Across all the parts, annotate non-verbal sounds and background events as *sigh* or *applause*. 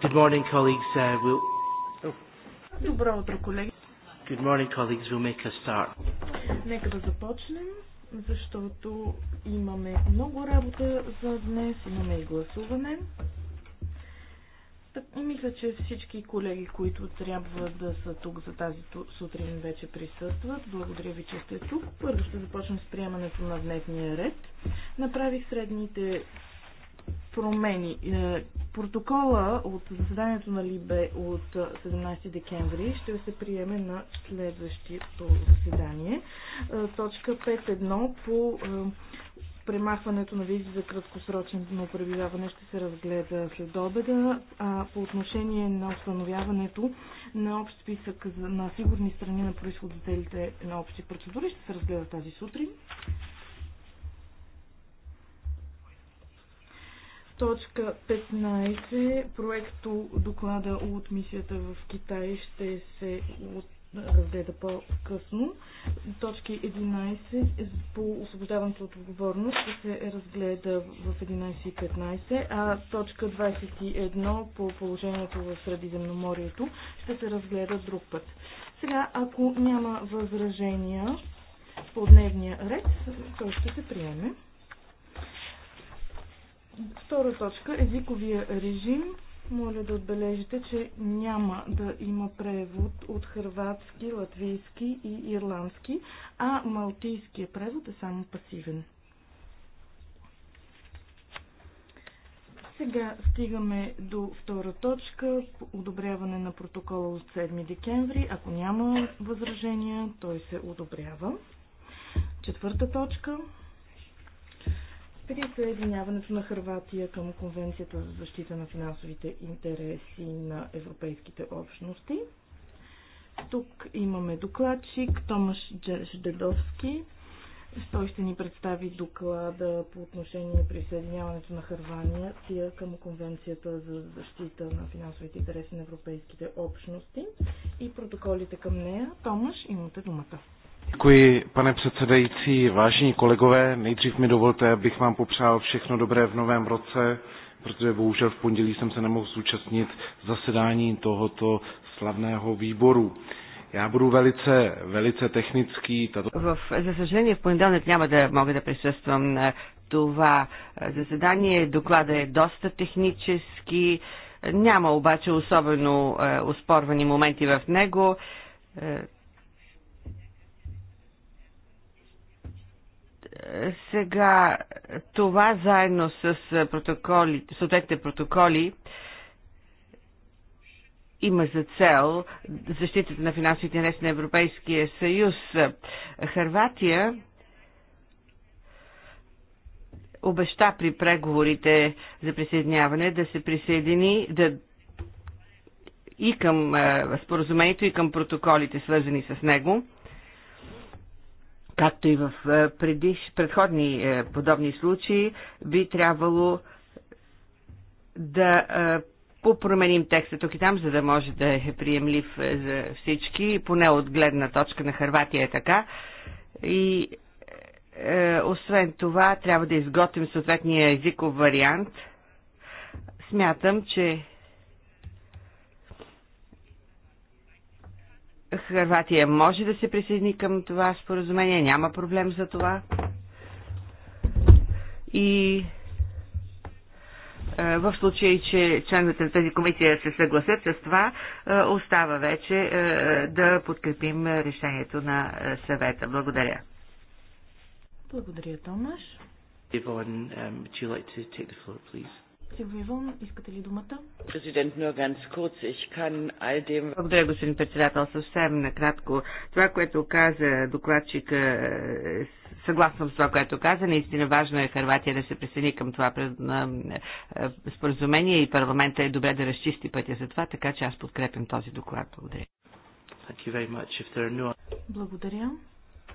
Good morning, colleagues. Uh, we'll... Oh. Добро утро, колеги. Good morning, colleagues. We'll make a start. Нека да започнем, защото имаме много работа за днес, имаме и гласуване. Так, мисля, че всички колеги, които трябва да са тук за тази сутрин, вече присъстват. Благодаря ви, че сте тук. Първо ще започнем с приемането на дневния ред. Направих средните промени. Е, протокола от заседанието на Либе от 17 е, декември ще се приеме на следващото заседание. Е, точка 5.1 по премахването на визи за краткосрочно пребиваване ще се разгледа след обеда. А по отношение на установяването на общ списък на сигурни страни на происходителите на общи процедури ще се разгледа тази сутрин. Точка 15. Проекто доклада от мисията в Китай ще се разгледа по-късно. Точки 11 по освобождаването от отговорност ще се разгледа в 11.15, а точка 21 по положението в Средиземноморието ще се разгледа друг път. Сега, ако няма възражения по дневния ред, той ще се приеме. Втора точка езиковия режим. Моля да отбележите, че няма да има превод от хрватски, латвийски и ирландски, а малтийския превод е само пасивен. Сега стигаме до втора точка одобряване на протокола от 7 декември. Ако няма възражения, той се одобрява. Четвърта точка присъединяването на Харватия към Конвенцията за защита на финансовите интереси на европейските общности. Тук имаме докладчик Томаш Джедовски. Той ще ни представи доклада по отношение присъединяването на Харвания към Конвенцията за защита на финансовите интереси на европейските общности и протоколите към нея. Томаш, имате думата. Děkuji, pane předsedající, vážení kolegové. Nejdřív mi dovolte, abych vám popřál všechno dobré v novém roce, protože bohužel v pondělí jsem se nemohl zúčastnit zasedání tohoto slavného výboru. Já budu velice, velice technický. Tato... В, за v pondělí понеделник няма да мога да присъствам на това заседание. Доклада е доста технически. Няма обаче особено е, успорвани моменти в него. Е, Сега това заедно с протоколи, съответните протоколи има за цел защитата на финансовите интереси на Европейския съюз. Харватия обеща при преговорите за присъединяване да се присъедини да и към споразумението, и към протоколите, свързани с него както и в е, предиш, предходни е, подобни случаи, би трябвало да е, попроменим текста тук и там, за да може да е приемлив за всички, поне от гледна точка на Харватия е така. И е, освен това, трябва да изготвим съответния езиков вариант. Смятам, че Харватия може да се присъедини към това споразумение, няма проблем за това. И е, в случай, че членовете на тази комисия се съгласят с това, е, остава вече е, да подкрепим решението на съвета. Благодаря. Благодаря, Томаш. Yvonne, um, would you like to take the floor, please? искате ли думата? Благодаря, господин председател, съвсем накратко. Това, което каза докладчика, е, съгласно с това, което каза, наистина важно е Харватия да се присъедини към това е, е, споразумение и парламента е добре да разчисти пътя за това, така че аз подкрепям този доклад. Благодаря. Благодаря.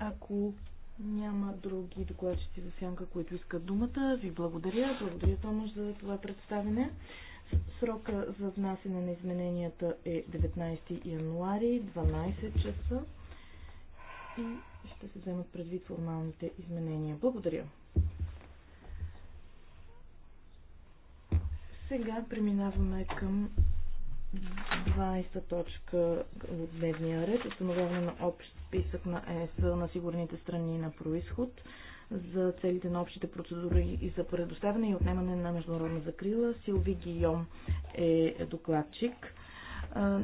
Ако няма други докладчици за сянка, които искат думата. Ви благодаря. Благодаря, Томаш, за това представене. Срока за внасене на измененията е 19 януари, 12 часа и ще се вземат предвид формалните изменения. Благодаря. Сега преминаваме към 20 точка от дневния ред, установяване на общ списък на ЕС на сигурните страни на происход за целите на общите процедури и за предоставяне и отнемане на международна закрила. Силви Гийом е докладчик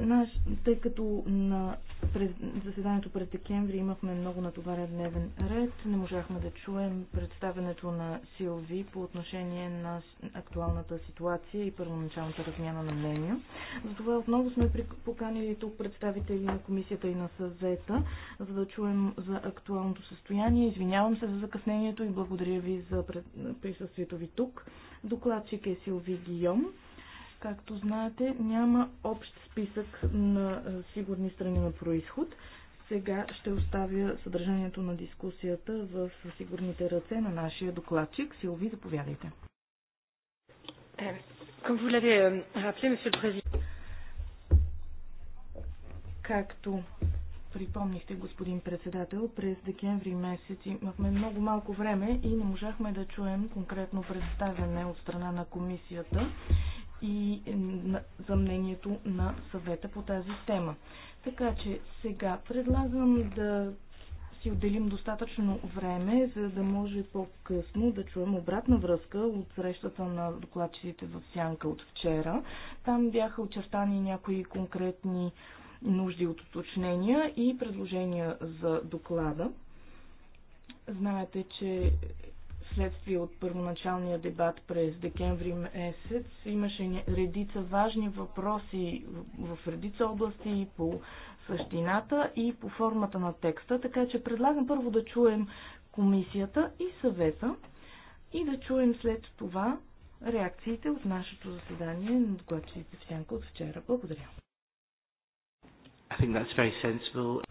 наш, тъй като на през, заседанието през декември имахме много натоварен дневен ред, не можахме да чуем представенето на Силви по отношение на актуалната ситуация и първоначалната размяна на мнения. Затова отново сме поканили тук представители на комисията и на съзета, за да чуем за актуалното състояние. Извинявам се за закъснението и благодаря ви за присъствието ви тук. Докладчик е Силви Гийом. Както знаете, няма общ списък на е, сигурни страни на происход. Сега ще оставя съдържанието на дискусията в сигурните ръце на нашия докладчик. Силви, заповядайте. Е, е, Както припомнихте, господин председател, през декември месец имахме много малко време и не можахме да чуем конкретно представяне от страна на комисията и е, за мнението на съвета по тази тема. Така че сега предлагам да си отделим достатъчно време, за да може по-късно да чуем обратна връзка от срещата на докладчиците в Сянка от вчера. Там бяха очертани някои конкретни нужди от уточнения и предложения за доклада. Знаете, че следствие от първоначалния дебат през декември месец. Имаше редица важни въпроси в редица области и по същината и по формата на текста, така че предлагам първо да чуем комисията и съвета и да чуем след това реакциите от нашето заседание на докладчиците в Сянка от вчера. Благодаря. I think that's very sensible.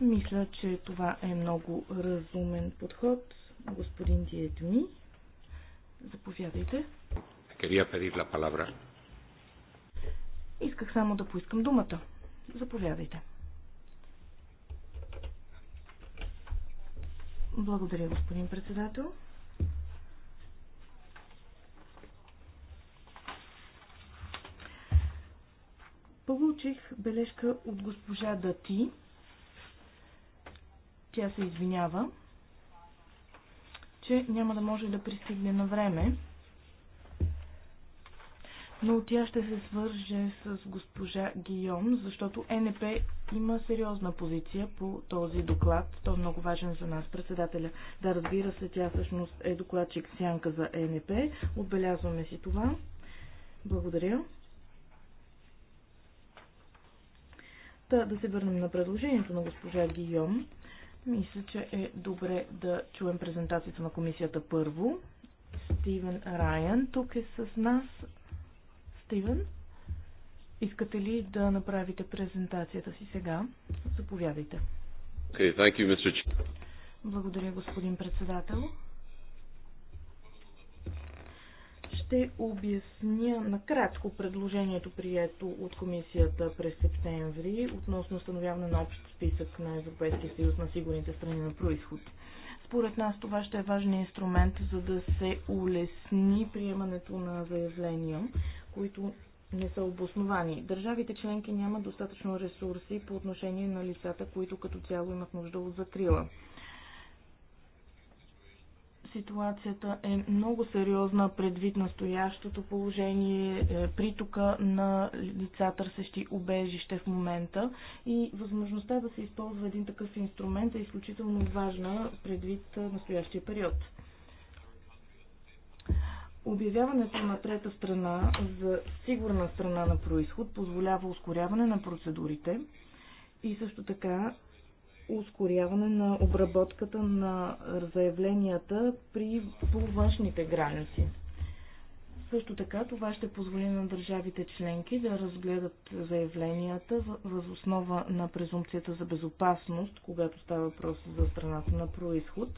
Мисля, че това е много разумен подход господин Диетми. Заповядайте. Кария pedir ла палавра. Исках само да поискам думата. Заповядайте. Благодаря, господин председател. Получих бележка от госпожа Дати. Тя се извинява че няма да може да пристигне на време. Но тя ще се свърже с госпожа Гийом, защото НП има сериозна позиция по този доклад. Той е много важен за нас, председателя. Да, разбира се, тя всъщност е докладчик сянка за НП. Отбелязваме си това. Благодаря. Та, да се върнем на предложението на госпожа Гийом. Мисля, че е добре да чуем презентацията на комисията първо. Стивен Райан тук е с нас. Стивен, искате ли да направите презентацията си сега? Заповядайте. Okay, thank you, Mr. Благодаря, господин председател. Ще обясня накратко предложението, прието от комисията през септември относно установяване на общ списък на Европейския съюз на сигурните страни на происход. Според нас това ще е важен инструмент, за да се улесни приемането на заявления, които не са обосновани. Държавите членки нямат достатъчно ресурси по отношение на лицата, които като цяло имат нужда от закрила. Ситуацията е много сериозна предвид настоящото положение, е, притока на лица търсещи убежище в момента и възможността да се използва един такъв инструмент е изключително важна предвид е, настоящия период. Обявяването на трета страна за сигурна страна на происход позволява ускоряване на процедурите и също така ускоряване на обработката на заявленията при по външните граници. Също така това ще позволи на държавите членки да разгледат заявленията въз основа на презумпцията за безопасност, когато става въпрос за страната на происход.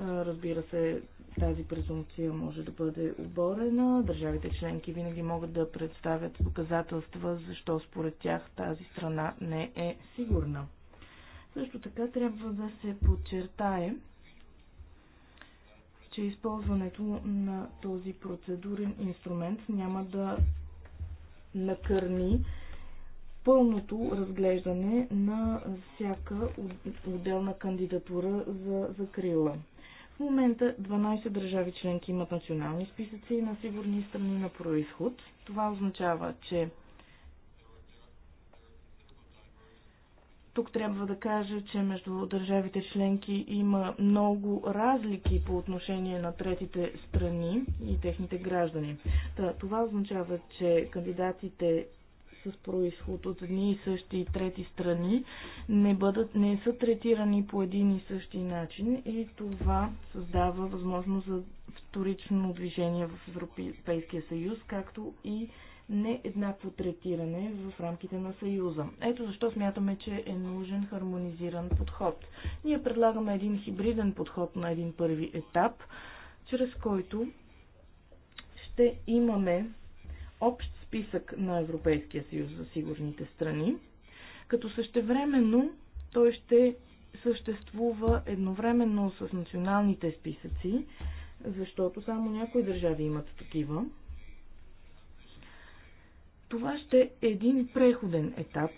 Разбира се, тази презумпция може да бъде оборена. Държавите членки винаги могат да представят доказателства, защо според тях тази страна не е сигурна. Също така трябва да се подчертае, че използването на този процедурен инструмент няма да накърни пълното разглеждане на всяка отделна кандидатура за закрила. В момента 12 държави членки имат национални списъци на сигурни страни на происход. Това означава, че Тук трябва да кажа, че между държавите членки има много разлики по отношение на третите страни и техните граждани. Та, това означава, че кандидатите с происход от едни и същи трети страни не, бъдат, не са третирани по един и същи начин и това създава възможност за вторично движение в Европейския съюз, както и нееднакво третиране в рамките на Съюза. Ето защо смятаме, че е нужен хармонизиран подход. Ние предлагаме един хибриден подход на един първи етап, чрез който ще имаме общ списък на Европейския съюз за сигурните страни, като същевременно той ще съществува едновременно с националните списъци, защото само някои държави имат такива. Това ще е един преходен етап.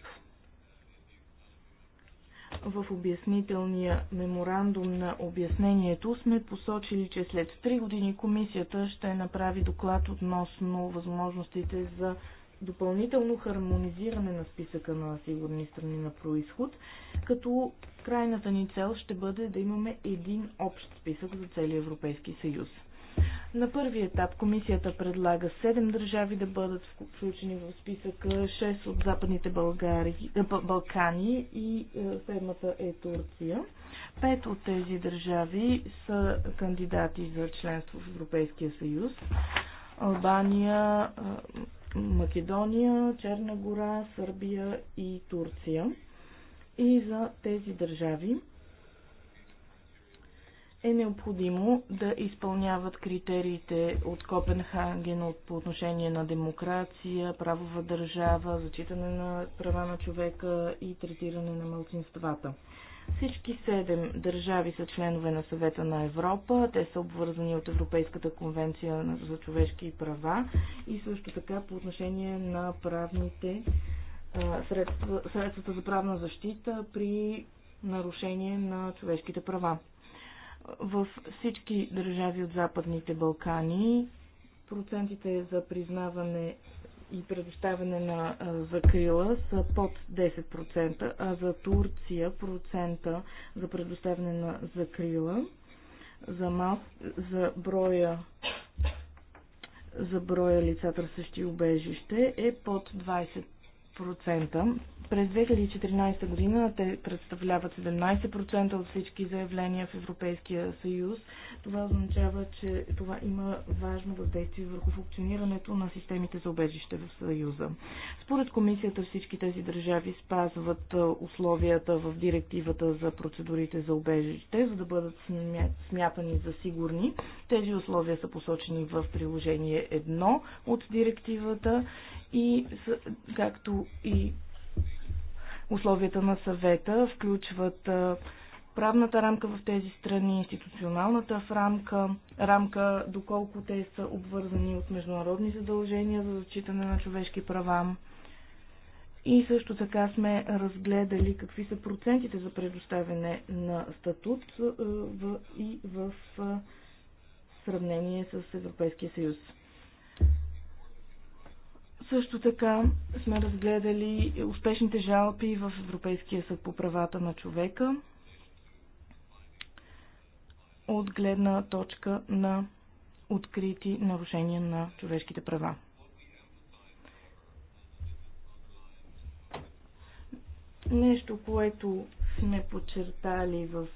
В обяснителния меморандум на обяснението сме посочили, че след 3 години комисията ще направи доклад относно възможностите за допълнително хармонизиране на списъка на сигурни страни на происход, като крайната ни цел ще бъде да имаме един общ списък за целия Европейски съюз. На първи етап комисията предлага 7 държави да бъдат включени в списъка, 6 от Западните Българи, е, Балкани и е, седмата е Турция. Пет от тези държави са кандидати за членство в Европейския съюз. Албания, е, Македония, Черна гора, Сърбия и Турция. И за тези държави е необходимо да изпълняват критериите от Копенхаген от, по отношение на демокрация, правова държава, зачитане на права на човека и третиране на мълцинствата. Всички седем държави са членове на съвета на Европа. Те са обвързани от Европейската конвенция за човешки права и също така по отношение на правните средства, средствата за правна защита при нарушение на човешките права. В всички държави от Западните Балкани процентите за признаване и предоставяне на закрила са под 10%, а за Турция процента за предоставяне на закрила за, мал... за броя за броя лица търсещи убежище е под 20%. През 2014 година те представляват 17% от всички заявления в Европейския съюз. Това означава, че това има важно въздействие върху функционирането на системите за обежище в съюза. Според комисията всички тези държави спазват условията в директивата за процедурите за обежище, за да бъдат смятани за сигурни. Тези условия са посочени в приложение 1 от директивата и както и условията на съвета включват правната рамка в тези страни, институционалната рамка, рамка доколко те са обвързани от международни задължения за зачитане на човешки права. И също така сме разгледали какви са процентите за предоставяне на статут и в сравнение с Европейския съюз. Също така сме разгледали успешните жалби в Европейския съд по правата на човека от гледна точка на открити нарушения на човешките права. Нещо, което сме подчертали в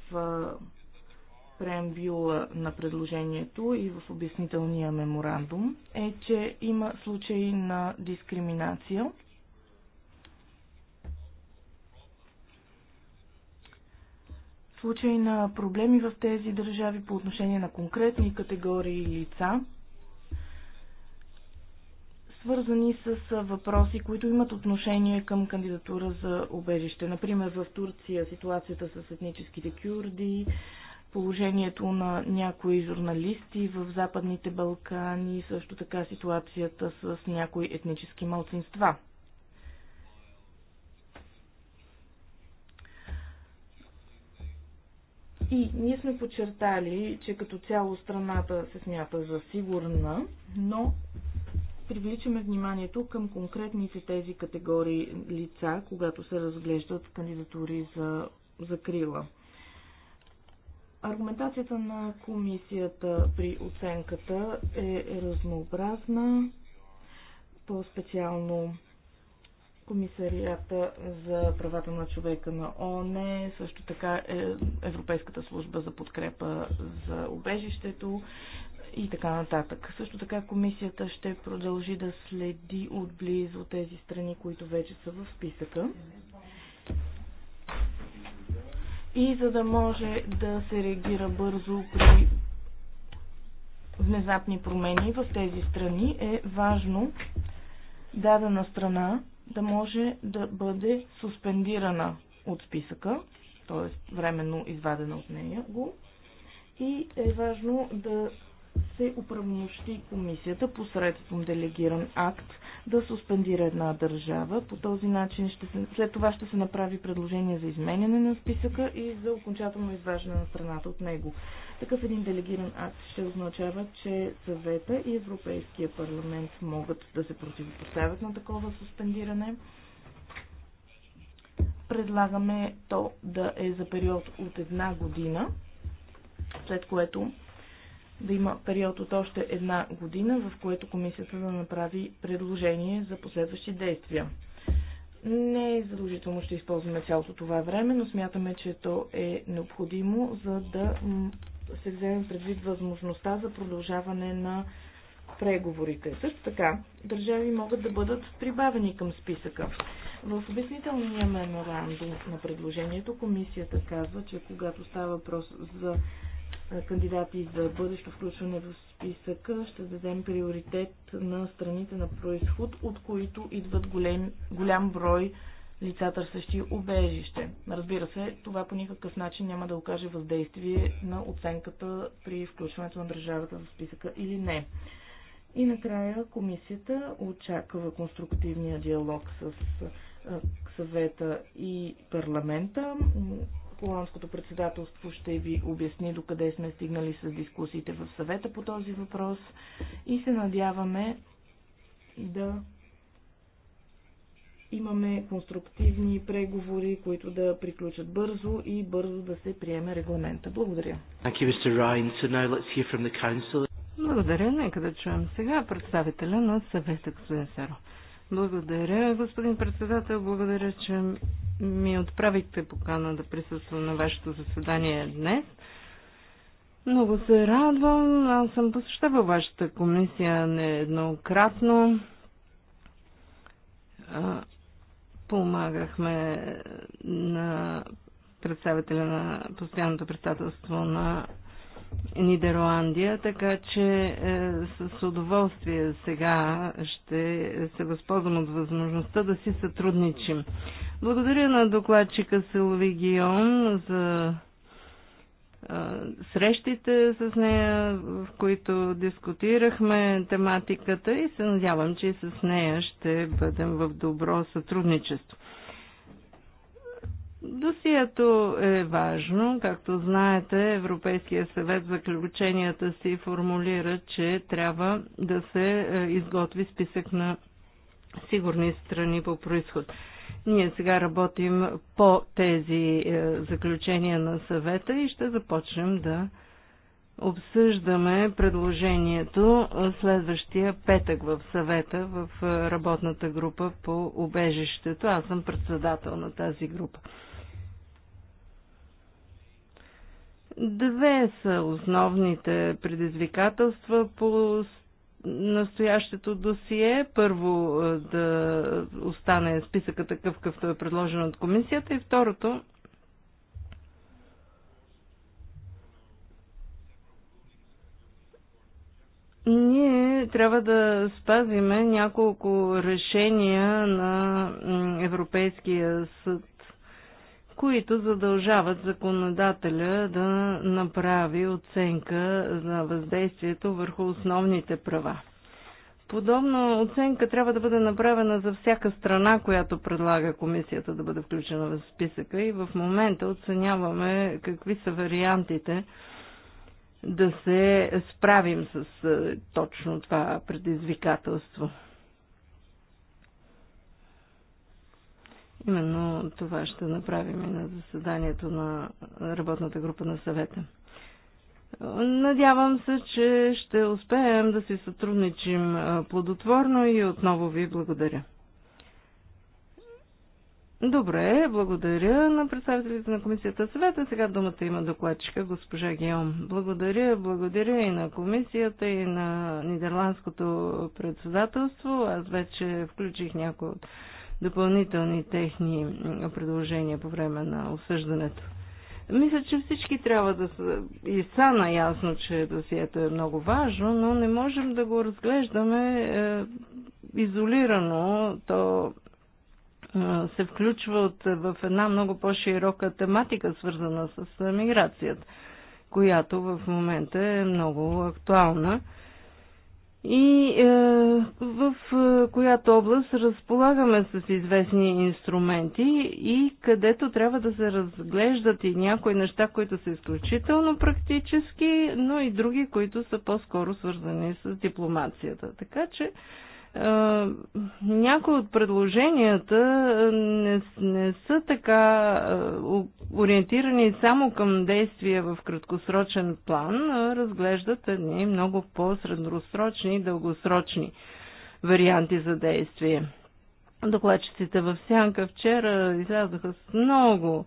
преамбюла на предложението и в обяснителния меморандум е, че има случаи на дискриминация. Случаи на проблеми в тези държави по отношение на конкретни категории лица, свързани с въпроси, които имат отношение към кандидатура за убежище. Например, в Турция ситуацията с етническите кюрди, положението на някои журналисти в Западните Балкани, също така ситуацията с някои етнически малцинства. И ние сме подчертали, че като цяло страната се смята за сигурна, но привличаме вниманието към конкретните тези категории лица, когато се разглеждат кандидатури за закрила. Аргументацията на комисията при оценката е разнообразна, по-специално Комисарията за правата на човека на ООН, също така е Европейската служба за подкрепа за убежището и така нататък. Също така комисията ще продължи да следи отблизо тези страни, които вече са в списъка и за да може да се реагира бързо при внезапни промени в тези страни, е важно дадена страна да може да бъде суспендирана от списъка, т.е. временно извадена от нея го. И е важно да се управомощи комисията посредством делегиран акт, да суспендира една държава. По този начин ще се, след това ще се направи предложение за изменяне на списъка и за окончателно изваждане на страната от него. Такъв един делегиран акт ще означава, че съвета и Европейския парламент могат да се противопоставят на такова суспендиране предлагаме то да е за период от една година, след което да има период от още една година, в което комисията да направи предложение за последващи действия. Не е задължително ще използваме цялото това време, но смятаме, че то е необходимо, за да се вземе предвид възможността за продължаване на преговорите. Също така, държави могат да бъдат прибавени към списъка. В обяснителния меморандум на предложението комисията казва, че когато става въпрос за е, кандидати за бъдещо включване в списъка, ще дадем приоритет на страните на происход, от които идват голем, голям брой лица, търсещи убежище. Разбира се, това по никакъв начин няма да окаже въздействие на оценката при включването на държавата в списъка или не. И накрая комисията очаква конструктивния диалог с е, съвета и парламента. Холандското председателство ще ви обясни докъде сме стигнали с дискусиите в съвета по този въпрос и се надяваме да имаме конструктивни преговори, които да приключат бързо и бързо да се приеме регламента. Благодаря. Благодаря. Нека да чуем сега представителя на съвета, господин Серо. Благодаря, господин председател. Благодаря, че ми отправихте покана да присъствам на вашето заседание днес. Много се радвам. Аз съм посещавал вашата комисия нееднократно. Помагахме на представителя на постоянното представителство на Нидерландия, така че е, с удоволствие сега ще се възползвам от възможността да си сътрудничим. Благодаря на докладчика Силви Гион за срещите с нея, в които дискутирахме тематиката и се надявам, че и с нея ще бъдем в добро сътрудничество. Досието е важно. Както знаете, Европейския съвет заключенията си формулира, че трябва да се изготви списък на сигурни страни по происход. Ние сега работим по тези е, заключения на съвета и ще започнем да обсъждаме предложението следващия петък в съвета в е, работната група по убежището. Аз съм председател на тази група. Две са основните предизвикателства по настоящето досие. Първо е, да остане списъка такъв, какъвто е предложен от комисията и второто ние трябва да спазиме няколко решения на Европейския съд които задължават законодателя да направи оценка на въздействието върху основните права. Подобна оценка трябва да бъде направена за всяка страна, която предлага комисията да бъде включена в списъка и в момента оценяваме какви са вариантите да се справим с е, точно това предизвикателство. Именно това ще направим и на заседанието на работната група на съвета. Надявам се, че ще успеем да си сътрудничим плодотворно и отново ви благодаря. Добре, благодаря на представителите на комисията съвета. Сега думата има докладчика госпожа Геом. Благодаря, благодаря и на комисията, и на Нидерландското председателство. Аз вече включих някои от допълнителни техни предложения по време на осъждането. Мисля, че всички трябва да са и са наясно, че досието е много важно, но не можем да го разглеждаме е, изолирано. То е, се включва от, в една много по-широка тематика, свързана с е, миграцията, която в момента е много актуална. Е, и е, в е, която област разполагаме с известни инструменти и където трябва да се разглеждат и някои неща, които са изключително практически, но и други, които са по-скоро свързани с дипломацията. Така че някои от предложенията не, не са така ориентирани само към действия в краткосрочен план, а разглеждат едни много по-средносрочни и дългосрочни варианти за действие. Докладчиците в Сянка вчера излязаха с много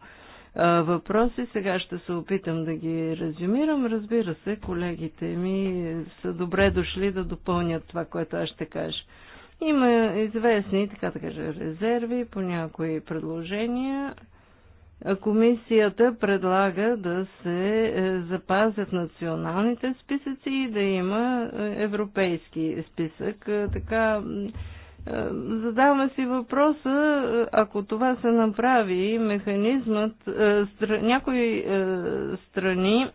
въпроси. Сега ще се опитам да ги резюмирам. Разбира се, колегите ми са добре дошли да допълнят това, което аз ще кажа. Има известни, така да кажа, резерви по някои предложения. Комисията предлага да се е, запазят националните списъци и да има е, европейски списък. Е, така е, задаваме си въпроса, е, ако това се направи, механизмът, е, някои страни,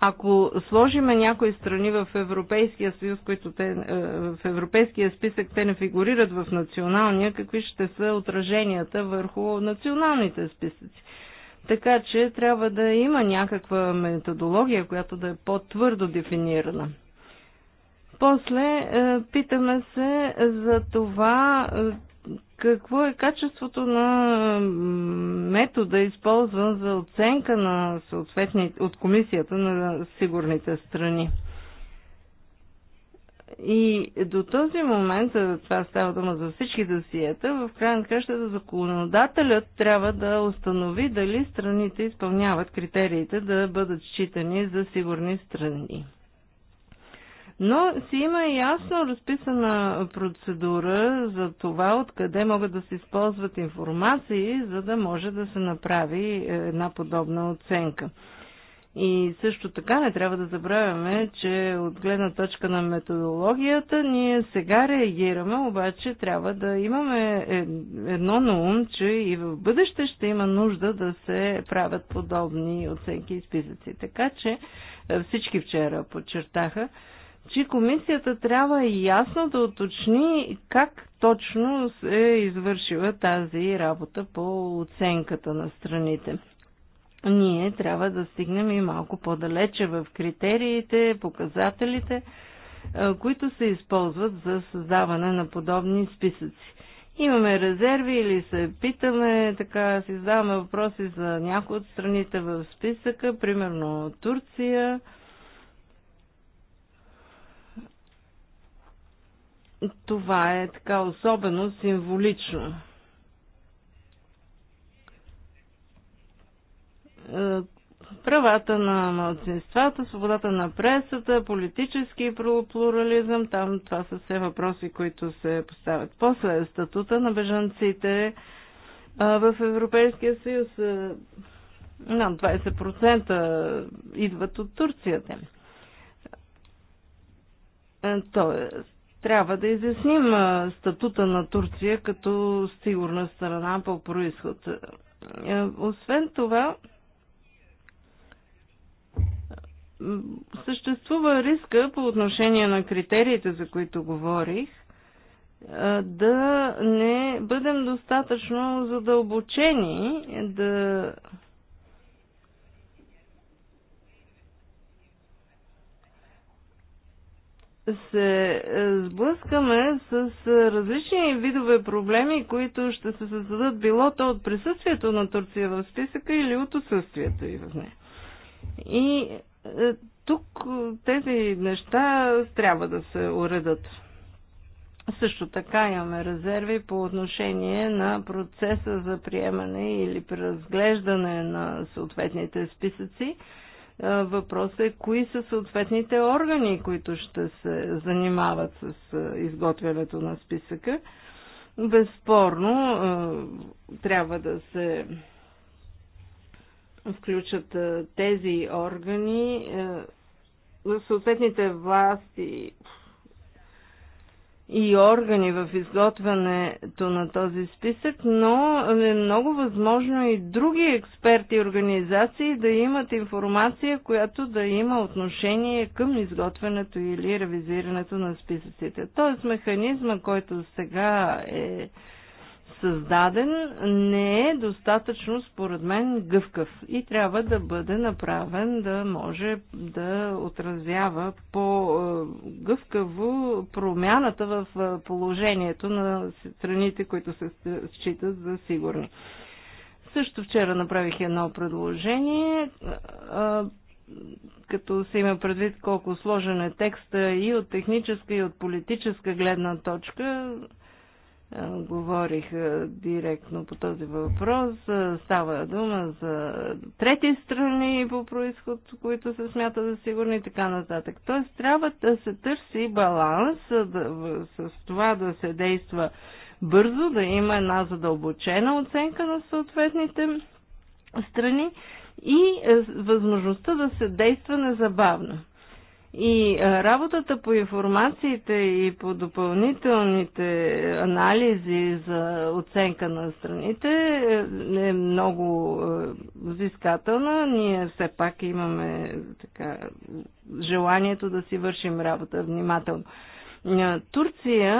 ако сложиме някои страни в Европейския съюз, които те, в Европейския списък те не фигурират в националния, какви ще са отраженията върху националните списъци. Така че трябва да има някаква методология, която да е по-твърдо дефинирана. После е, питаме се за това е, какво е качеството на метода, използван за оценка на от комисията на сигурните страни. И до този момент, е, това става дума за всички досиета, в крайна на законодателят трябва да установи дали страните изпълняват критериите да бъдат считани за сигурни страни но си има ясно разписана процедура за това откъде могат да се използват информации, за да може да се направи е, една подобна оценка. И също така не трябва да забравяме, че от гледна точка на методологията ние сега реагираме, обаче трябва да имаме е, едно на ум, че и в бъдеще ще има нужда да се правят подобни оценки и списъци. Така че е, всички вчера подчертаха, че комисията трябва ясно да уточни как точно се е извършила тази работа по оценката на страните. Ние трябва да стигнем и малко по-далече в критериите, показателите, които се използват за създаване на подобни списъци. Имаме резерви или се питаме, така си задаваме въпроси за някои от страните в списъка, примерно Турция, това е така особено символично. Е, правата на младсинствата, свободата на пресата, политически плурализъм, там това са все въпроси, които се поставят. После статута на бежанците е, в Европейския съюз е, над 20% идват от Турцията. Нали? Тоест, трябва да изясним статута на Турция като сигурна страна по происход. Освен това, съществува риска по отношение на критериите, за които говорих, да не бъдем достатъчно задълбочени, да се е, сблъскаме с е, различни видове проблеми, които ще се създадат било то от присъствието на Турция в списъка или от отсъствието и в нея. И е, тук тези неща трябва да се уредат. Също така имаме резерви по отношение на процеса за приемане или преразглеждане на съответните списъци Въпросът е кои са съответните органи, които ще се занимават с изготвянето на списъка. Безспорно трябва да се включат тези органи, съответните власти и органи в изготвянето на този списък, но е много възможно и други експерти и организации да имат информация, която да има отношение към изготвянето или ревизирането на списъците. Тоест механизма, който сега е създаден, не е достатъчно, според мен, гъвкав и трябва да бъде направен да може да отразява по-гъвкаво промяната в положението на страните, които се считат за сигурни. Също вчера направих едно предложение като се има предвид колко сложен е текста и от техническа, и от политическа гледна точка, говорих директно по този въпрос. Става дума за трети страни по происход, които се смята за сигурни и така нататък. Тоест трябва да се търси баланс да, с това да се действа бързо, да има една задълбочена оценка на съответните страни и възможността да се действа незабавно. И работата по информациите и по допълнителните анализи за оценка на страните е, е много взискателна. Ние все пак имаме така, желанието да си вършим работа внимателно. Турция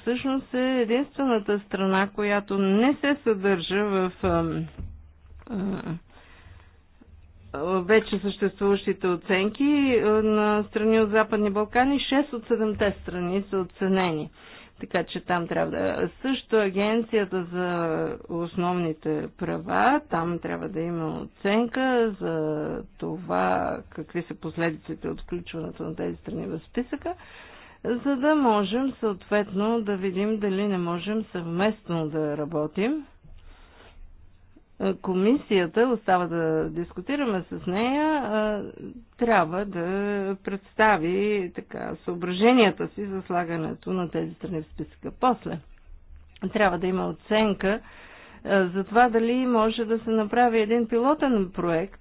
всъщност е единствената страна, която не се съдържа в вече съществуващите оценки е, на страни от Западни Балкани, 6 от 7-те страни са оценени. Така че там трябва да... Също агенцията за основните права, там трябва да има оценка за това какви са последиците от включването на тези страни в списъка, за да можем съответно да видим дали не можем съвместно да работим комисията, остава да дискутираме с нея, трябва да представи така, съображенията си за слагането на тези страни в списъка. После трябва да има оценка за това дали може да се направи един пилотен проект,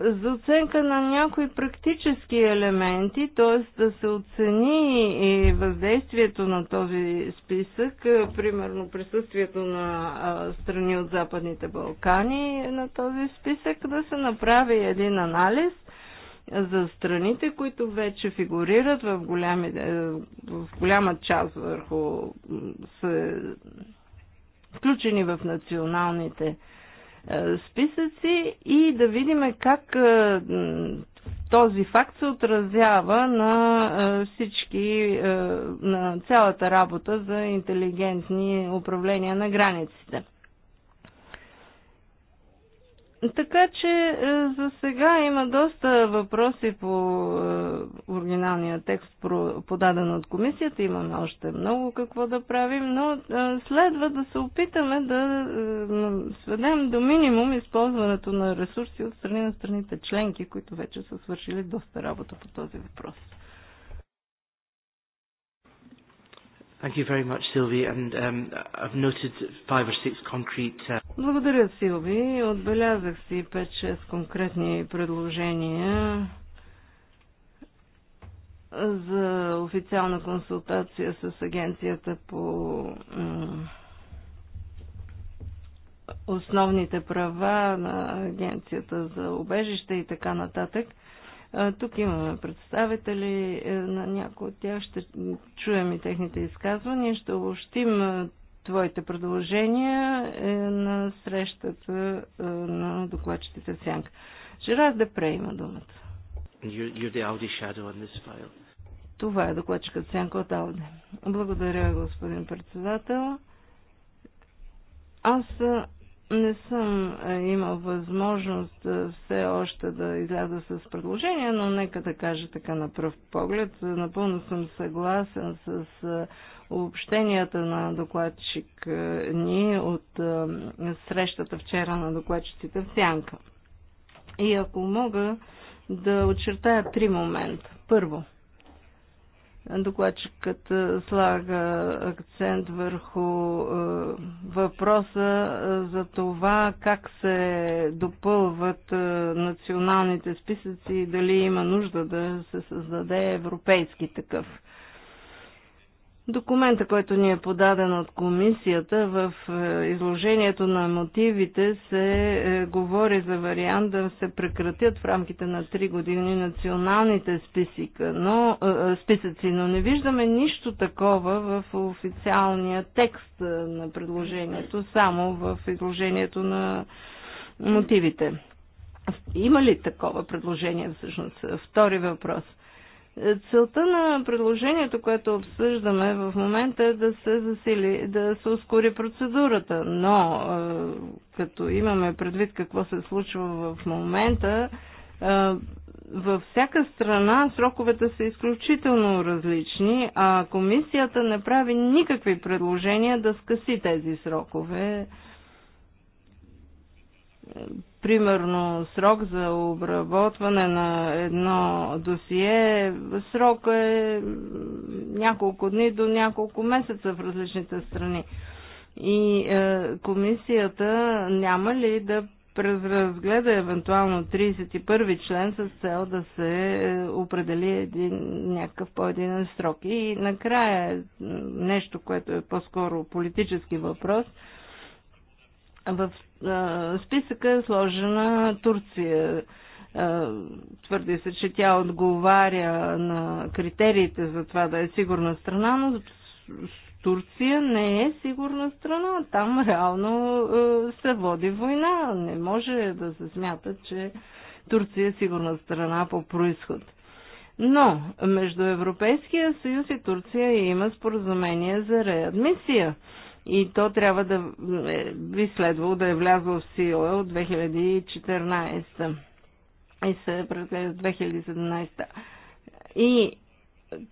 за оценка на някои практически елементи, т.е. да се оцени и въздействието на този списък, примерно присъствието на страни от Западните Балкани на този списък, да се направи един анализ за страните, които вече фигурират в, голями, е, в голяма част върху са включени в националните е, списъци и да видим как е, този факт се отразява на е, всички, на цялата работа за интелигентни управления на границите. Така че е, за сега има доста въпроси по е, оригиналния текст, подаден от комисията. Имаме още много какво да правим, но е, следва да се опитаме да сведем до минимум използването на ресурси от страни на страните членки, които вече са свършили доста работа по този въпрос. Thank you very much, Sylvie, and um, I've noted five or six concrete. Uh... Благодаря, Силви. Отбелязах си 5-6 конкретни предложения за официална консултация с агенцията по основните права на агенцията за обежище и така нататък. Тук имаме представители е, на някои от тях. Ще чуем и техните изказвания. Ще обобщим е, твоите предложения е, на срещата на докладчите в Сянка. Жерар Депре има думата. You're the Audi shadow on this file. Това е докладчика Сянка от Ауде. Благодаря, господин председател. Аз не съм е, имал възможност е, все още да изляза с предложение, но нека да кажа така на пръв поглед. Напълно съм съгласен с е, общенията на докладчик ни от срещата вчера на докладчиците в Сянка. И ако мога да очертая три момента. Първо – Докладчикът е, слага акцент върху е, въпроса е, за това как се допълват националните списъци и дали има нужда да се създаде европейски такъв. Документа, който ни е подаден от комисията, в е, изложението на мотивите се е, говори за вариант да се прекратят в рамките на 3 години националните списъка, но, е, списъци, но не виждаме нищо такова в официалния текст на предложението, само в изложението на мотивите. Има ли такова предложение всъщност? Втори въпрос – Целта на предложението, което обсъждаме в момента е да се засили, да се ускори процедурата, но като имаме предвид какво се случва в момента, във всяка страна сроковете са изключително различни, а комисията не прави никакви предложения да скъси тези срокове примерно срок за обработване на едно досие, срок е няколко дни до няколко месеца в различните страни. И е, комисията няма ли да преразгледа евентуално 31-и член с цел да се е, определи един, някакъв по-единен срок. И накрая нещо, което е по-скоро политически въпрос. В списъка е сложена Турция. Твърди се, че тя отговаря на критериите за това да е сигурна страна, но Турция не е сигурна страна. Там реално се води война. Не може да се смята, че Турция е сигурна страна по происход. Но между Европейския съюз и Турция има споразумение за реадмисия и то трябва да е, би следвало да е влязло в сила от 2014 и се прегледа 2017. И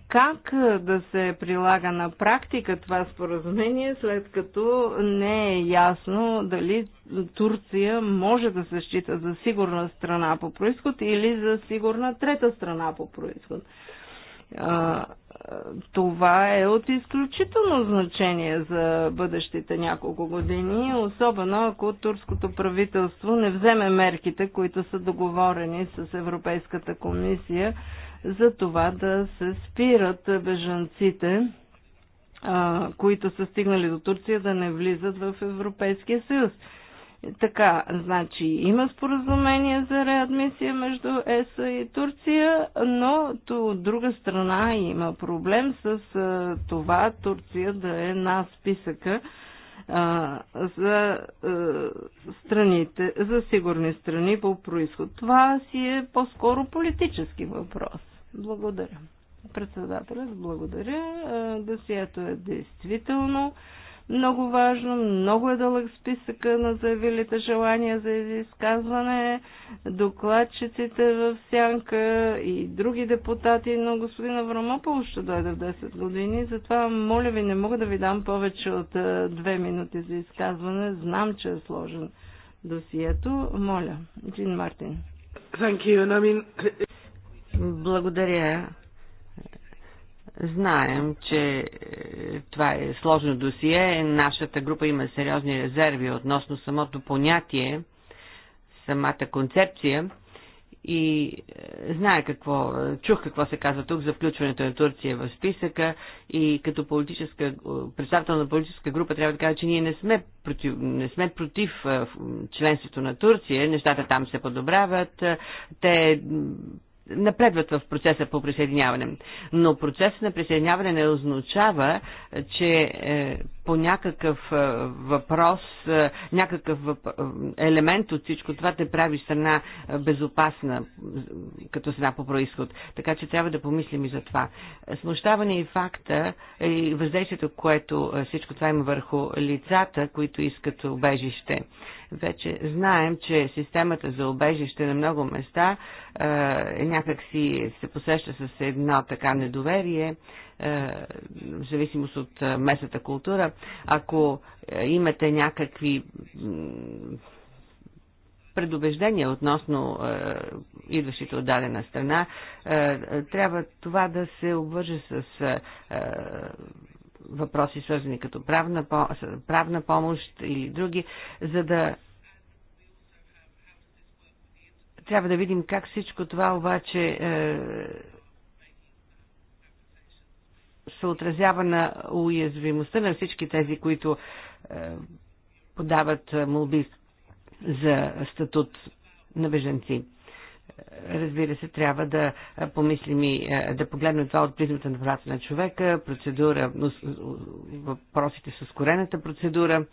как да се прилага на практика това споразумение, след като не е ясно дали Турция може да се счита за сигурна страна по происход или за сигурна трета страна по происход това е от изключително значение за бъдещите няколко години, особено ако турското правителство не вземе мерките, които са договорени с Европейската комисия за това да се спират бежанците, които са стигнали до Турция, да не влизат в Европейския съюз. Така, значи има споразумение за реадмисия между ЕСА и Турция, но то от друга страна има проблем с това Турция да е на списъка а, за а, страните, за сигурни страни по происход. Това си е по-скоро политически въпрос. Благодаря. Председателят, благодаря. Досието е действително много важно. Много е дълъг списъка на заявилите желания за изказване, докладчиците в сянка и други депутати, но господин Аврамопол ще дойде в 10 години, затова моля ви, не мога да ви дам повече от 2 е, минути за изказване. Знам, че е сложен досието. Моля, Джин Мартин. Благодаря. Знаем, че е, това е сложно досие. Нашата група има сериозни резерви относно самото понятие, самата концепция и е, знае какво, е, чух какво се казва тук за включването на Турция в списъка и като политическа, представител на политическа група трябва да кажа, че ние не сме против, не сме против членството на Турция, нещата там се подобряват, те напредват в процеса по присъединяване. Но процесът на присъединяване не означава, че е, по някакъв е, въпрос, е, някакъв е, елемент от всичко това те прави страна безопасна като страна по происход. Така че трябва да помислим и за това. Смущаване и факта и въздействието, което всичко това има върху лицата, които искат обежище. Вече знаем, че системата за обежище на много места е, някак си се посеща с едно така недоверие е, в зависимост от е, местната култура. Ако е, имате някакви предубеждения относно идващите от дадена страна, трябва това да се обвърже с въпроси, свързани като правна, правна помощ или други, за да трябва да видим как всичко това обаче се отразява на уязвимостта на всички тези, които е, подават е, молби за статут на беженци. Разбира се, трябва да е, помислим и да погледнем това от призмата на правата на човека, процедура, въпросите с ускорената процедура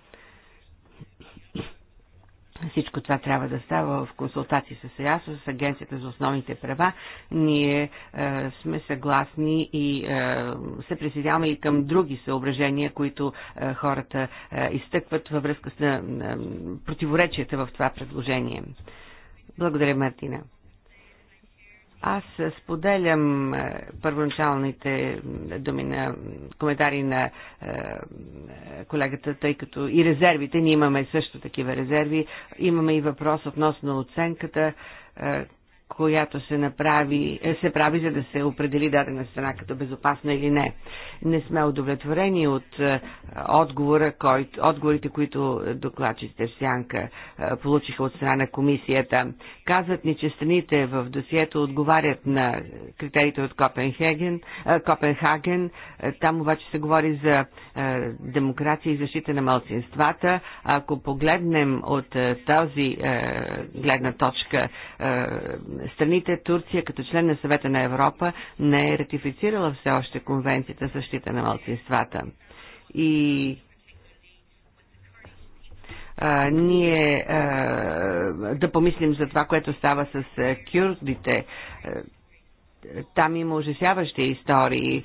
всичко това трябва да става в консултации с ЕАС, с Агенцията за основните права. Ние е, сме съгласни и е, се присъединяваме и към други съображения, които е, хората е, изтъкват във връзка с е, е противоречията в това предложение. Благодаря, Мартина. Аз споделям е, първоначалните думи на коментари на е, колегата, тъй като и резервите, ние имаме също такива резерви, имаме и въпрос относно оценката, е, която се, направи, е, се прави, за да се определи дадена страна като безопасна или не. Не сме удовлетворени от е, отговора, който, отговорите, които докладчите в Сянка е, получиха от страна на комисията. Казват ни, че страните в досието отговарят на критериите от Копенхаген, Копенхаген. Там обаче се говори за демокрация и защита на малцинствата. Ако погледнем от тази гледна точка страните Турция като член на съвета на Европа не е ратифицирала все още конвенцията за защита на малцинствата. И а, ние а, да помислим за това, което става с кюрдите. Там има ужасяващи истории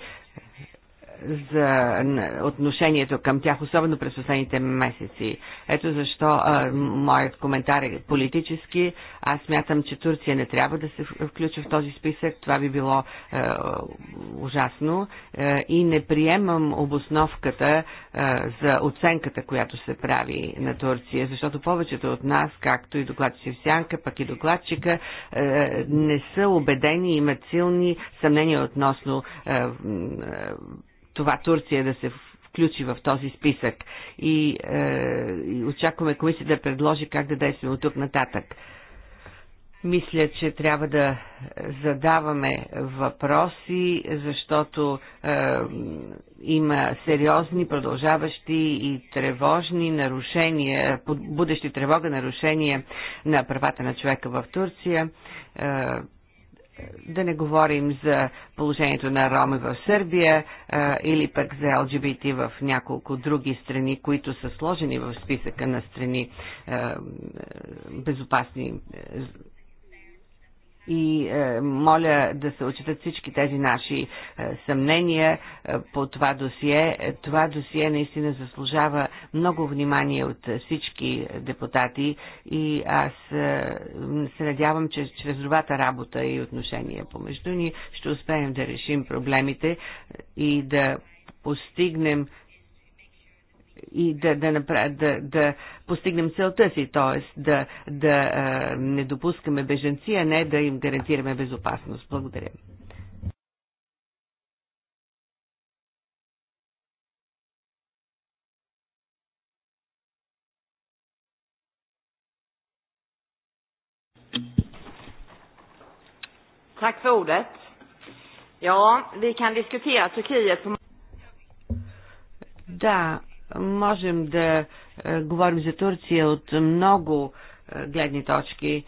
за отношението към тях, особено през последните месеци. Ето защо а, моят коментар е политически. Аз мятам, че Турция не трябва да се включва в този списък. Това би било а, ужасно. А, и не приемам обосновката а, за оценката, която се прави на Турция, защото повечето от нас, както и докладчик в Сянка, пък и докладчика, а, не са убедени, имат силни съмнения относно а, това Турция да се включи в този списък и, е, и очакваме комисия да предложи как да действаме от тук нататък. Мисля, че трябва да задаваме въпроси, защото е, има сериозни, продължаващи и тревожни нарушения, будещи тревога нарушения на правата на човека в Турция. Е, да не говорим за положението на роми в Сърбия а, или пък за ЛГБТ в няколко други страни, които са сложени в списъка на страни а, безопасни и е, моля да се отчитат всички тези наши е, съмнения е, по това досие. Е, това досие наистина заслужава много внимание от всички депутати и аз е, се надявам, че чрез добрата работа и отношения помежду ни ще успеем да решим проблемите и да постигнем и да, да, напра... да, да постигнем целта си, т.е. да, да а, не допускаме беженци, а не да им гарантираме безопасност. Благодаря. Tack för ordet. Ja, vi kan diskutera Turkiet på... Да, Можем да е, говорим за Турция от много е, гледни точки,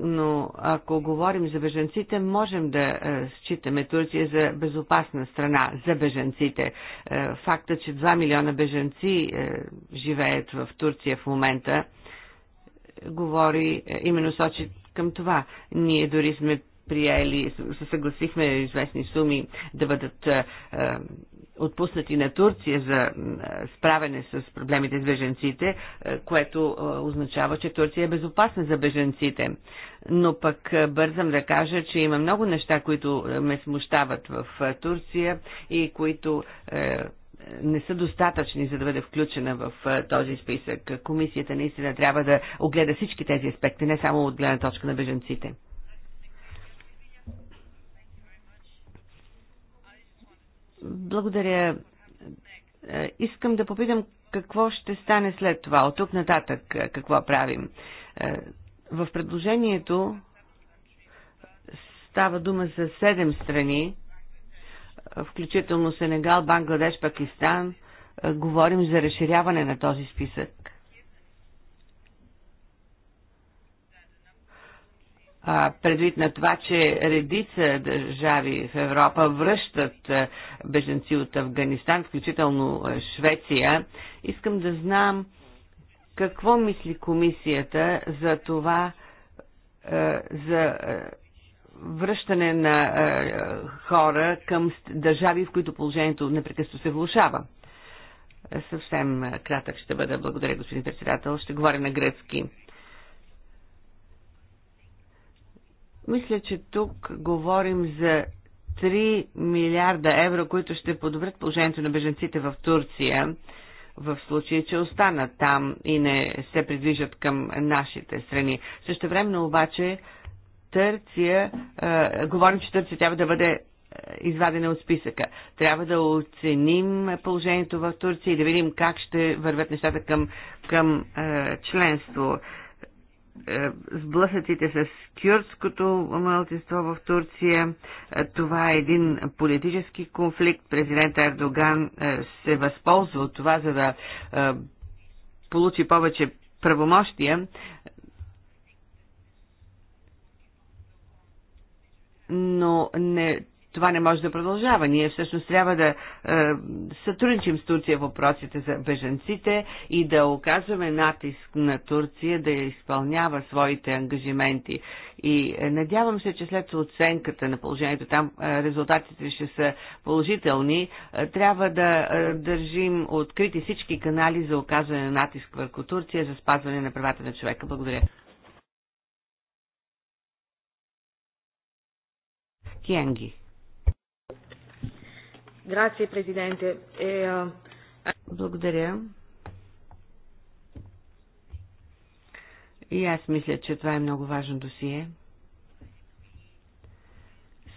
но ако говорим за беженците, можем да е, считаме Турция за безопасна страна за беженците. Факта, че 2 милиона беженци живеят в Турция в момента, говори именно сочи към това. Ние дори сме приели, се съгласихме известни суми да бъдат отпуснати на Турция за справене с проблемите с беженците, е, което е, означава, че Турция е безопасна за беженците. Но пък е, бързам да кажа, че има много неща, които ме смущават в Турция и които не са достатъчни, за да бъде включена в този списък. Комисията наистина трябва да огледа всички тези аспекти, не само от гледна точка на беженците. Благодаря. Е, искам да попитам какво ще стане след това, от тук нататък е, какво правим. Е, в предложението става дума за седем страни, включително Сенегал, Бангладеш, Пакистан. Говорим за разширяване на този списък. предвид на това, че редица държави в Европа връщат беженци от Афганистан, включително Швеция, искам да знам какво мисли комисията за това, за връщане на хора към държави, в които положението непрекъсто се влушава. Съвсем кратък ще бъда. Благодаря, господин председател. Ще говоря на гръцки. Мисля, че тук говорим за 3 милиарда евро, които ще подобрят положението на беженците в Турция, в случай, че останат там и не се придвижат към нашите страни. Също време, обаче Търция, е, говорим, че Търция трябва да бъде извадена от списъка. Трябва да оценим положението в Турция и да видим как ще вървят нещата към, към е, членство. Е, сблъсъците с кюрдското мълтинство в Турция. Е, това е един политически конфликт. Президент Ердоган е, се възползва от това, за да получи повече правомощия. Но не това не може да продължава. Ние всъщност трябва да е, сътрудничим с Турция в въпросите за беженците и да оказваме натиск на Турция да изпълнява своите ангажименти. И е, надявам се, че след оценката на положението там е, резултатите ще са положителни. Е, трябва да държим открити всички канали за оказване на натиск върху Турция за спазване на правата на човека. Благодаря. Кенги. Грация, президенте. Е, Благодаря. И аз мисля, че това е много важно досие.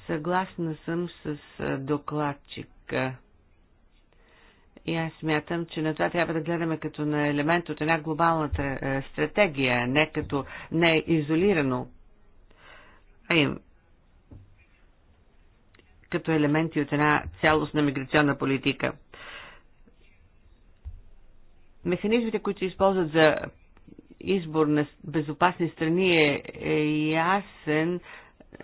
Съгласна съм с докладчика. И аз смятам, че на това трябва да гледаме като на елемент от една глобална стратегия, не като не изолирано. А им, като елементи от една цялостна миграционна политика. Механизмите, които използват за избор на безопасни страни е, е ясен,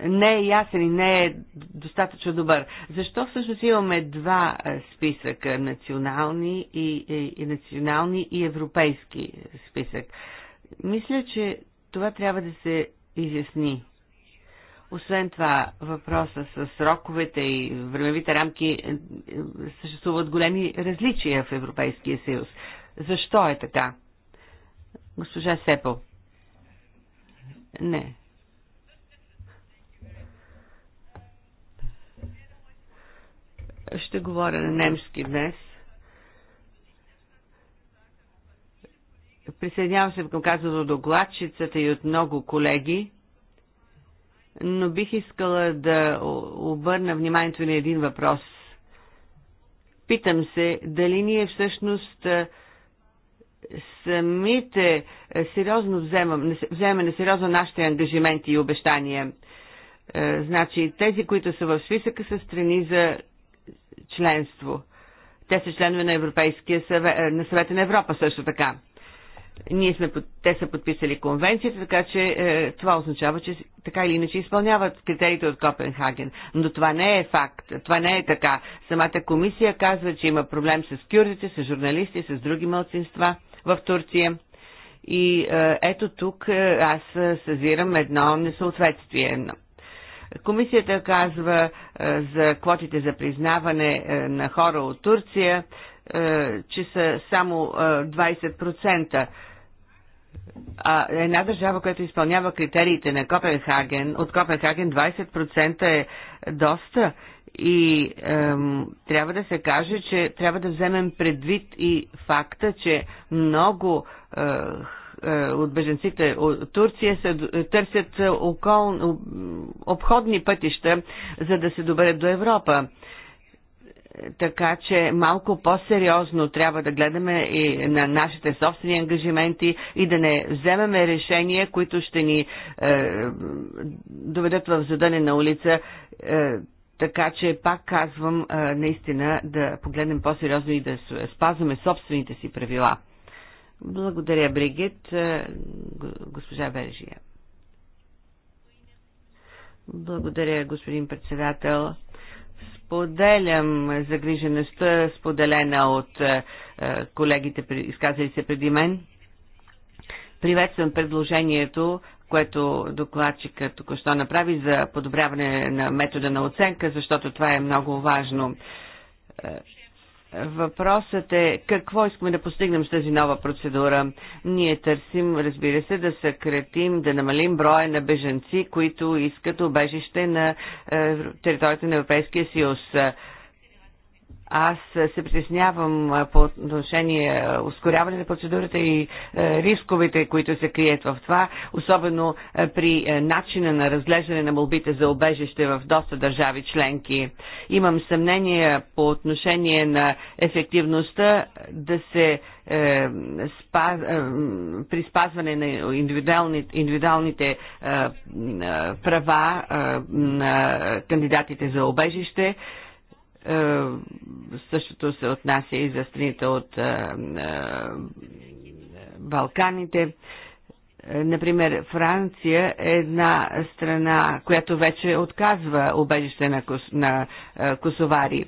не е ясен и не е достатъчно добър. Защо всъщност имаме два е, списъка национални и, и, е, и национални и европейски списък? Мисля, че това трябва да се изясни освен това, въпроса с сроковете и времевите рамки е, е, съществуват големи различия в Европейския съюз. Защо е така? Госпожа Сепо, Не. Ще говоря на немски днес. Присъединявам се към казано докладчицата и от много колеги но бих искала да обърна вниманието на един въпрос. Питам се, дали ние всъщност самите сериозно вземаме, на сериозно нашите ангажименти и обещания. Значи, тези, които са в списъка, са страни за членство. Те са членове на Европейския съвет, на съвета на Европа също така. Ние сме, те са подписали конвенцията, така че е, това означава, че така или иначе изпълняват критериите от Копенхаген. Но това не е факт. Това не е така. Самата комисия казва, че има проблем с кюрдите, с журналисти, с други мълцинства в Турция. И е, ето тук е, аз е, съзирам едно несъответствие. Комисията казва е, за квотите за признаване е, на хора от Турция, е, че са само 20%. Е, а, една държава, която изпълнява критериите на Копенхаген, от Копенхаген 20% е доста и ем, трябва да се каже, че трябва да вземем предвид и факта, че много е, е, от беженците от Турция се, търсят окол, обходни пътища, за да се доберат до Европа така че малко по-сериозно трябва да гледаме и на нашите собствени ангажименти и да не вземеме решения, които ще ни е, доведат в задънена улица. Е, така че, пак казвам, е, наистина да погледнем по-сериозно и да спазваме собствените си правила. Благодаря, Бригит. Е, госпожа Бережия. Благодаря, господин председател. Споделям загрижеността, споделена от е, е, колегите, изказали се преди мен. Приветствам предложението, което докладчика току-що направи за подобряване на метода на оценка, защото това е много важно е, Въпросът е какво искаме да постигнем с тази нова процедура. Ние търсим, разбира се, да съкратим, да намалим броя на беженци, които искат обежище на е, територията на Европейския съюз. Аз се притеснявам по отношение ускоряване на процедурата и рисковете, които се крият в това, особено при начина на разглеждане на молбите за обежище в доста държави членки. Имам съмнение по отношение на ефективността да се е, спа, е, при спазване на индивидуалните, индивидуалните е, права на кандидатите за обежище е, същото се отнася и за страните от е, е, Балканите. Например, Франция е една страна, която вече отказва убежище на, кос, на косовари.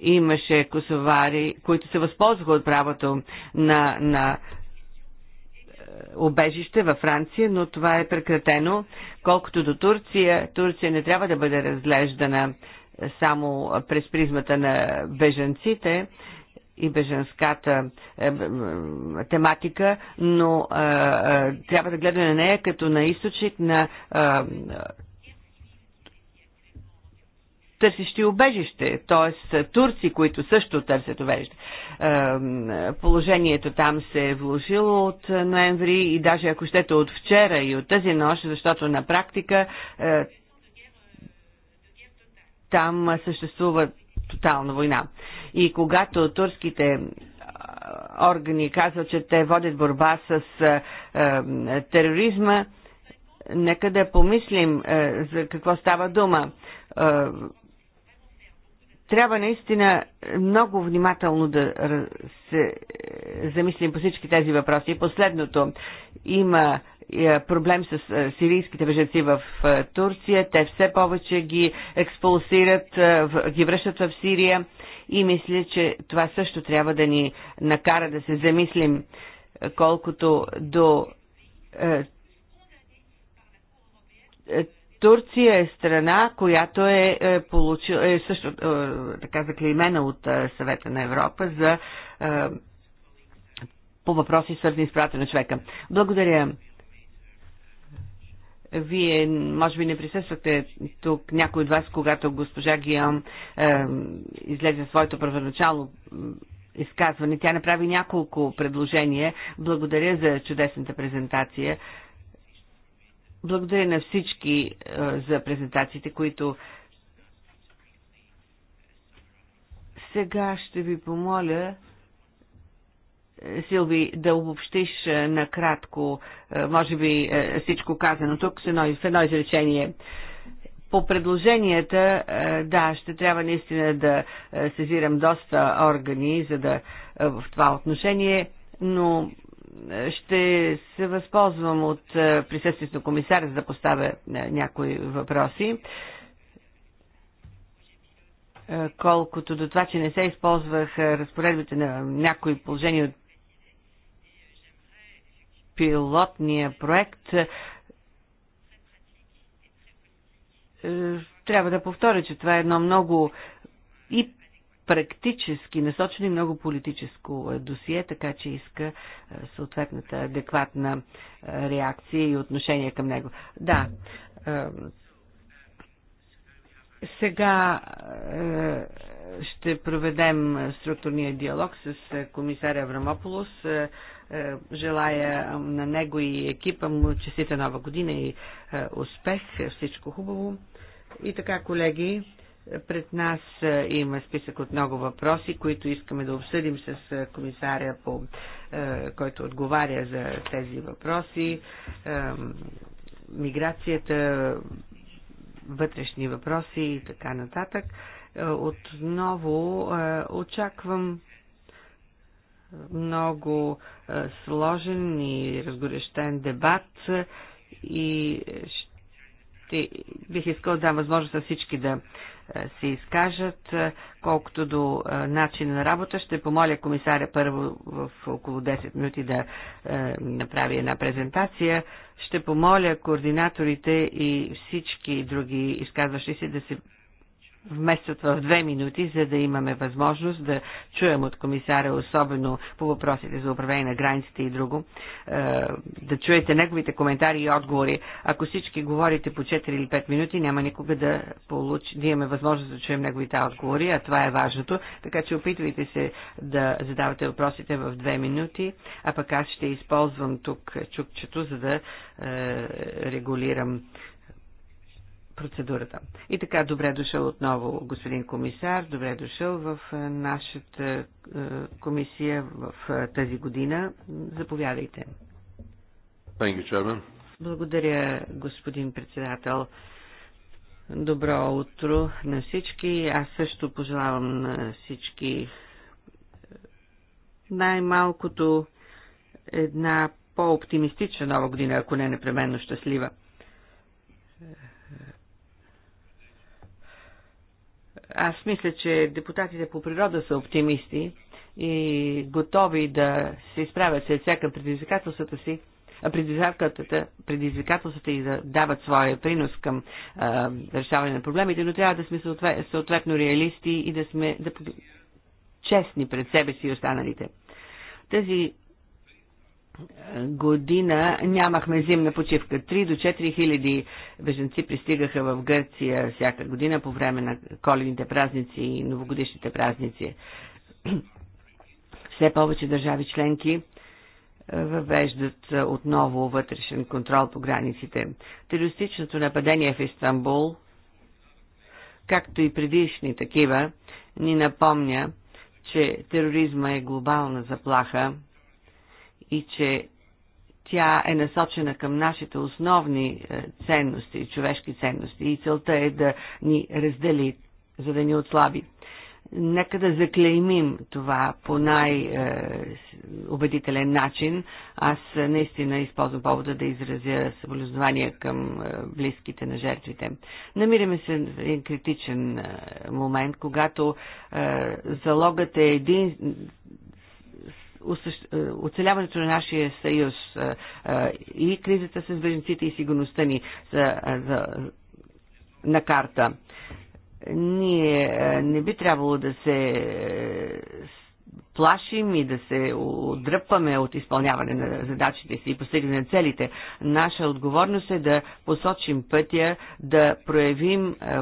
Имаше косовари, които се възползваха от правото на, на обежище във Франция, но това е прекратено. Колкото до Турция, Турция не трябва да бъде разглеждана само през призмата на бежанците и беженската е, тематика, но е, е, трябва да гледаме на нея като на източник на търсещи обежище, т.е. турци, които също търсят обежище. Положението там се е вложило от ноември и даже ако щете от вчера и от тази нощ, защото на практика е, там съществува тотална война. И когато турските е, органи казват, че те водят борба с е, тероризма, нека да помислим е, за какво става дума. Е, трябва наистина много внимателно да се е, замислим по всички тези въпроси. И последното, има е, проблем с е, сирийските бежанци в Турция. Те все повече ги експулсират, ги връщат в Сирия и мисля, че това също трябва да ни накара да се замислим колкото до Турция е страна, която е, е, получил, е също е, така заклеймена от е, съвета на Европа за е, по въпроси свързани с правата на човека. Благодаря. Вие, може би, не присъствате тук някой от вас, когато госпожа Гион е, излезе своето първоначално изказване. Тя направи няколко предложения. Благодаря за чудесната презентация. Благодаря на всички е, за презентациите, които сега ще ви помоля е, Силви, да обобщиш е, накратко, може би всичко казано тук с едно, в едно изречение. По предложенията, да, ще трябва наистина да сезирам доста органи, за да в това отношение, но ще се възползвам от е, присъствието на комисаря, за да поставя е, някои въпроси. Е, колкото до това, че не се използвах разпоредбите на някои положения от пилотния проект, трябва да повторя, че това е едно много и практически насочено и много политическо е, досие, така че иска е, съответната адекватна е, реакция и отношение към него. Да. Сега ще проведем структурния диалог с комисаря Аврамополос. Желая на него и екипа му честита нова година и успех, всичко хубаво. И така, колеги, пред нас е, има списък от много въпроси, които искаме да обсъдим с е, комисаря, по, е, който отговаря за тези въпроси. Миграцията, вътрешни въпроси и така нататък. Отново очаквам много сложен и разгорещен дебат и ще, бих искал да дам възможност на всички да е, се изкажат. Е, колкото до е, начина на работа, ще помоля комисаря първо в около 10 минути да направи една презентация. Ще помоля координаторите и всички други изказващи се да се вместват в две минути, за да имаме възможност да чуем от комисаря, особено по въпросите за управление на границите и друго, е, да чуете неговите коментари и отговори. Ако всички говорите по 4 или 5 минути, няма никога да, получ... да имаме възможност да чуем неговите отговори, а това е важното. Така че опитвайте се да задавате въпросите в две минути, а пък аз ще използвам тук чукчето, за да е, регулирам процедурата. И така, добре дошъл отново, господин комисар, добре дошъл в е, нашата е, комисия в е, тази година. Заповядайте. You, Благодаря, господин председател. Добро утро на всички. Аз също пожелавам на всички най-малкото една по-оптимистична нова година, ако не непременно щастлива. аз мисля, че депутатите по природа са оптимисти и готови да се изправят след всяка предизвикателствата си, предизвикателствата, предизвикателствата и да дават своя принос към а, решаване на проблемите, но трябва да сме съответно реалисти и да сме да, честни пред себе си и останалите. Тези година нямахме зимна почивка. 3 до 4 хиляди беженци пристигаха в Гърция всяка година по време на коледните празници и новогодишните празници. Все повече държави членки въвеждат отново вътрешен контрол по границите. Терористичното нападение в Истанбул, както и предишни такива, ни напомня, че тероризма е глобална заплаха и че тя е насочена към нашите основни е, ценности, човешки ценности и целта е да ни раздели, за да ни отслаби. Нека да заклеймим това по най-убедителен е, начин. Аз е, наистина използвам повода да изразя съболезнования към близките на жертвите. Намираме се в един критичен момент, когато залогът е един е, оцеляването на нашия съюз е, е, и кризата с беженците и сигурността ни за, за, на карта. Ние не би трябвало да се плашим и да се отдръпваме от изпълняване на задачите си и постигане на целите. Наша отговорност е да посочим пътя, да проявим е,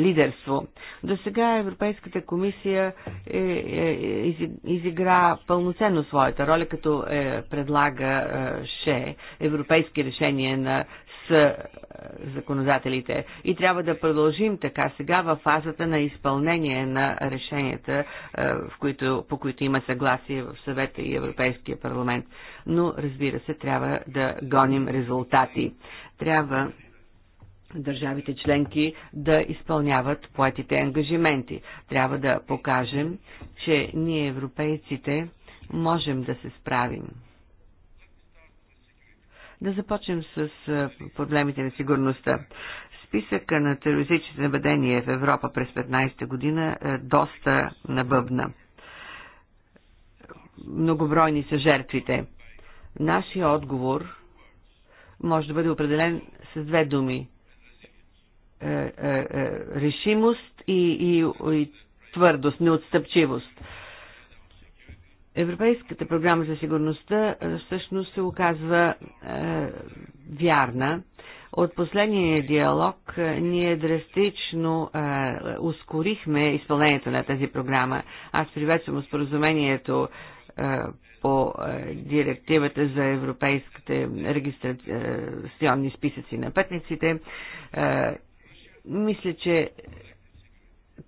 лидерство. До сега Европейската комисия е, е, изигра пълноценно своята роля, като е, предлага е, ше европейски решения на е, законодателите. И трябва да продължим така сега в фазата на изпълнение на решенията, е, в които, по които има съгласие в съвета и Европейския парламент. Но, разбира се, трябва да гоним резултати. Трябва държавите членки да изпълняват поетите ангажименти. Трябва да покажем, че ние, европейците, можем да се справим. Да започнем с проблемите на сигурността. Списъка на терористичните нападения в Европа през 15-та година е доста набъбна. Многобройни са жертвите. Нашия отговор може да бъде определен с две думи. Е, е, е, решимост и, и, и твърдост, неотстъпчивост Европейската програма за сигурността е, всъщност се оказва е, вярна. От последния диалог е, ние драстично е, ускорихме изпълнението на тази програма. Аз приветствам споразумението е, по е, директивата за европейските регистрационни списъци на пътниците. Е, мисля, че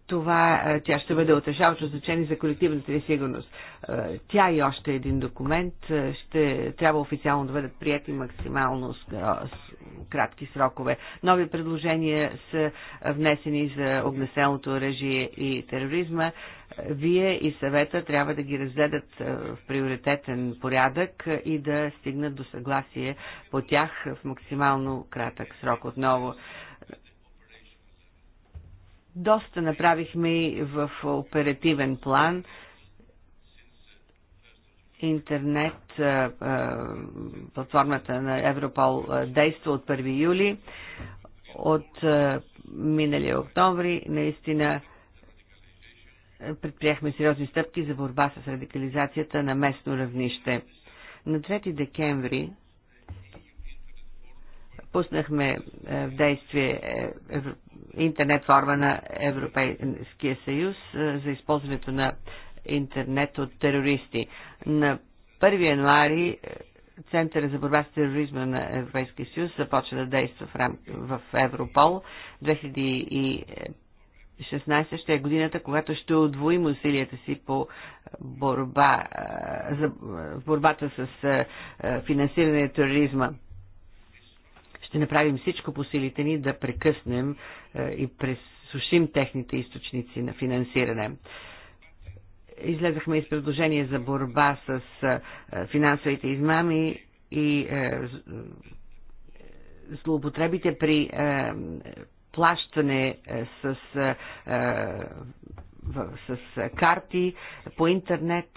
това, е, тя ще бъде отрешаващо значение за колективната ни сигурност. Е, тя и още един документ е, ще трябва официално да бъдат прияти максимално с кратки срокове. Нови предложения са внесени за огнеселното оръжие и тероризма. Вие и съвета трябва да ги разгледат в приоритетен порядък и да стигнат до съгласие по тях в максимално кратък срок отново. Доста направихме и в оперативен план. Интернет, платформата на Европол действа от 1 юли. От миналия октомври наистина предприехме сериозни стъпки за борба с радикализацията на местно равнище. На 3 декември пуснахме в действие е, интернет форма на Европейския съюз за използването на интернет от терористи. На 1 януари Центъра за борба с тероризма на Европейския съюз започва да действа в, рам... в Европол. 2016 ще е годината, когато ще отвоим усилията си по борба, за, борбата с финансиране на тероризма ще направим всичко по силите ни да прекъснем е, и пресушим техните източници на финансиране излезахме из предложение за борба с е, финансовите измами и е, злоупотребите при плащане с, с карти по интернет.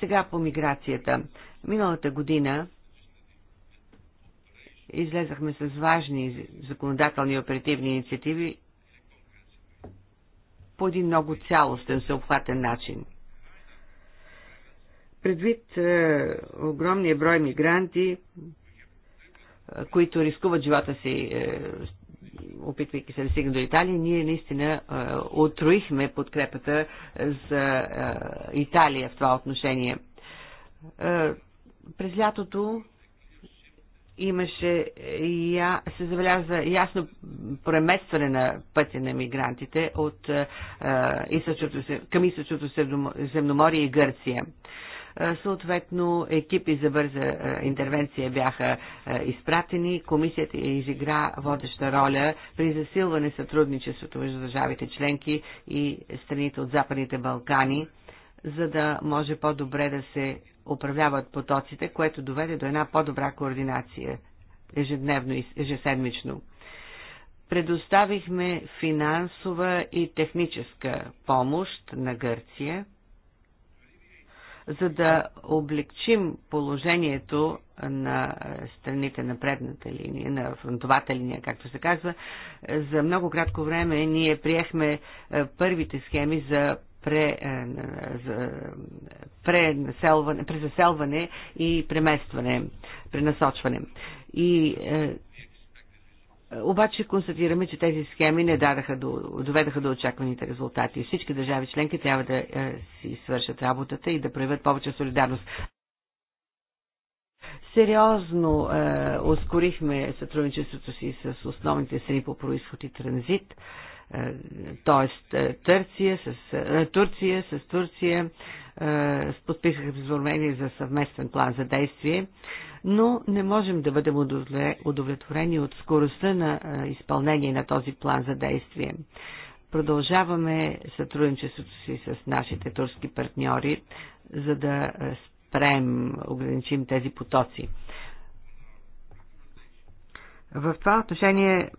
Сега по миграцията. Миналата година Излезахме с важни законодателни и оперативни инициативи по един много цялостен, съобхватен начин. Предвид е, огромния брой мигранти, е, които рискуват живота си, е, опитвайки се да стигнат до Италия, ние наистина е, отруихме подкрепата за Италия в това отношение. През лятото имаше, е, я, се забеляза ясно преместване на пътя на мигрантите от, е, е към източното земноморие и Гърция. Е, съответно, екипи за бърза интервенция бяха изпратени. Комисията изигра водеща роля при засилване сътрудничеството между държавите членки и страните от Западните Балкани, за да може по-добре да се управляват потоците, което доведе до една по-добра координация ежедневно и ежеседмично. Предоставихме финансова и техническа помощ на Гърция, за да облегчим положението на страните на предната линия, на фронтовата линия, както се казва. За много кратко време ние приехме е, първите схеми за пре, е, е, пренаселване, презаселване и преместване, пренасочване. И е, обаче констатираме, че тези схеми не дадаха до, доведаха до очакваните резултати. Всички държави членки трябва да е, си свършат работата и да проявят повече солидарност. Сериозно е, ускорихме сътрудничеството си с основните страни по происход и транзит. Е, т.е. Е, Турция с, Турция, е, с Турция подписаха безвърмение за съвместен план за действие, но не можем да бъдем удовлетворени от скоростта на е, изпълнение на този план за действие. Продължаваме сътрудничеството си с нашите турски партньори, за да спрем, ограничим тези потоци. В това отношение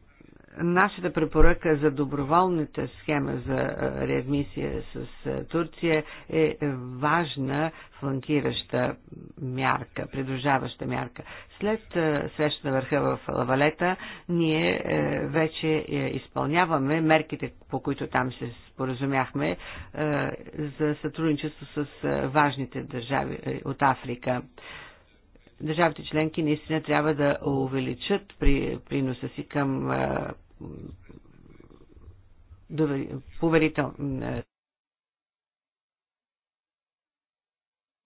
Нашата препоръка за доброволната схема за реадмисия с Турция е важна фланкираща мярка, придружаваща мярка. След срещата върха в Лавалета, ние е, вече е, изпълняваме мерките, по които там се споразумяхме е, за сътрудничество с важните държави от Африка държавите членки наистина трябва да увеличат приноса си към поверител, е,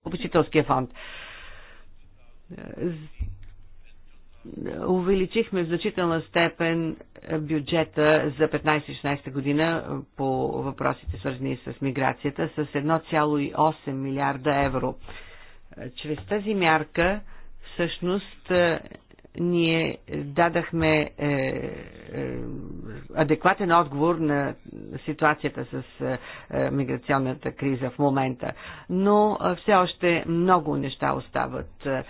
обучителския фонд. Увеличихме в значителна степен бюджета за 15-16 година по въпросите свързани с миграцията с 1,8 милиарда евро. Чрез тази мярка всъщност е, ние дадахме е, е, адекватен отговор на ситуацията с е, е, миграционната криза в момента. Но е, все още много неща остават, е, е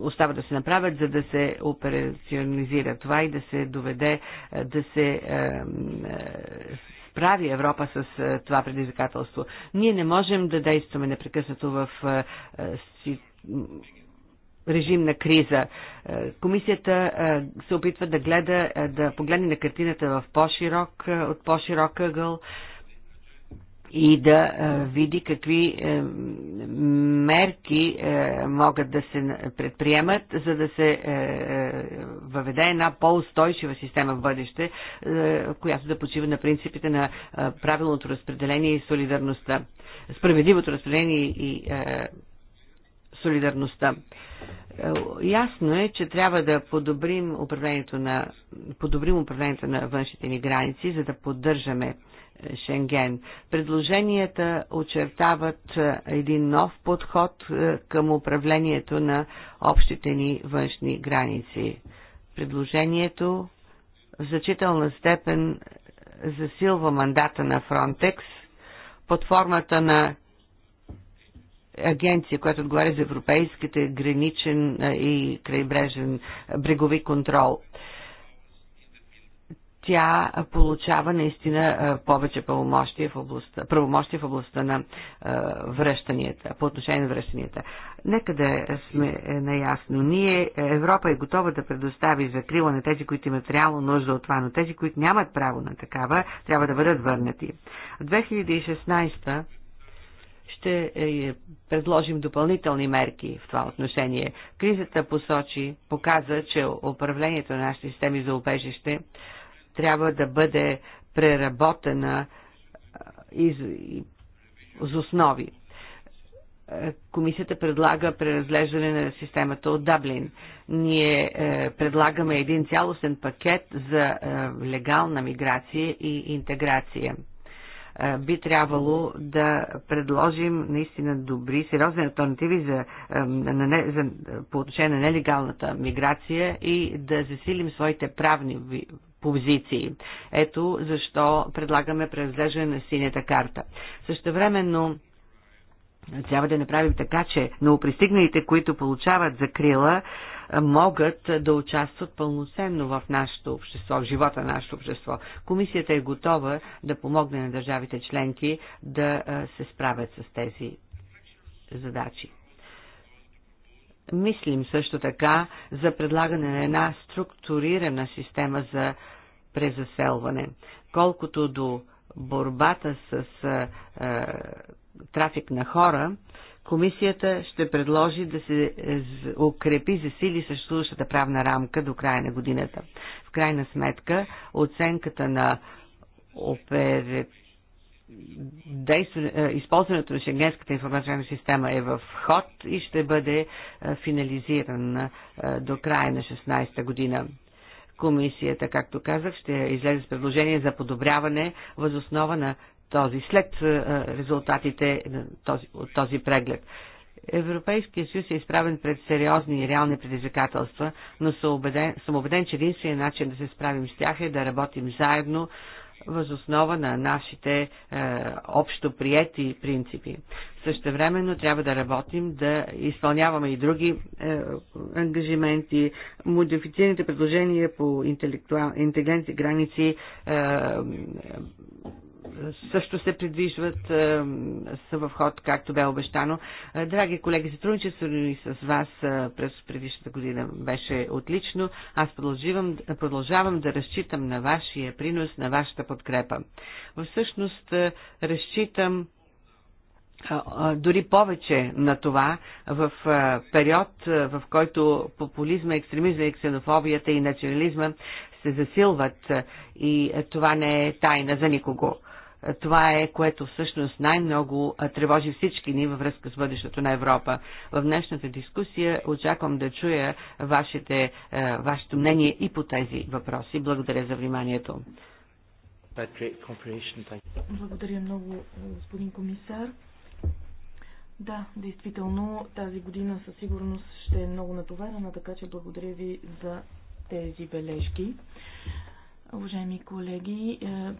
остават да се направят, за да се операционализира това и да се доведе, е, да се. Е, е, прави Европа с е, това предизвикателство. Ние не можем да действаме непрекъснато в е, режим на криза. Е, комисията е, се опитва да гледа, е, да погледне на картината в по-широк, от по-широк ъгъл и да види какви мерки могат да се предприемат, за да се въведе една по-устойчива система в бъдеще, която да почива на принципите на правилното разпределение и солидарността, справедливото разпределение и солидарността. Ясно е, че трябва да подобрим управлението на, подобрим управлението на външните ни граници, за да поддържаме е, Шенген. Предложенията очертават е, един нов подход е, към управлението на общите ни външни граници. Предложението в значителна степен засилва мандата на Фронтекс под формата на агенция, която отговаря за европейските граничен и крайбрежен брегови контрол. Тя получава наистина повече правомощия в областта, правомощия в областта на връщанията, по отношение на връщанията. Нека да сме е, наясно. Ние, Европа е готова да предостави закрила на тези, които имат реално нужда от това, но тези, които нямат право на такава, трябва да бъдат върнати. В 2016 ще е, предложим допълнителни мерки в това отношение. Кризата посочи, показа, че управлението на нашите системи за убежище трябва да бъде преработена из, из основи. Е, комисията предлага преразглеждане на системата от Даблин. Ние е, предлагаме един цялостен пакет за е, легална миграция и интеграция. Е, би трябвало да предложим наистина добри, сериозни альтернативи за, е, за, по отношение на нелегалната миграция и да засилим своите правни позиции. Ето защо предлагаме преразглеждане на синята карта. Същевременно трябва да направим така, че новопристигналите, които получават закрила, могат да участват пълноценно в нашето общество, в живота на нашето общество. Комисията е готова да помогне на държавите членки да се справят с тези задачи. Мислим също така за предлагане на една структурирана система за презаселване. Колкото до борбата с е, трафик на хора, е, Комисията ще предложи да се укрепи, засили съществуващата правна рамка до края на годината. В крайна сметка, оценката на опер... Действу... Е, използването на Шенгенската информационна система е в ход и ще бъде е, финализиран е, до края на 16-та година. Комисията, както казах, ще излезе с предложение за подобряване възоснова на този, след резултатите този, от този преглед. Европейския съюз е изправен пред сериозни и реални предизвикателства, но съм убеден, съм убеден че единственият начин да се справим с тях е да работим заедно възоснова на нашите е, общо приети принципи. Същевременно трябва да работим, да изпълняваме и други е, ангажименти. Модифицираните предложения по интелигентни граници е, също се придвижват е, са в ход, както бе обещано. Е, драги колеги, сътрудничество ни с вас е, през предишната година беше отлично. Аз продължавам, продължавам да разчитам на вашия принос, на вашата подкрепа. Всъщност, разчитам дори повече на това в период, в който популизма, екстремизма и ксенофобията и национализма се засилват и това не е тайна за никого. Това е, което всъщност най-много тревожи всички ни във връзка с бъдещето на Европа. В днешната дискусия очаквам да чуя вашите, е, вашето мнение и по тези въпроси. Благодаря за вниманието. Благодаря много, господин комисар. Да, действително тази година със сигурност ще е много натоварена, така че благодаря ви за тези бележки. Уважаеми колеги, е,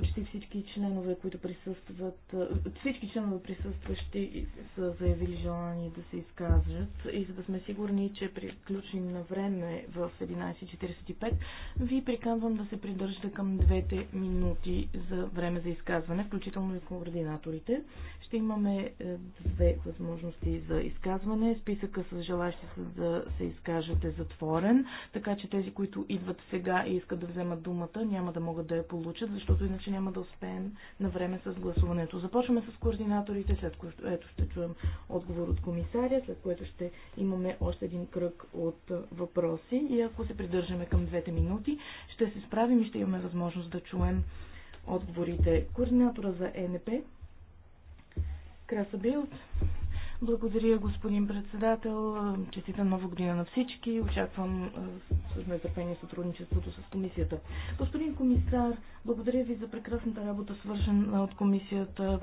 почти всички членове, които присъстват, всички членове присъстващи са заявили желание да се изкажат и за да сме сигурни, че приключим на време в 11.45, ви приканвам да се придържате към двете минути за време за изказване, включително и координаторите. Ще имаме е, две възможности за изказване. Списъка с желащи да се изкажат е затворен, така че тези, които идват сега и искат да вземат думата, няма да могат да я получат, защото иначе няма да успеем на време с гласуването. Започваме с координаторите, след което ще чуем отговор от комисаря, след което ще имаме още един кръг от е, въпроси и ако се придържаме към двете минути, ще се справим и ще имаме възможност да чуем отговорите. Координатора за ЕНП Краса Билт. Благодаря, господин председател. Честита нова година на всички. Очаквам с нетърпение сътрудничеството с комисията. Господин комисар, благодаря ви за прекрасната работа, свършена от комисията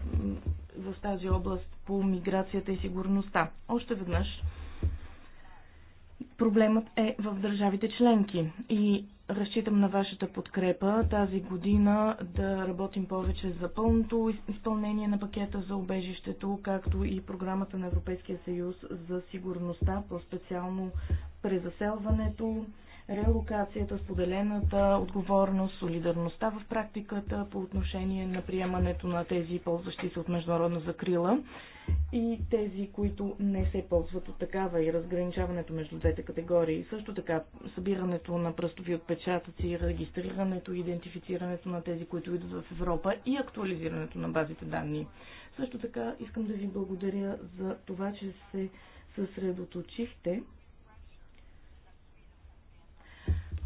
в тази област по миграцията и сигурността. Още веднъж Проблемът е в държавите членки и разчитам на вашата подкрепа тази година да работим повече за пълното изпълнение на пакета за обежището, както и програмата на Европейския съюз за сигурността, по-специално презаселването, релокацията, споделената отговорност, солидарността в практиката по отношение на приемането на тези ползващи се от международна закрила и тези, които не се ползват от такава и разграничаването между двете категории. Също така събирането на пръстови отпечатъци, регистрирането и идентифицирането на тези, които идват в Европа и актуализирането на базите данни. Също така искам да ви благодаря за това, че се съсредоточихте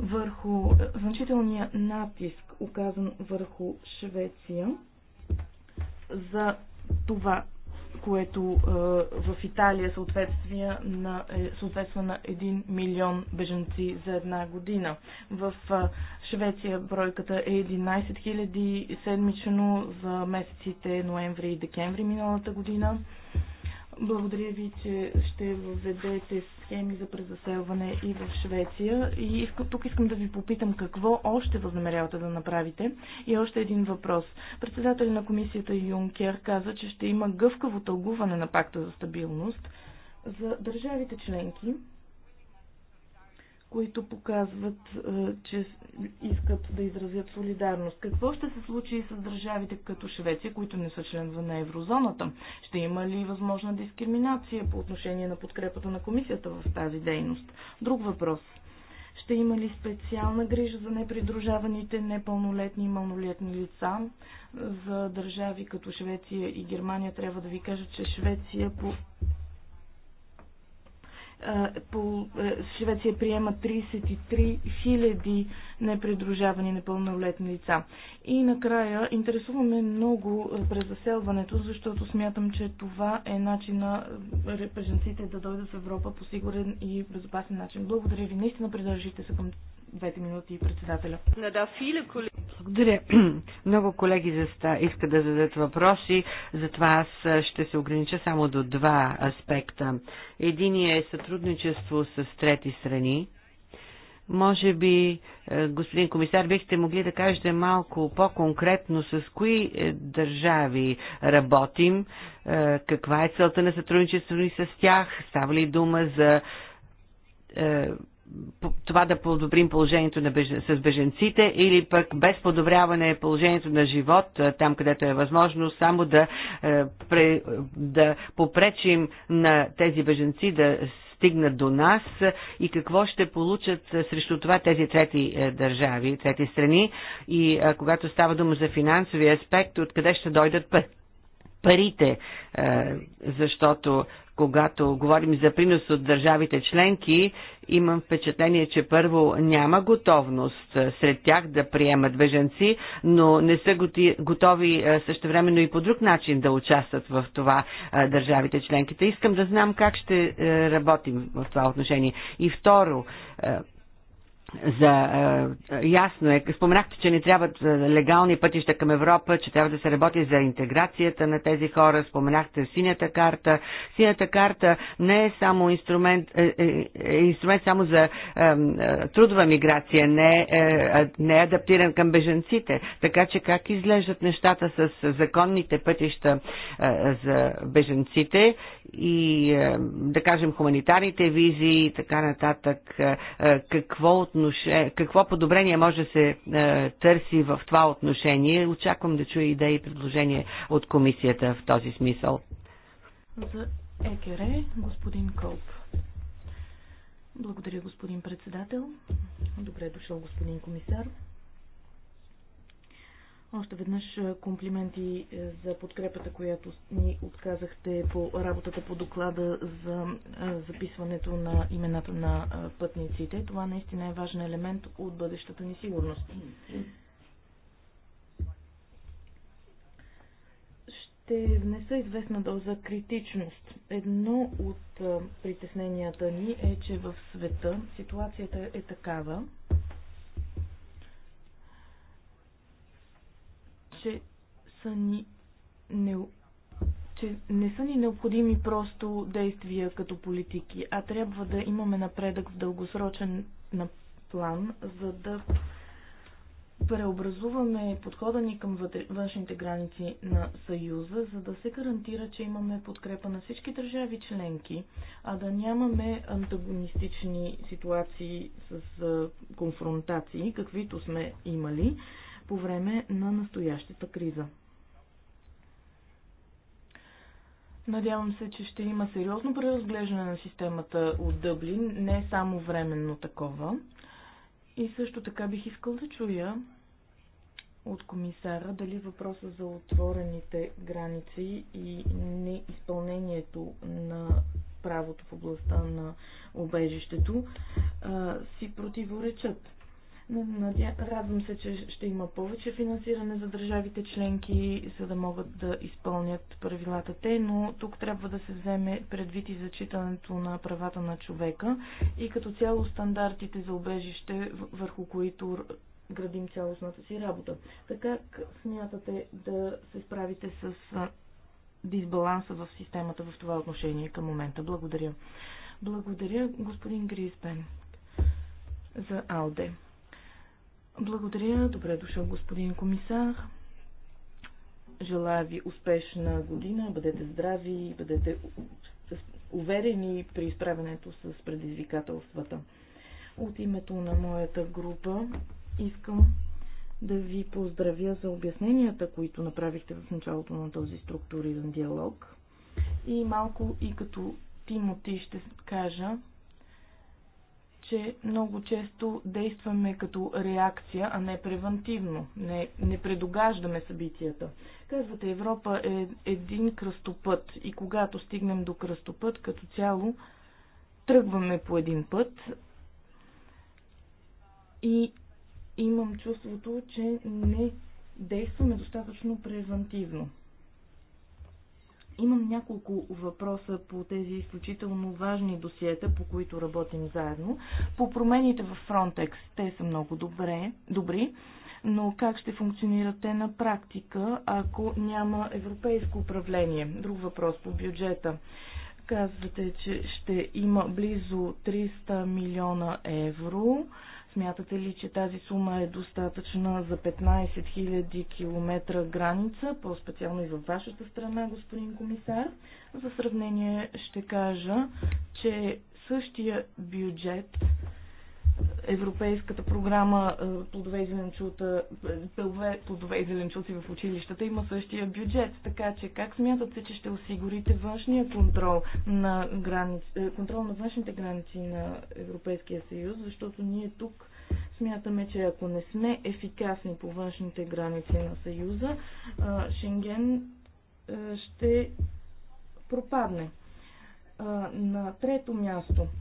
върху значителния натиск, оказан върху Швеция за това, което е, в Италия съответства на, е, съответства на 1 милион беженци за една година. В е, Швеция бройката е 11 000 седмично за месеците ноември и декември миналата година. Благодаря ви, че ще въведете схеми за презаселване и в Швеция. И тук искам да ви попитам какво още възнамерявате да направите. И още един въпрос. Председател на комисията Юнкер каза, че ще има гъвкаво тългуване на пакта за стабилност за държавите членки, които показват, че искат да изразят солидарност. Какво ще се случи с държавите като Швеция, които не са членове на еврозоната? Ще има ли възможна дискриминация по отношение на подкрепата на комисията в тази дейност? Друг въпрос. Ще има ли специална грижа за непридружаваните непълнолетни и малолетни лица? За държави като Швеция и Германия трябва да ви кажа, че Швеция по по Швеция приема 33 000 непридружавани непълнолетни лица. И накрая интересуваме много през заселването, защото смятам, че това е начин на бежанците да дойдат в Европа по сигурен и безопасен начин. Благодаря ви. Наистина придържите се към двете минути и председателя. Благодаря. *clears throat* Много колеги заста, искат да зададат въпроси, затова аз ще се огранича само до два аспекта. Единият е сътрудничество с трети страни. Може би, е, господин комисар, бихте могли да кажете малко по-конкретно с кои е, държави работим, е, каква е целта на сътрудничеството ни с тях, става ли дума за това да подобрим положението на беж... с беженците или пък без подобряване положението на живот, там където е възможно, само да, е, пре... да попречим на тези беженци да стигнат до нас и какво ще получат срещу това тези трети е, държави, трети страни и когато става дума за финансови аспект, откъде ще дойдат парите, е, защото когато говорим за принос от държавите членки, имам впечатление, че първо няма готовност сред тях да приемат беженци, но не са готови също времено и по друг начин да участват в това държавите членките. Искам да знам как ще е, работим в това отношение. И второ, е, за, е, ясно е, споменахте, че не трябват е, легални пътища към Европа, че трябва да се работи за интеграцията на тези хора, споменахте синята карта. Синята карта не е само инструмент, е, е, е инструмент само за е, е, трудова миграция, не е, е, не е адаптиран към беженците. Така че как изглеждат нещата с законните пътища е, за беженците и, е, да кажем, хуманитарните визии и така нататък, е, е какво отношение отношение, какво подобрение може да се е, търси в това отношение. Очаквам да чуя идеи и предложения от комисията в този смисъл. За ЕКР, господин Кълп. Благодаря, господин председател. Добре е дошъл, господин комисар. Още веднъж е, комплименти е, за подкрепата, която ни отказахте по работата по доклада за е, записването на имената на пътниците. Това наистина е важен елемент от бъдещата ни сигурност. ще внеса известна доза критичност. Едно от притесненията ни е, че в света ситуацията е такава, че са ни не, че не са ни необходими просто действия като политики, а трябва да имаме напредък в дългосрочен план, за да преобразуваме подхода ни към външните граници на Съюза, за да се гарантира, че имаме подкрепа на всички държави членки, а да нямаме антагонистични ситуации с конфронтации, каквито сме имали, по време на настоящата криза. Надявам се, че ще има сериозно преразглеждане на системата от Дъблин, не само временно такова. И също така бих искал да чуя от комисара дали въпроса за отворените граници и неизпълнението на правото в областта на обежището си противоречат. Надя... Радвам се, че ще има повече финансиране за държавите членки, за да могат да изпълнят правилата те, но тук трябва да се вземе предвид и зачитането на правата на човека и като цяло стандартите за обежище, върху които градим цялостната си работа. Така смятате да се справите с дисбаланса в системата в това отношение към момента? Благодаря. Благодаря, господин Гриспен, за Ауде. Благодаря. Добре дошъл, господин комисар. Желая ви успешна година. Бъдете здрави, бъдете уверени при изправенето с предизвикателствата. От името на моята група искам да ви поздравя за обясненията, които направихте в началото на този структуриран диалог. И малко и като Тимоти ще кажа, че много често действаме като реакция, а не превентивно. Не, не предогаждаме събитията. Казвате, Европа е един кръстопът и когато стигнем до кръстопът, като цяло тръгваме по един път и имам чувството, че не действаме достатъчно превентивно. Имам няколко въпроса по тези изключително важни досиета, по които работим заедно. По промените в Frontex, те са много добре, добри, но как ще функционират те на практика, ако няма европейско управление? Друг въпрос по бюджета казвате, че ще има близо 300 милиона евро Смятате ли, че тази сума е достатъчна за 15 000 км граница, по-специално и във вашата страна, господин комисар? За сравнение ще кажа, че същия бюджет Европейската програма е, плодове и, зеленчута, е, плодове и зеленчуци в училищата има същия бюджет. Така че как смятате, че ще осигурите външния контрол на, граници, е, контрол на външните граници на Европейския съюз? Защото ние тук смятаме, че ако не сме ефикасни по външните граници на съюза, Шенген ще пропадне. На трето място –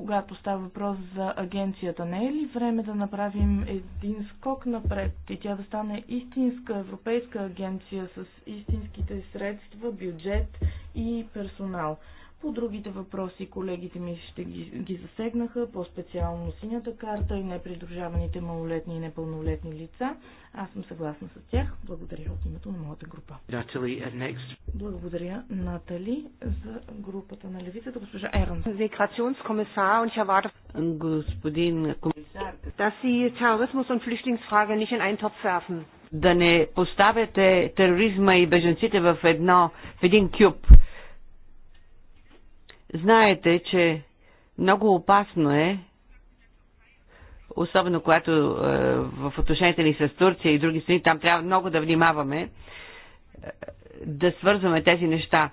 когато става въпрос за агенцията, не е ли време да направим един скок напред и тя да стане истинска европейска агенция с истинските средства, бюджет и персонал? По другите въпроси колегите ми ще ги, ги засегнаха, по-специално синята карта и непридружаваните малолетни и непълнолетни лица. Аз съм съгласна с тях. Благодаря от името на моята група. Натали, uh, next. Благодаря, Натали, за групата на левицата. Госпожа Ерн. Господин комисар, Да не поставяте тероризма и беженците в, едно, в един кюб Знаете, че много опасно е, особено когато е, в отношенията ни с Турция и други страни, там трябва много да внимаваме, е, да свързваме тези неща.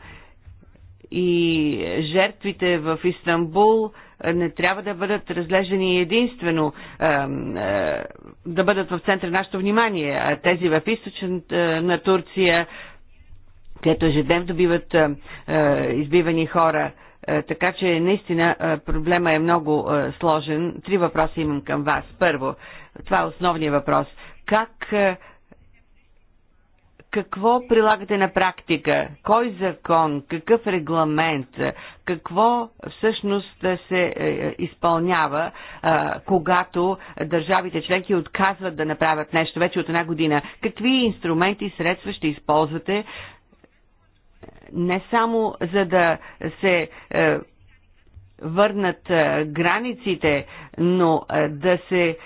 И жертвите в Истанбул е, не трябва да бъдат разглеждани единствено, е, е, да бъдат в на нашето внимание, а тези в източна е, Турция, където ежедневно биват е, е, избивани хора, е, така че наистина е, проблема е много е, сложен. Три въпроса имам към вас. Първо, това е основният въпрос. Как какво прилагате на практика, кой закон, какъв регламент, какво всъщност се изпълнява, когато държавите членки отказват да направят нещо вече от една година. Какви инструменти и средства ще използвате, не само за да се е, върнат е, границите, но е, да се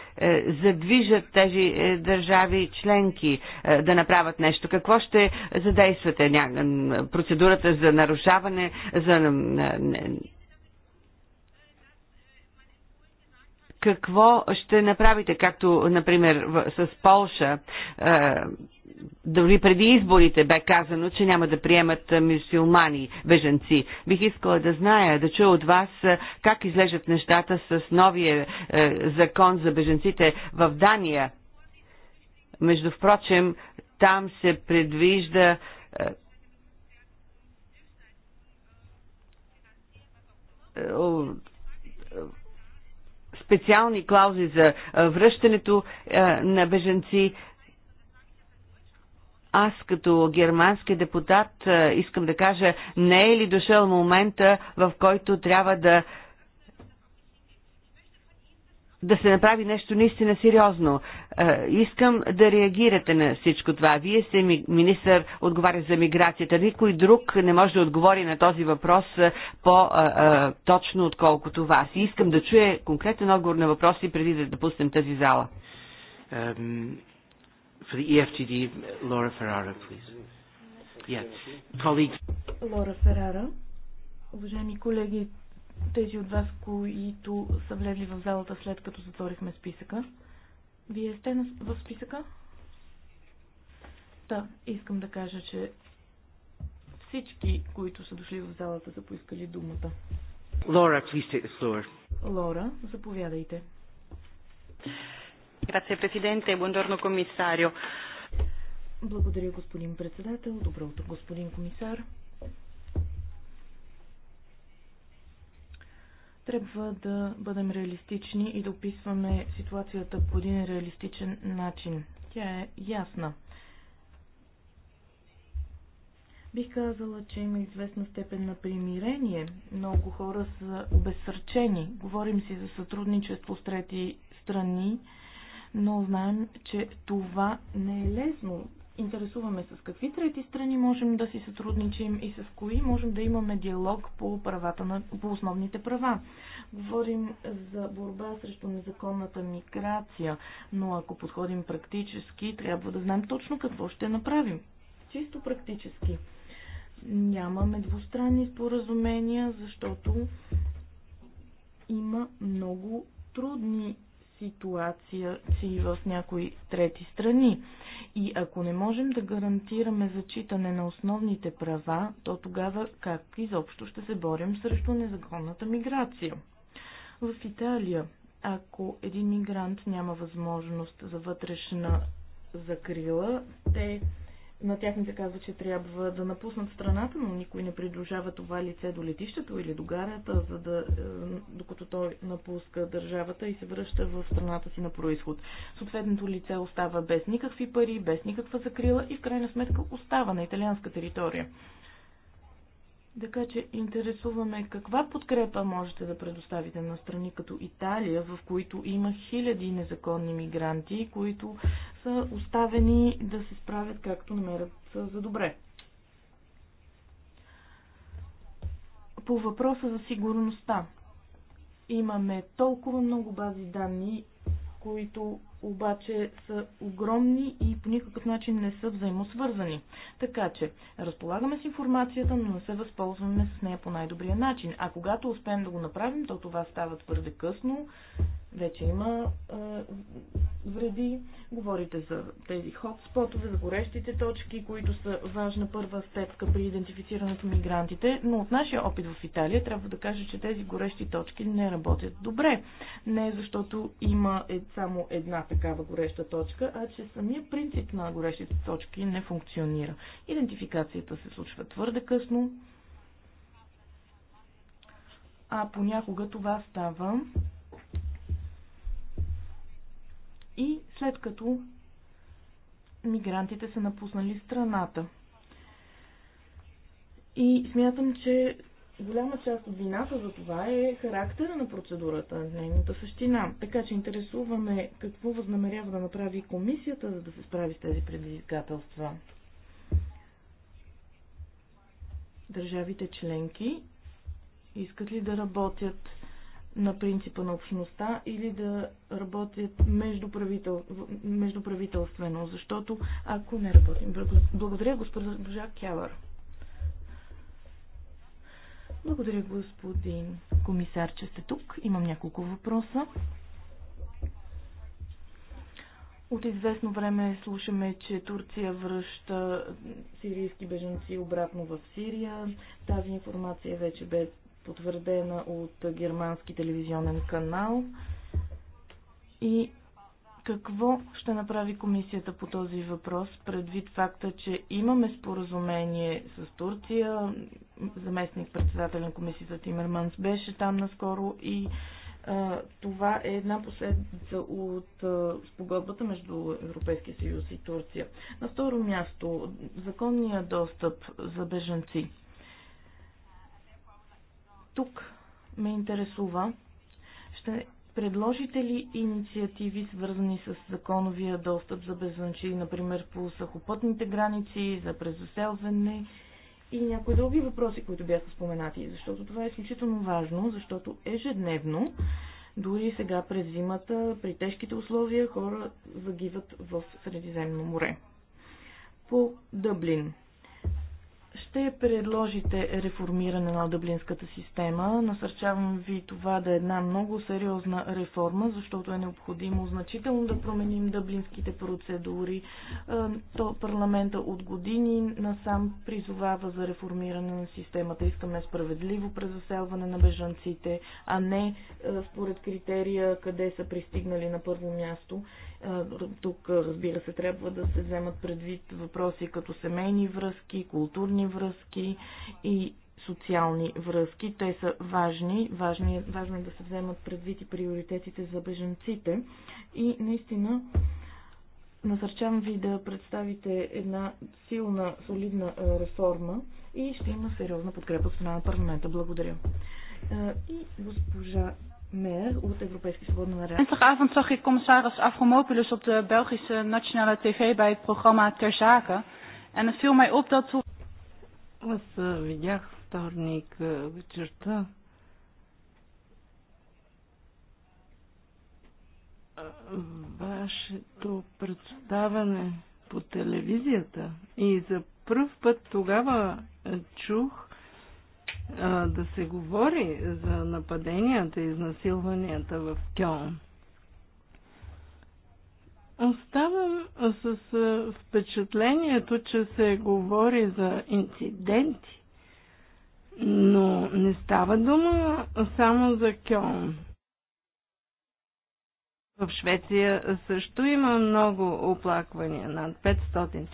задвижат тези държави членки да направят нещо. Какво ще задействате? Процедурата за нарушаване, за какво ще направите, както, например, с Полша, дори преди изборите бе казано, че няма да приемат мюсюлмани, беженци. Бих искала да зная, да чуя от вас как излежат нещата с новия е, закон за беженците в Дания. Между впрочем, там се предвижда е, специални клаузи за връщането е, на беженци аз като германски депутат искам да кажа, не е ли дошъл момента, в който трябва да да се направи нещо наистина сериозно. Искам да реагирате на всичко това. Вие сте министър, отговаря за миграцията. Никой друг не може да отговори на този въпрос по-точно, отколкото вас. И искам да чуя конкретен отговор на въпроси преди да допуснем тази зала. For the EFTD, Laura Ferraro, please. Yeah. Colleagues. Laura Ferraro. Уважаеми колеги, тези от вас, които са влезли в залата след като затворихме списъка, вие сте в списъка? Да, искам да кажа, че всички, които са дошли в залата, са поискали думата. Лора, please take the floor. Лора, заповядайте. Grazie Presidente, buongiorno комисарио. Благодаря, господин председател. Добро утро, господин комисар. Трябва да бъдем реалистични и да описваме ситуацията по един реалистичен начин. Тя е ясна. Бих казала, че има известна степен на примирение. Много хора са обесърчени. Говорим си за сътрудничество с трети страни но знаем, че това не е лесно. Интересуваме с какви трети страни можем да си сътрудничим и с кои можем да имаме диалог по, правата на, по основните права. Говорим за борба срещу незаконната миграция, но ако подходим практически, трябва да знаем точно какво ще направим. Чисто практически. Нямаме двустранни споразумения, защото има много трудни ситуация си в някои трети страни. И ако не можем да гарантираме зачитане на основните права, то тогава как изобщо ще се борим срещу незаконната миграция? В Италия, ако един мигрант няма възможност за вътрешна закрила, те на тях им се казва, че трябва да напуснат страната, но никой не придружава това лице до летището или до гарата, за да, е, докато той напуска държавата и се връща в страната си на происход. Съответното лице остава без никакви пари, без никаква закрила и в крайна сметка остава на италианска територия. Така че интересуваме каква подкрепа можете да предоставите на страни като Италия, в които има хиляди незаконни мигранти, които са оставени да се справят както намерят за добре. По въпроса за сигурността. Имаме толкова много бази данни, които обаче са огромни и по никакъв начин не са взаимосвързани. Така че разполагаме с информацията, но не се възползваме с нея по най-добрия начин. А когато успеем да го направим, то това става твърде късно. Вече има е, вреди. Говорите за тези хотспотове, за горещите точки, които са важна първа степка при идентифицирането на мигрантите, но от нашия опит в Италия трябва да кажа, че тези горещи точки не работят добре. Не защото има е, само една такава гореща точка, а че самия принцип на горещите точки не функционира. Идентификацията се случва твърде късно, а понякога това става и след като мигрантите са напуснали страната. И смятам, че голяма част от вината за това е характера на процедурата, нейната същина. Така че интересуваме какво възнамерява да направи комисията, за да се справи с тези предизвикателства. Държавите членки искат ли да работят на принципа на общността или да работят междуправител, междуправителствено, защото ако не работим. Благодаря, госпожа Кявър. Благодаря, господин комисар, че сте тук. Имам няколко въпроса. От известно време слушаме, че Турция връща сирийски беженци обратно в Сирия. Тази информация вече бе потвърдена от германски телевизионен канал. И какво ще направи комисията по този въпрос, предвид факта, че имаме споразумение с Турция? Заместник председател на комисията Тимерманс беше там наскоро и а, е, това е една последица от а, е, спогодбата между Европейския съюз и Турция. На второ място, законния достъп за бежанци. Тук ме интересува ще Предложите ли инициативи, свързани с законовия достъп за безвънчи, например по сухопътните граници, за презаселване и някои други въпроси, които бяха споменати? Защото това е изключително важно, защото ежедневно, дори сега през зимата, при тежките условия, хора загиват в Средиземно море. По Дъблин ще предложите реформиране на дъблинската система. Насърчавам ви това да е една много сериозна реформа, защото е необходимо значително да променим дъблинските процедури. Е, то парламента от години насам призовава за реформиране на системата. Искаме справедливо презаселване на бежанците, а не е, според критерия къде са пристигнали на първо място. Тук, разбира се, трябва да се вземат предвид въпроси като семейни връзки, културни връзки и социални връзки. Те са важни. важни е, важно е да се вземат предвид и приоритетите за беженците. И наистина насърчавам ви да представите една силна, солидна реформа и ще има сериозна подкрепа от страна на парламента. Благодаря. И госпожа Meer от Европейски свободно наред. Dinsdagavond zag ik commissaris Afromopoulos op de Belgische nationale tv bij het programma Ter Zaken. En het viel mij op dat toen... Аз видях вторник вечерта вашето представяне по телевизията и за първ път тогава чух да се говори за нападенията и изнасилванията в Кьон. Оставам с впечатлението, че се говори за инциденти, но не става дума само за Кьон. В Швеция също има много оплаквания, над 500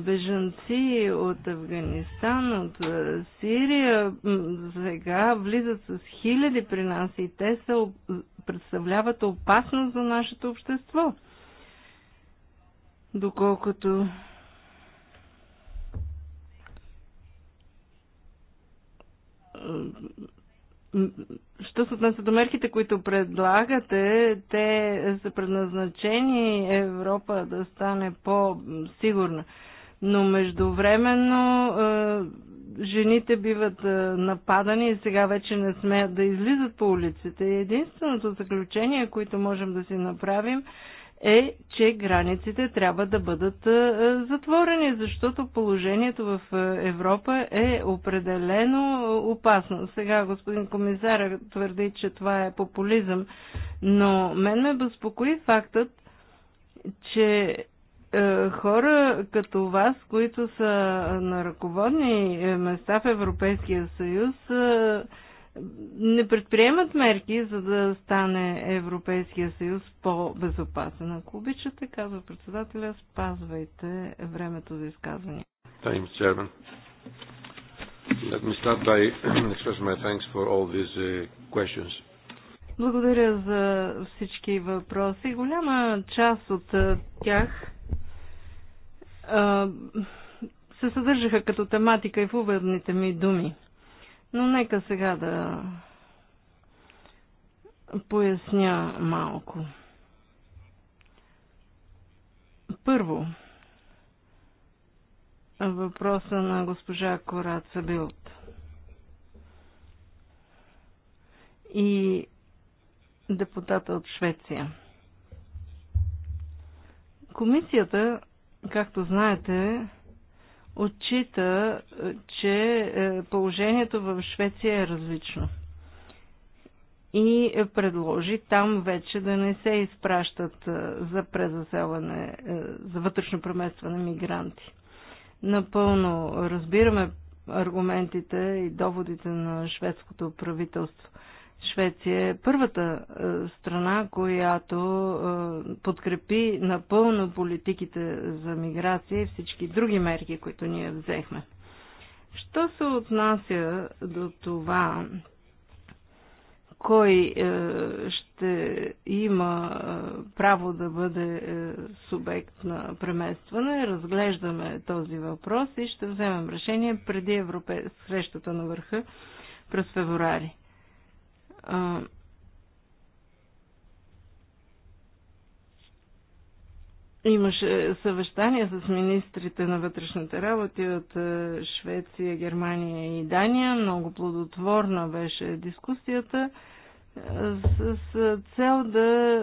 бежанци от Афганистан, от Сирия, сега влизат с хиляди при нас и те са, представляват опасност за нашето общество. Доколкото Що се отнася до мерките, които предлагате, те са предназначени Европа да стане по-сигурна. Но междувременно е, жените биват е, нападани и сега вече не смеят да излизат по улиците. Единственото заключение, което можем да си направим, е, че границите трябва да бъдат е, е, затворени, защото положението в е, Европа е определено опасно. Сега господин комисар твърди, че това е популизъм, но мен ме безпокои фактът, че хора като вас, които са на ръководни места в Европейския съюз, не предприемат мерки, за да стане Европейския съюз по-безопасен. Ако обичате, казва председателя, спазвайте времето за изказване. Chairman. Let me start by *clears throat* my thanks for all these uh, questions. Благодаря за всички въпроси. Голяма част от тях се съдържаха като тематика и в уведните ми думи. Но нека сега да поясня малко. Първо, въпроса на госпожа Кораца Билт. И депутата от Швеция. Комисията, както знаете, отчита, е, че е, положението в Швеция е различно. И е, предложи там вече да не се изпращат за презаселване, за вътрешно преместване мигранти. Напълно разбираме аргументите и доводите на шведското правителство. Швеция е първата е, страна, която е, подкрепи напълно политиките за миграция и всички други мерки, които ние взехме. Що се отнася до това, кой е, ще има право да бъде субект на преместване, разглеждаме този въпрос и ще вземем решение преди Европе... срещата на върха през февруари. А, Имаше съвещания с министрите на вътрешните работи от е, Швеция, Германия и Дания. Много плодотворна беше дискусията е, с цел да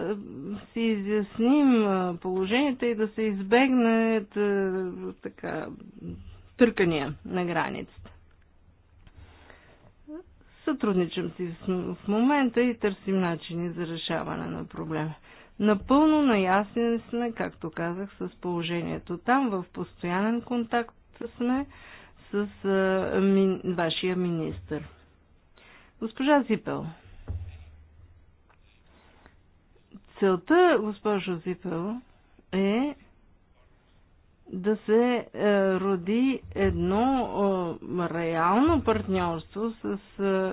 си изясним е, положението и да се избегнат така, търкания на границата. Сътрудничам си в момента и търсим начини за решаване на проблема. Напълно наясни сме, както казах, с положението там. В постоянен контакт сме с а, ми, вашия министр. Госпожа Зипел. Целта, госпожо Зипел, е да се е, роди едно е, реално партньорство с е,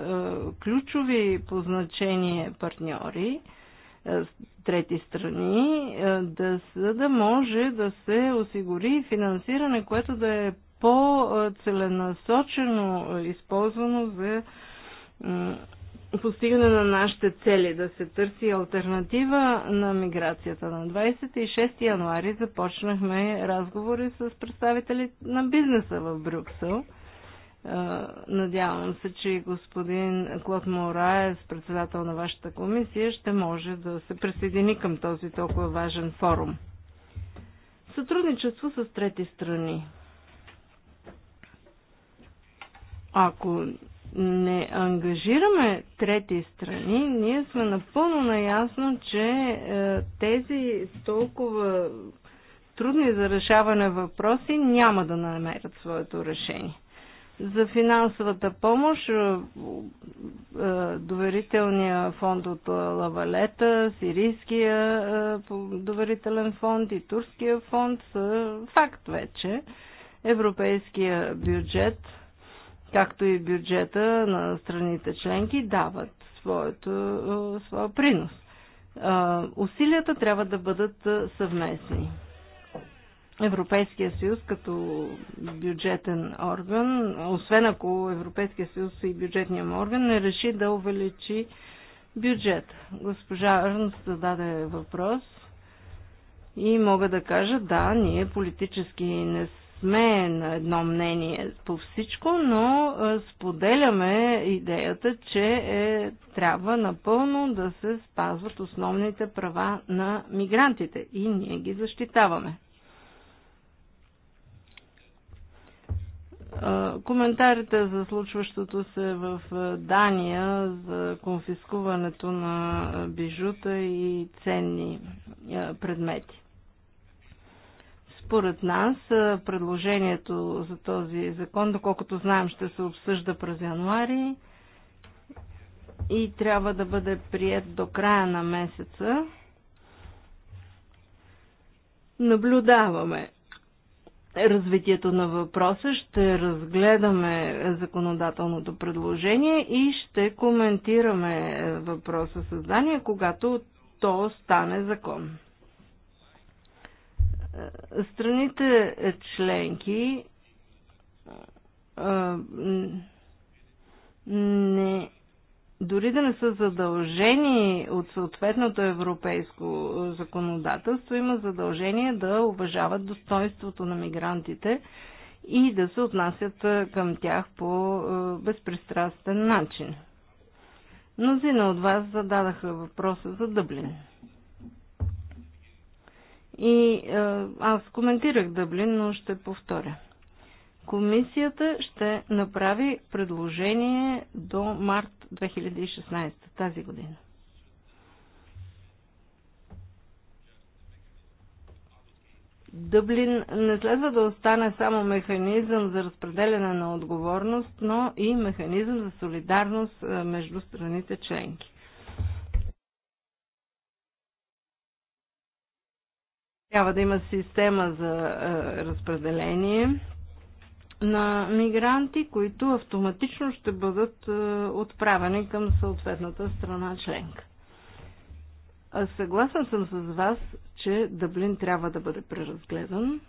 ключови по значение партньори, трети страни, да, за да може да се осигури финансиране, което да е по-целенасочено използвано за постигане на нашите цели, да се търси альтернатива на миграцията. На 26 януари започнахме разговори с представители на бизнеса в Брюксел. Надявам се, че господин Клод Мораес, председател на вашата комисия, ще може да се присъедини към този толкова важен форум. Сътрудничество с трети страни. Ако не ангажираме трети страни, ние сме напълно наясно, че е, тези толкова трудни за решаване въпроси няма да намерят своето решение. За финансовата помощ е, е, доверителния фонд от Лавалета, сирийския е, доверителен фонд и турския фонд са факт вече. Европейския бюджет както и бюджета на страните членки, дават своето, е, своя принос. Е, усилията трябва да бъдат е, съвместни. Европейския съюз като бюджетен орган, освен ако Европейския съюз и бюджетния орган не реши да увеличи бюджет. Госпожа Арнс зададе въпрос и мога да кажа, да, ние политически не сме на едно мнение по всичко, но споделяме идеята, че е, трябва напълно да се спазват основните права на мигрантите и ние ги защитаваме. коментарите за случващото се в Дания, за конфискуването на бижута и ценни предмети. Според нас предложението за този закон, доколкото знаем, ще се обсъжда през януари и трябва да бъде прият до края на месеца. Наблюдаваме развитието на въпроса, ще разгледаме законодателното предложение и ще коментираме въпроса създание, когато то стане закон. Страните членки не, дори да не са задължени от съответното европейско законодателство, има задължение да уважават достоинството на мигрантите и да се отнасят към тях по безпристрастен начин. Мнозина от вас зададаха въпроса за Дъблин. И е, аз коментирах Дъблин, но ще повторя. Комисията ще направи предложение до март 2016 тази година. Дъблин не следва да остане само механизъм за разпределяне на отговорност, но и механизъм за солидарност е, между страните членки. Трябва да има система за е, разпределение на мигранти, които автоматично ще бъдат е, отправени към съответната страна членка. Съгласен съм с вас, че Дъблин трябва да бъде преразгледан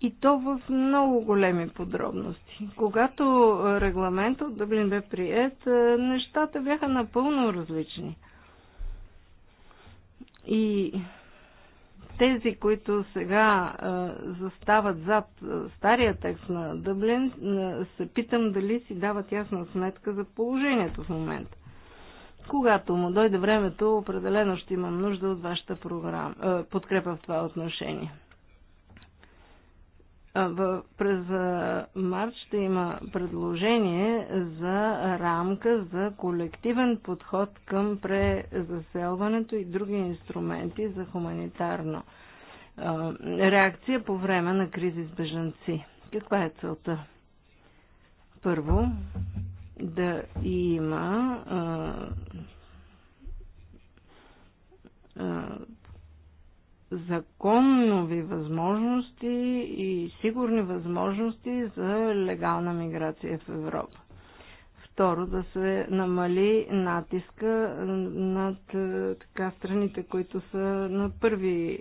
и то в много големи подробности. Когато е, регламент от Дъблин бе прият, нещата бяха напълно различни. И тези, които сега застават зад стария текст на Дъблин, се питам дали си дават ясна сметка за положението в момента. Когато му дойде времето, определено ще имам нужда от вашата програма, подкрепа в това отношение. През март ще има предложение за рамка за колективен подход към презаселването и други инструменти за хуманитарно реакция по време на кризи с бежанци. Каква е целта? Първо, да има законнови възможности и сигурни възможности за легална миграция в Европа. Второ, да се намали натиска над е, така, страните, които са на първи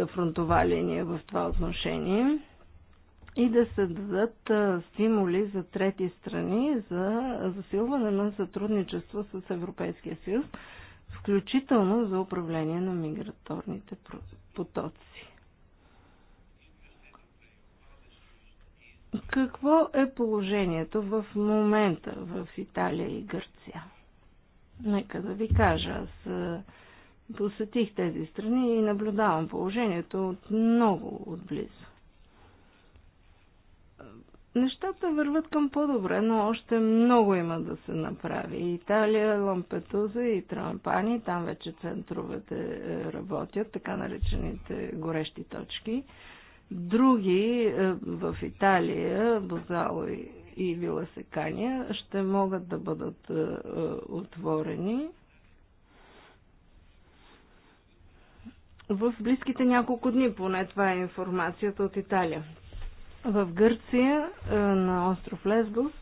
е, фронтова линия в това отношение и да се дадат е, стимули за трети страни за засилване на сътрудничество с Европейския съюз включително за управление на миграторните потоци. Какво е положението в момента в Италия и Гърция? Нека да ви кажа, аз посетих тези страни и наблюдавам положението от много отблизо. Нещата върват към по-добре, но още много има да се направи. Италия, Лампетуза и Трампани, там вече центровете е, работят, така наречените горещи точки. Други е, в Италия, Бозало и Вила Секания, ще могат да бъдат е, отворени. в близките няколко дни, поне това е информацията от Италия в Гърция е, на остров Лесбос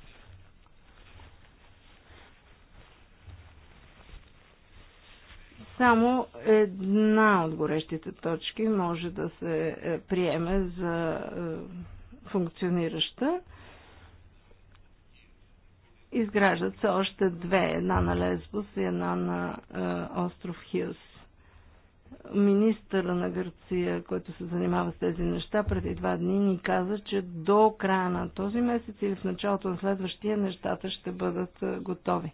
само една от горещите точки може да се е, приеме за е, функционираща. Изграждат се още две, една на Лесбос и една на остров Хилс министъра на Гърция, който се занимава с тези неща, преди два дни ни каза, че до края на този месец или в началото на следващия нещата ще бъдат готови.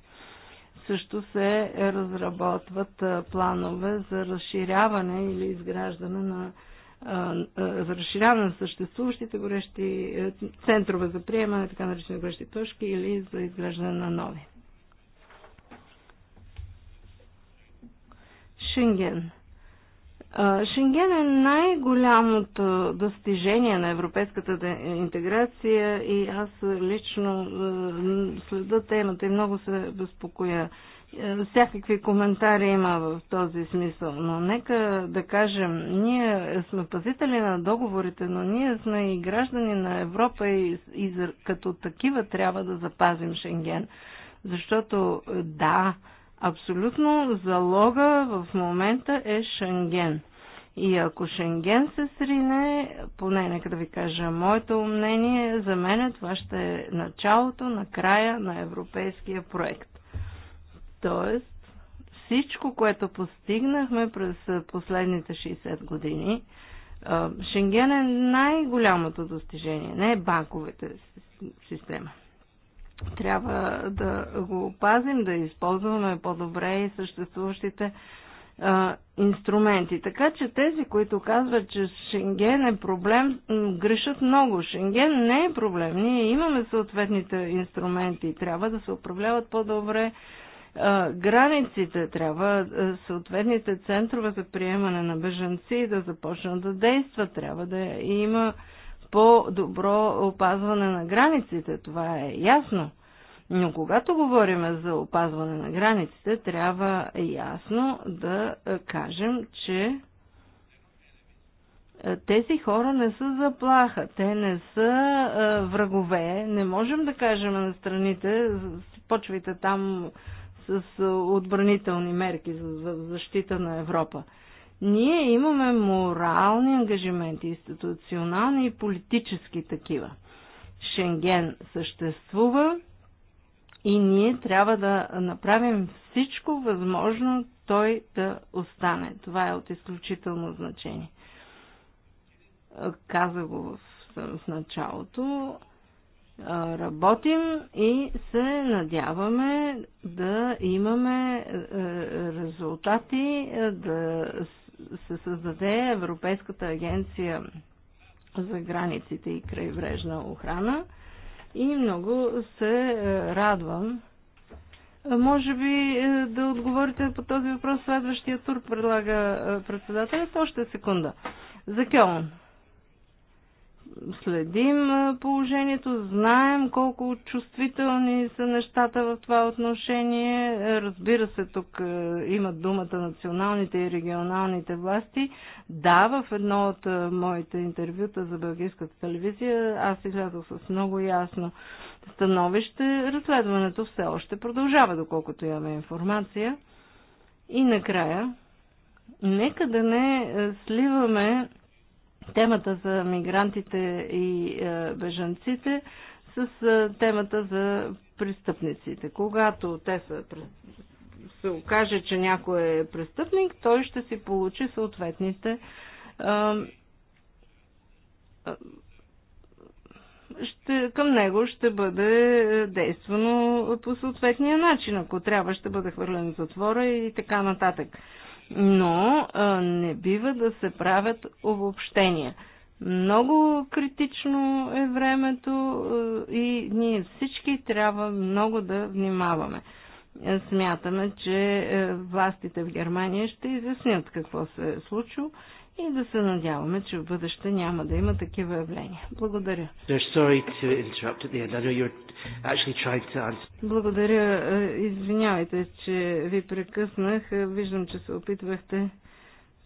Също се разработват планове за разширяване или изграждане на за разширяване на съществуващите горещи центрове за приемане, така наречени горещи точки или за изграждане на нови. Шенген. Шенген е най-голямото достижение на европейската интеграция и аз лично следа темата и много се безпокоя. Всякакви коментари има в този смисъл, но нека да кажем, ние сме пазители на договорите, но ние сме и граждани на Европа и, и като такива трябва да запазим Шенген. Защото да, Абсолютно залога в момента е Шенген. И ако Шенген се срине, поне нека да ви кажа моето мнение, за мен това ще е началото на края на европейския проект. Тоест, всичко, което постигнахме през последните 60 години, Шенген е най-голямото достижение, не е банковата система. Трябва да го опазим, да използваме по-добре и съществуващите а, инструменти. Така че тези, които казват, че Шенген е проблем, грешат много. Шенген не е проблем. Ние имаме съответните инструменти. Трябва да се управляват по-добре границите. Трябва съответните центрове за приемане на бежанци да започнат да действат. Трябва да има по-добро опазване на границите, това е ясно. Но когато говорим за опазване на границите, трябва ясно да кажем, че е, тези хора не са заплаха, те не са а, е, врагове. Не можем да кажем на страните, почвайте там с е, отбранителни мерки за защита на Европа. Ние имаме морални ангажименти, институционални и политически такива. Шенген съществува и ние трябва да направим всичко възможно той да остане. Това е от изключително значение. Каза го в, началото. Работим и се надяваме да имаме резултати, да се създаде Европейската агенция за границите и крайбрежна охрана и много се е, радвам. Може би е, да отговорите по този въпрос следващия тур, предлага е, председателят. Още секунда. За Кьон следим положението, знаем колко чувствителни са нещата в това отношение. Разбира се, тук имат думата националните и регионалните власти. Да, в едно от моите интервюта за Белгийската телевизия аз излязох с много ясно становище. Разследването все още продължава, доколкото имаме информация. И накрая, нека да не сливаме темата за мигрантите и е, бежанците с е, темата за престъпниците. Когато те са, се окаже, че някой е престъпник, той ще си получи съответните е, ще, към него ще бъде действано по съответния начин. Ако трябва, ще бъде хвърлен затвора и така нататък но не бива да се правят обобщения. Много критично е времето и ние всички трябва много да внимаваме. Смятаме, че властите в Германия ще изяснят какво се е случило и да се надяваме, че в бъдеще няма да има такива явления. Благодаря. Благодаря. Е, извинявайте, че ви прекъснах. Е, виждам, че се опитвахте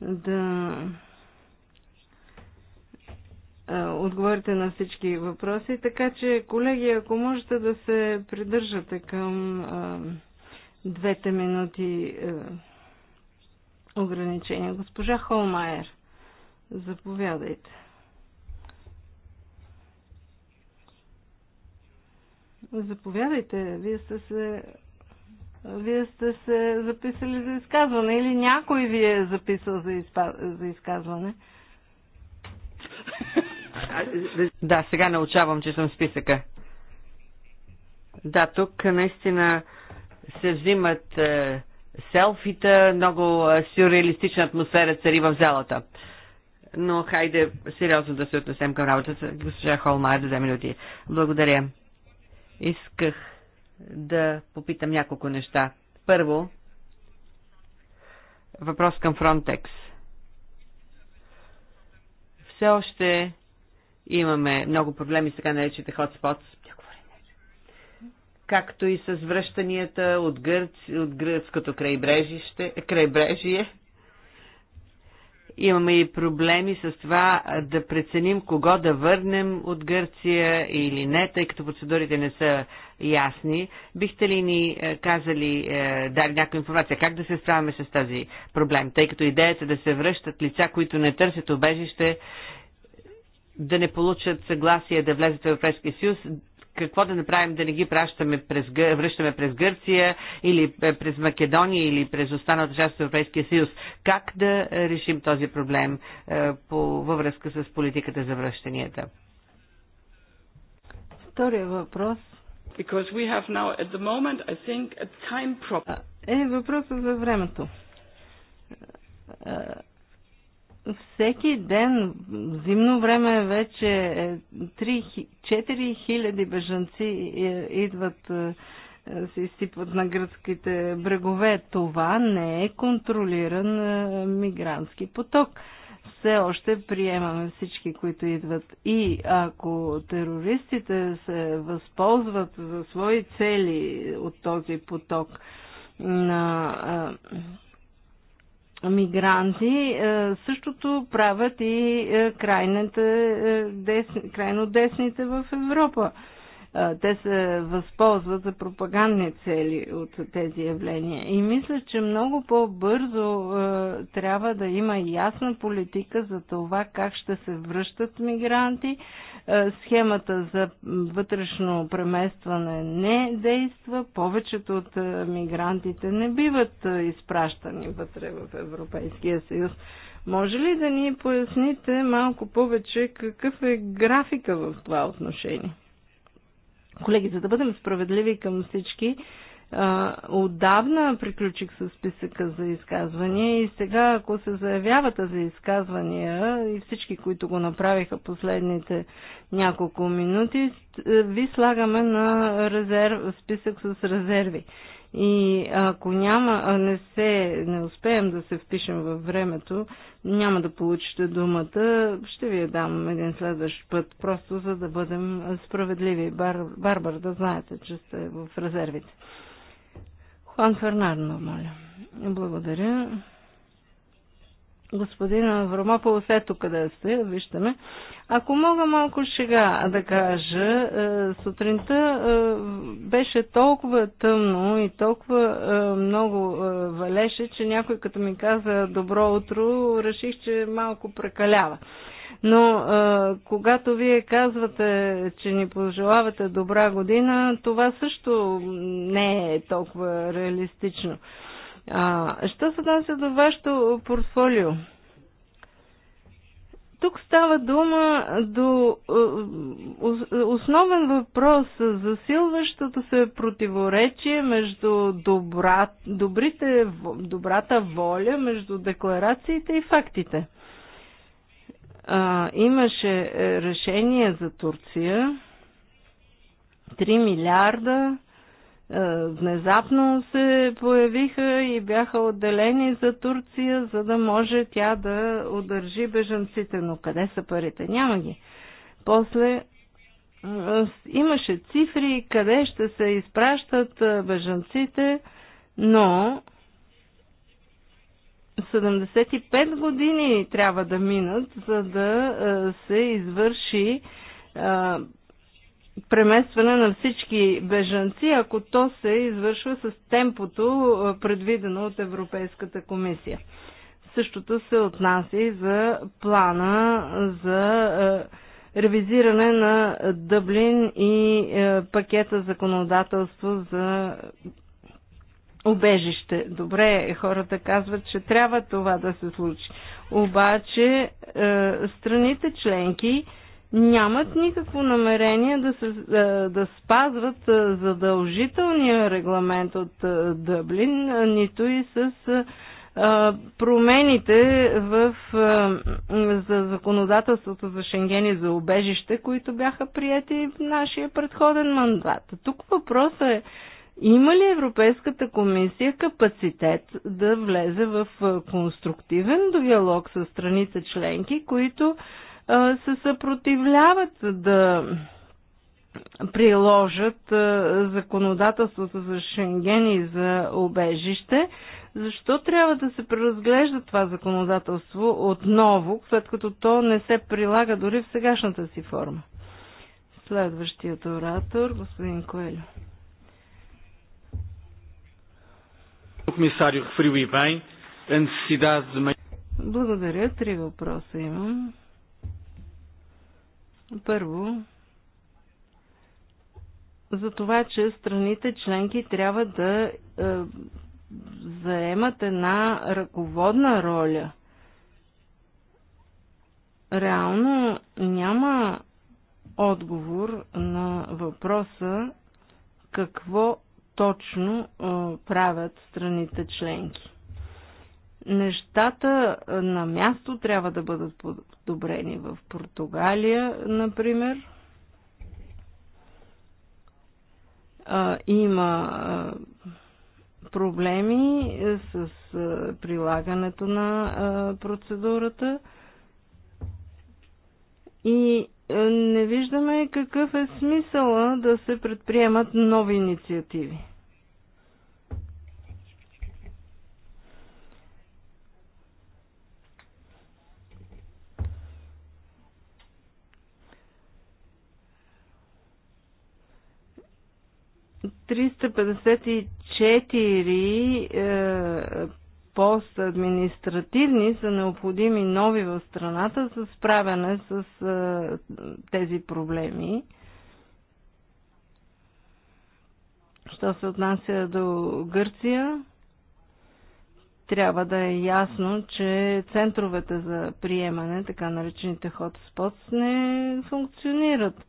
да е, отговорите на всички въпроси. Така че, колеги, ако можете да се придържате към двете минути ограничения. Госпожа Холмайер. Заповядайте. Заповядайте, вие сте се вие сте се записали за изказване или някой ви е записал за, изпа... за изказване? Да, сега научавам, че съм списъка. Да, тук наистина се взимат е, селфита, много е, сюрреалистична атмосфера цари в залата. Е, но хайде сериозно да се отнесем към работата. Госпожа Холмайер да вземе минути. Благодаря. Исках да попитам няколко неща. Първо, въпрос към Фронтекс. Все още имаме много проблеми с така наречените hotspots, както и с връщанията от, Гърц, от гръцкото крайбрежище, крайбрежие Имаме и проблеми с това да преценим кого да върнем от Гърция или не, тъй като процедурите не са ясни. Бихте ли ни е, казали, е, дали някаква информация, как да се справяме с тази проблем, тъй като идеята да се връщат лица, които не търсят обежище, да не получат съгласие да влезат в Европейския съюз, какво да направим да не ги пращаме през, връщаме през Гърция или е, през Македония или през останалата част от Европейския съюз. Как да решим този проблем е, по, във връзка с политиката за връщанията? Втория въпрос. Because we have now at the moment, I think, a time problem. Е, въпросът за времето е, всеки ден, зимно време е вече 4000 е, бежанци е, идват, се изсипват на гръцките брегове. Това не е контролиран мигрантски поток. Все още приемаме всички, които идват. И ако терористите се възползват за свои цели от този поток на мигранти. Е, същото правят и е, крайните, е, крайно десните в Европа те се възползват за пропагандни цели от тези явления. И мисля, че много по-бързо трябва да има ясна политика за това как ще се връщат мигранти. схемата за вътрешно преместване не действа. Повечето от мигрантите не биват изпращани вътре в Европейския съюз. Може ли да ни поясните малко повече какъв е графика в това отношение? Колеги, за да бъдем справедливи към всички, отдавна приключих с списъка за изказвания и сега, ако се заявявате за изказвания и всички, които го направиха последните няколко минути, ви слагаме на резерв, списък с резерви. И ако няма, а не, се, не успеем да се впишем във времето, няма да получите думата. Ще ви я дам един следващ път, просто за да бъдем справедливи. Бар, Барбар, да знаете, че сте в резервите. Хуан Фернандо, моля. Благодаря. Господин Вромопол, все тук къде сте, виждаме. Ако мога малко шега да кажа, е, сутринта е, беше толкова тъмно и толкова е, много валеше, че някой като ми каза добро утро, реших, че малко прекалява. Но а, когато вие казвате, че ни пожелавате добра година, това също не е толкова реалистично. А, що се отнася до вашето портфолио? Тук става дума до е, е, е, основен въпрос за силващото се противоречие между добра, добрите, добрата воля, между декларациите и фактите. А, имаше решение за Турция 3 милиарда е, внезапно се появиха и бяха отделени за Турция, за да може тя да удържи бежанците. Но къде са парите? Няма ги. После е, имаше цифри къде ще се изпращат е, бежанците, но 75 години трябва да минат, за да се извърши преместване на всички бежанци, ако то се извършва с темпото, предвидено от Европейската комисия. Същото се отнася и за плана за ревизиране на Дъблин и пакета законодателство за обежище. Добре, хората казват, че трябва това да се случи. Обаче страните членки нямат никакво намерение да, се, е, да спазват е, задължителния регламент от е, Дъблин, нито и с промените в, за законодателството за Шенген и за убежище, които бяха прияти в нашия предходен мандат. Тук въпросът е, има ли Европейската комисия капацитет да влезе в конструктивен диалог с страните членки, които се съпротивляват да приложат законодателството за Шенген и за обежище. Защо трябва да се преразглежда това законодателство отново, след като то не се прилага дори в сегашната си форма? Следващият оратор, господин Коелю. necessidade de. Е, Благодаря. Три въпроса имам. Първо, за това, че страните членки трябва да е, заемат една ръководна роля. Реално няма отговор на въпроса какво точно е, правят страните членки. Нещата е, на място трябва да бъдат одобрени в Португалия, например. Има проблеми с прилагането на процедурата и не виждаме какъв е смисъла да се предприемат нови инициативи. 354 е, пост-административни са необходими нови в страната за справяне с е, тези проблеми. Що се отнася до Гърция, трябва да е ясно, че центровете за приемане, така наречените hotspots, не функционират.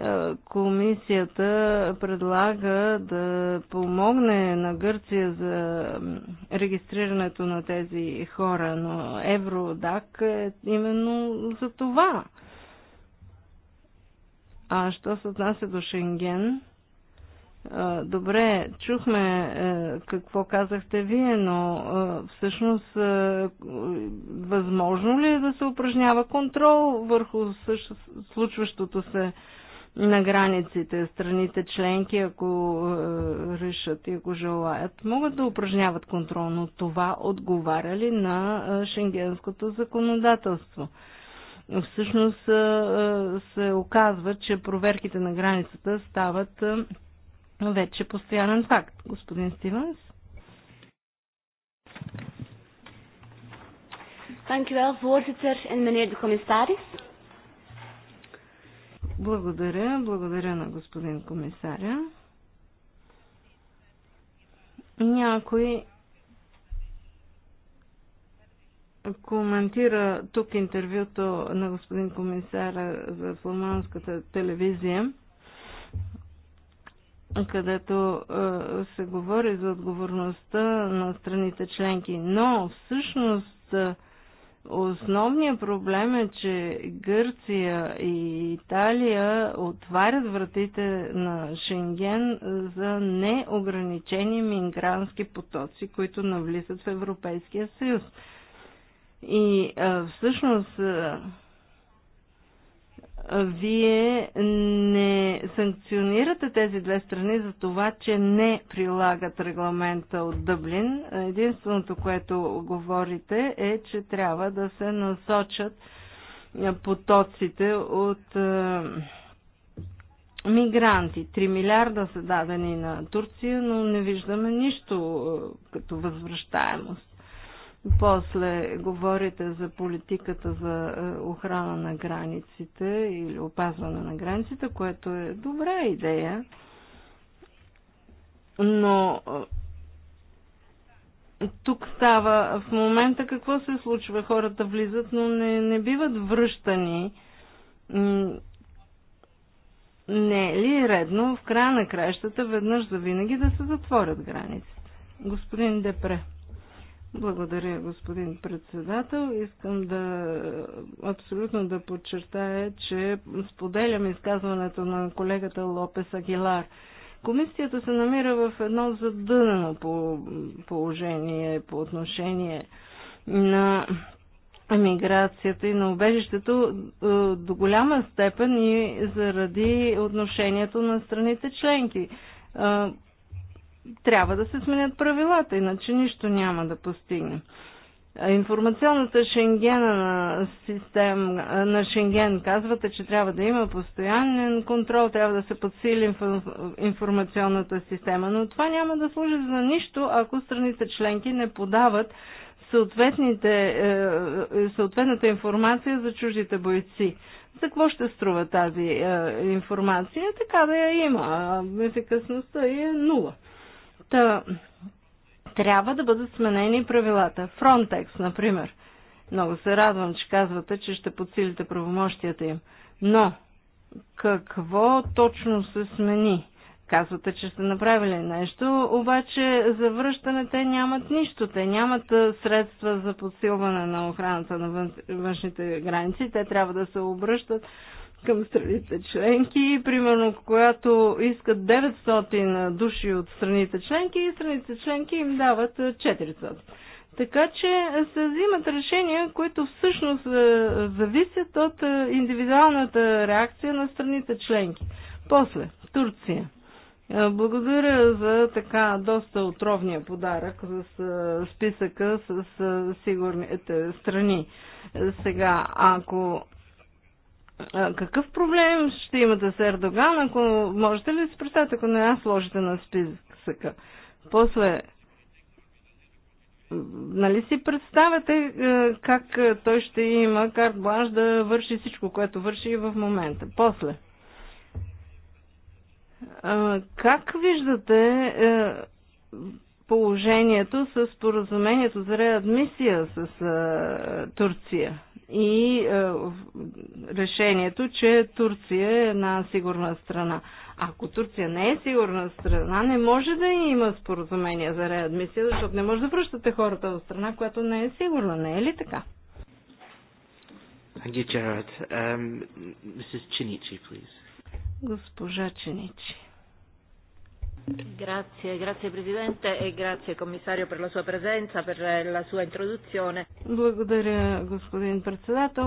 Е, комисията предлага да помогне на Гърция за регистрирането на тези хора, но Евродак е именно за това. А що се отнася до Шенген? Е, добре, чухме е, какво казахте вие, но всъщност възможно ли е да се упражнява контрол върху случващото се на границите. Страните членки, ако е, решат и ако желаят, могат да упражняват контрол, но това отговаря ли на е, шенгенското законодателство? Всъщност е, се оказва, че проверките на границата стават вече постоянен факт. Господин Стивенс? Dank voorzitter en meneer de commissaris. Благодаря. Благодаря на господин комисаря. Някой коментира тук интервюто на господин комисаря за фламандската телевизия, където е, се говори за отговорността на страните членки. Но всъщност е, Основният проблем е, че Гърция и Италия отварят вратите на Шенген за неограничени мигрантски потоци, които навлизат в Европейския съюз. И всъщност вие не санкционирате тези две страни за това, че не прилагат регламента от Дъблин. Единственото, което говорите е, че трябва да се насочат потоците от е, мигранти. 3 милиарда са дадени на Турция, но не виждаме нищо е, като възвръщаемост. После говорите за политиката за е, охрана на границите или опазване на границите, което е добра идея, но е, тук става в момента какво се случва. Хората влизат, но не, не биват връщани. Не е ли редно в края на краищата веднъж за винаги да се затворят границите? Господин Депре. Благодаря, господин председател. Искам да абсолютно да подчертая, че споделям изказването на колегата Лопес Агилар. Комисията се намира в едно задънено положение по отношение на емиграцията и на убежището е, до голяма степен и заради отношението на страните членки е, трябва да се сменят правилата, иначе нищо няма да постигне. Информационната Шенгена на, систем, на Шенген казвате, че трябва да има постоянен контрол, трябва да се подсили информационната система, но това няма да служи за нищо, ако страните членки не подават е, съответната информация за чуждите бойци. За какво ще струва тази е, информация? Така да я има. Ефикасността е нула. Та, трябва да бъдат сменени правилата. Фронтекс, например. Много се радвам, че казвате, че ще подсилите правомощията им. Но, какво точно се смени? Казвате, че сте направили нещо, обаче за връщане те нямат нищо. Те нямат средства за подсилване на охраната на външните граници. Те трябва да се обръщат към страните членки. Примерно, когато искат 900 души от страните членки, и страните членки им дават 400. Е, така че се взимат решения, които всъщност е, зависят от е, индивидуалната реакция на страните членки. После, Турция. Благодаря за така доста отровния подарък с списъка с сигурните страни. Сега, ако какъв проблем ще имате с Ердоган, ако можете ли да се представите, ако не аз сложите на списъка? После, нали си представяте как той ще има карт бланш да върши всичко, което върши и в момента? После, как виждате положението с поразумението за реадмисия с Турция? и е, решението, че Турция е една сигурна страна. Ако Турция не е сигурна страна, не може да има споразумение за реадмисия, защото не може да връщате хората в страна, която не е сигурна. Не е ли така? Thank you, Um, Mrs. Chinichi, please. Госпожа Чиничи. Grazie, grazie Presidente e grazie Commissario per la sua presenza, per la sua introduzione. Благодаря, господин председател.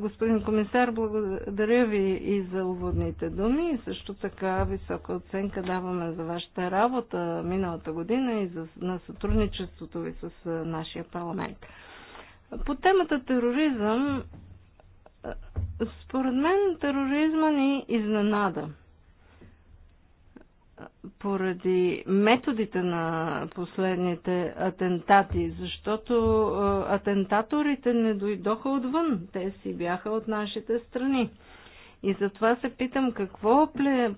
Господин комисар, благодаря ви и за уводните думи. И също така висока оценка даваме за вашата работа миналата година и за, на сътрудничеството ви с нашия парламент. По темата тероризъм, според мен тероризма ни изненада – поради методите на последните атентати, защото е, атентаторите не дойдоха отвън, те си бяха от нашите страни. И затова се питам какво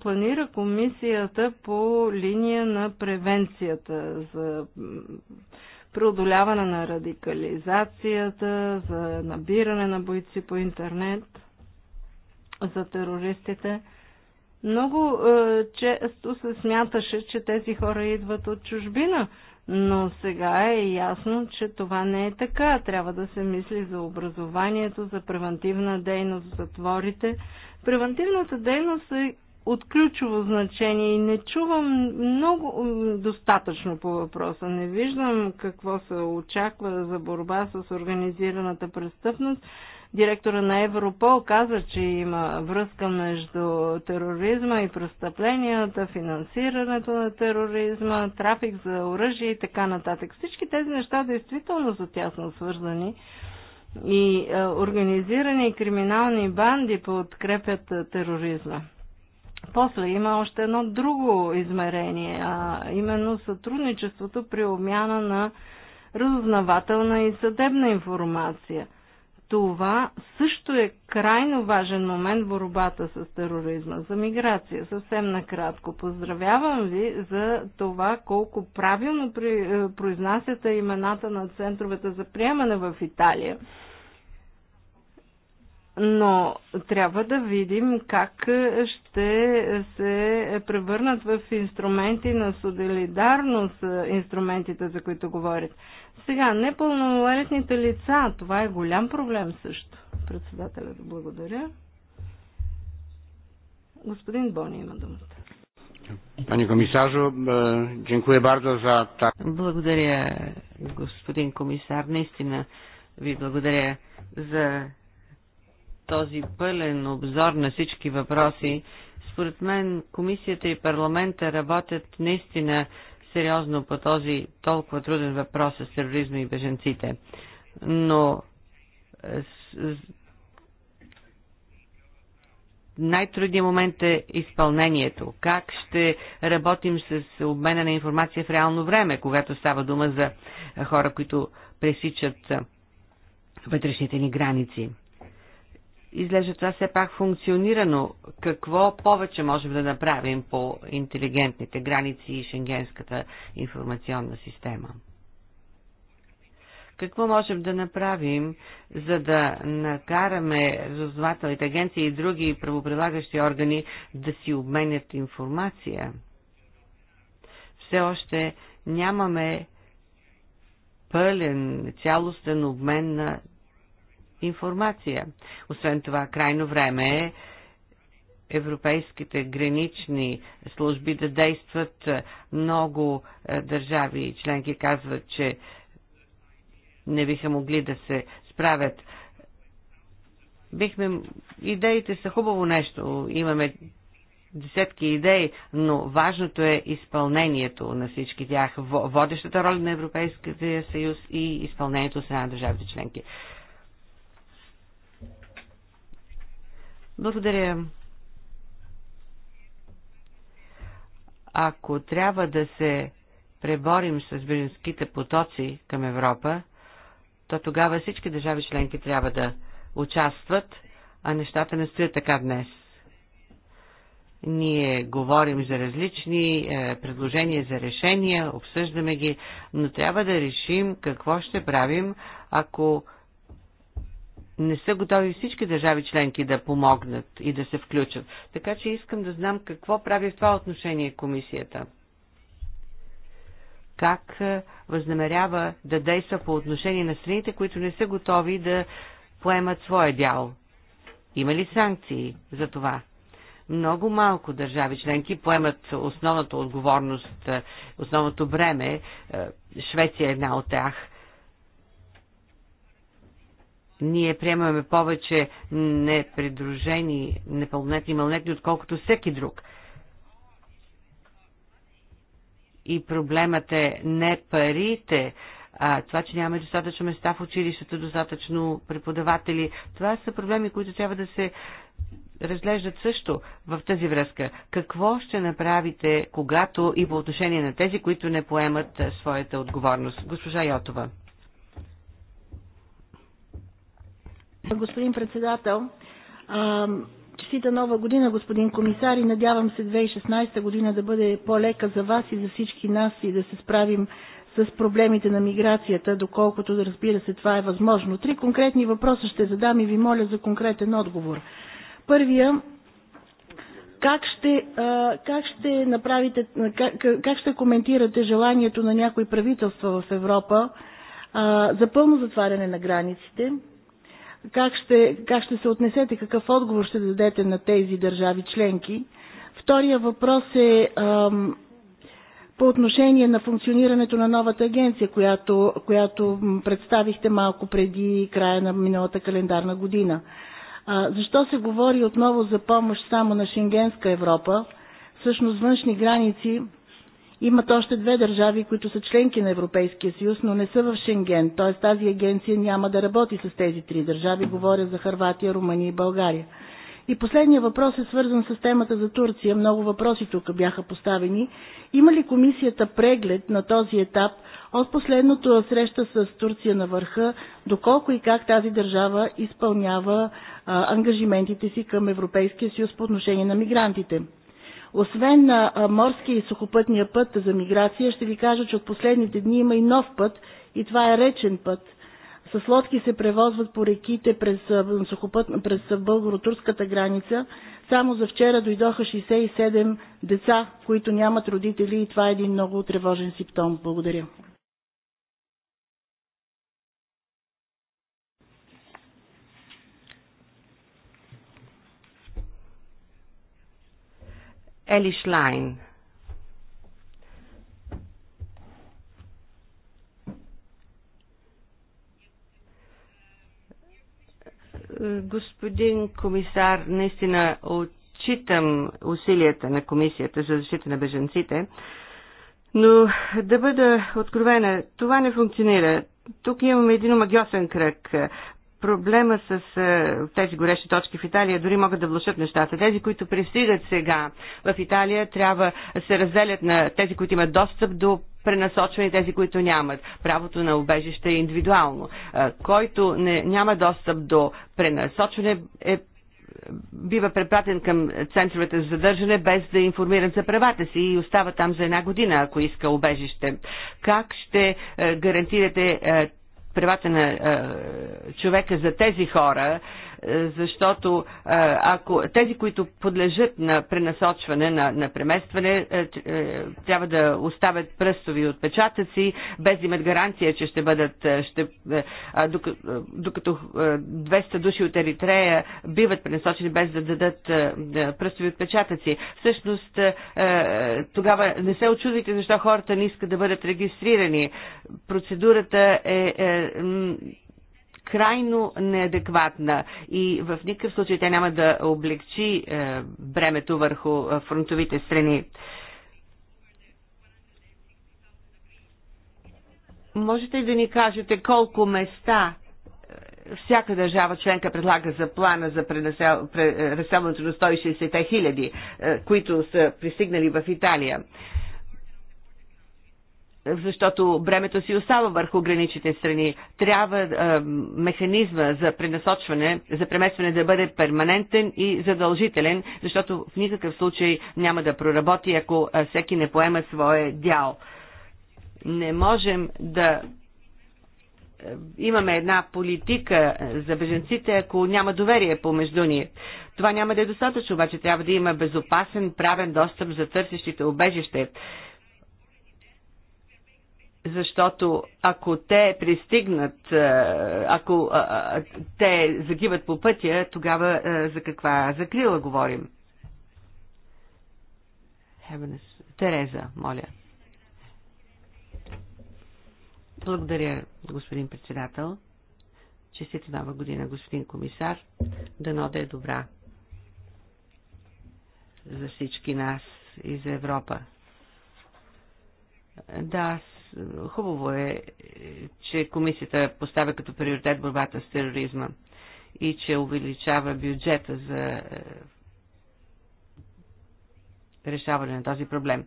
планира комисията по линия на превенцията за преодоляване на радикализацията, за набиране на бойци по интернет, за терористите – много е, често се смяташе, че тези хора идват от чужбина, но сега е ясно, че това не е така. Трябва да се мисли за образованието, за превентивна дейност затворите. Превентивната дейност е от ключово значение и не чувам много е, достатъчно по въпроса. Не виждам какво се очаква за борба с организираната престъпност директора на Европол каза, че има връзка между тероризма и престъпленията, финансирането на тероризма, трафик за оръжие и така нататък. Всички тези неща действително са тясно свързани и е, организирани криминални банди подкрепят е, тероризма. После има още едно друго измерение, а именно сътрудничеството при обмяна на разузнавателна и съдебна информация – това също е крайно важен момент в борбата с тероризма, за миграция. Съвсем накратко. Поздравявам ви за това колко правилно е, произнасяте имената на центровете за приемане в Италия. Но трябва да видим как ще се превърнат в инструменти на солидарност е, инструментите, за които говорите сега, непълнолетните лица, това е голям проблем също. Председателят, благодаря. Господин Бони има думата. Пани комисажо, е, дякую бардо за... Благодаря, господин комисар. Наистина ви благодаря за този пълен обзор на всички въпроси. Според мен комисията и парламента работят наистина сериозно по този толкова труден въпрос с тероризма и беженците. Но е, най-трудният момент е изпълнението. Как ще работим с обмена на информация в реално време, когато става дума за хора, които пресичат вътрешните ни граници изглежда това все пак функционира, но какво повече можем да направим по интелигентните граници и шенгенската информационна система? Какво можем да направим, за да накараме разузнавателните агенции и други правоприлагащи органи да си обменят информация? Все още нямаме пълен, цялостен обмен на информация. Освен това, крайно време е европейските гранични служби да действат. Много е, държави и членки казват, че не биха могли да се справят. Бихме... Идеите са хубаво нещо. Имаме десетки идеи, но важното е изпълнението на всички тях, водещата роля на Европейския съюз и изпълнението от страна на държавите членки. Благодаря. Ако трябва да се преборим с беженските потоци към Европа, то тогава всички държави членки трябва да участват, а нещата не стоят така днес. Ние говорим за различни е, предложения за решения, обсъждаме ги, но трябва да решим какво ще правим, ако не са готови всички държави членки да помогнат и да се включат. Така че искам да знам какво прави в това отношение комисията. Как е, възнамерява да действа по отношение на страните, които не са готови да поемат своя дял? Има ли санкции за това? Много малко държави членки поемат основната отговорност, е, основното бреме. Е, Швеция е една от тях – ние приемаме повече непридружени, непълнолетни и малолетни, отколкото всеки друг. И проблемът е не парите, а, това, че нямаме достатъчно места в училището, достатъчно преподаватели. Това са проблеми, които трябва да се разглеждат също в тази връзка. Какво ще направите, когато и по отношение на тези, които не поемат своята отговорност? Госпожа Йотова. Господин председател, честита нова година, господин комисар, и надявам се 2016 година да бъде по-лека за вас и за всички нас и да се справим с проблемите на миграцията, доколкото, да разбира се, това е възможно. Три конкретни въпроса ще задам и ви моля за конкретен отговор. Първия, как ще, как ще направите, как, как ще коментирате желанието на някои правителства в Европа за пълно затваряне на границите, как ще, как ще се отнесете, какъв отговор ще дадете на тези държави членки. Втория въпрос е ам, по отношение на функционирането на новата агенция, която, която представихте малко преди края на миналата календарна година. А, защо се говори отново за помощ само на Шенгенска Европа? Всъщност външни граници имат още две държави, които са членки на Европейския съюз, но не са в Шенген, т.е. тази агенция няма да работи с тези три държави, говоря за Харватия, Румъния и България. И последния въпрос е свързан с темата за Турция. Много въпроси тук бяха поставени. Има ли комисията преглед на този етап от последното среща с Турция на върха, доколко и как тази държава изпълнява а, ангажиментите си към Европейския съюз по отношение на мигрантите? Освен на морския и сухопътния път за миграция, ще ви кажа, че от последните дни има и нов път, и това е речен път. С лодки се превозват по реките през, сухопът, през българо-турската граница. Само за вчера дойдоха 67 деца, които нямат родители и това е един много тревожен симптом. Благодаря. Ели Шлайн. Господин комисар, наистина отчитам усилията на Комисията за защита на беженците, но да бъда откровена, това не функционира. Тук имаме един магиосен кръг проблема с тези горещи точки в Италия дори могат да влушат нещата. Тези, които пристигат сега в Италия, трябва да се разделят на тези, които имат достъп до пренасочване тези, които нямат. Правото на убежище е индивидуално. Който не, няма достъп до пренасочване е бива препратен към центровете за задържане без да е информиран за правата си и остава там за една година, ако иска убежище. Как ще гарантирате правата на човека за тези хора, защото ако тези, които подлежат на пренасочване, на, на преместване, е, е, трябва да оставят пръстови отпечатъци, без да имат гаранция, че ще бъдат, е, ще, докато 200 души от Еритрея биват пренасочени без да дадат пръстови отпечатъци. Всъщност, тогава не се очудвайте защо хората не искат да бъдат регистрирани. Процедурата е, е крайно неадекватна и в никакъв случай тя няма да облегчи е, бремето върху е, фронтовите страни. Можете ли да ни кажете колко места е, всяка държава членка предлага за плана за преразселването на 160 хиляди, които са пристигнали в Италия? защото бремето си остава върху граничните страни. Трябва е, механизма за пренасочване, за преместване да бъде перманентен и задължителен, защото в никакъв случай няма да проработи, ако е, всеки не поема своя дял. Не можем да е, имаме една политика е, за беженците, ако няма доверие помежду ни. Това няма да е достатъчно, обаче трябва да има безопасен правен достъп за търсещите обежище защото ако те пристигнат, е, ако е, е, те загиват по пътя, тогава за каква закрила говорим? Тереза, моля. Благодаря, господин председател. Честита нова година, господин комисар. Дано да е добра за всички нас и за Европа. Да, Хубаво е, че комисията поставя като приоритет борбата с тероризма и че увеличава бюджета за е, решаване на този проблем.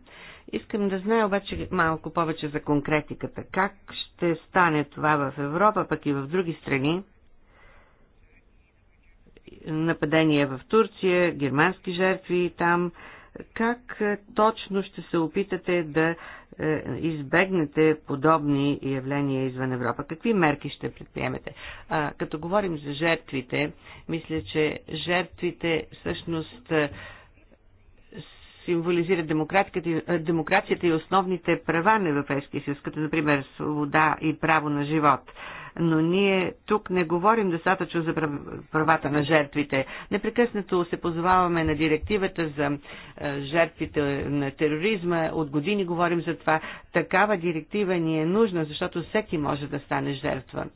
Искам да знае обаче малко повече за конкретиката. Как ще стане това в Европа, пък и в други страни? Нападения в Турция, германски жертви там. Как е, точно ще се опитате да е, избегнете подобни явления извън Европа? Какви мерки ще предприемете? А, като говорим за жертвите, мисля, че жертвите всъщност е, символизират демокрацията, е, демокрацията и основните права на Европейския съюз, като например свобода и право на живот но ние тук не говорим достатъчно за правата на жертвите. Непрекъснато се позоваваме на директивата за е, жертвите на тероризма. От години говорим за това. Такава директива ни е нужна, защото всеки може да стане жертва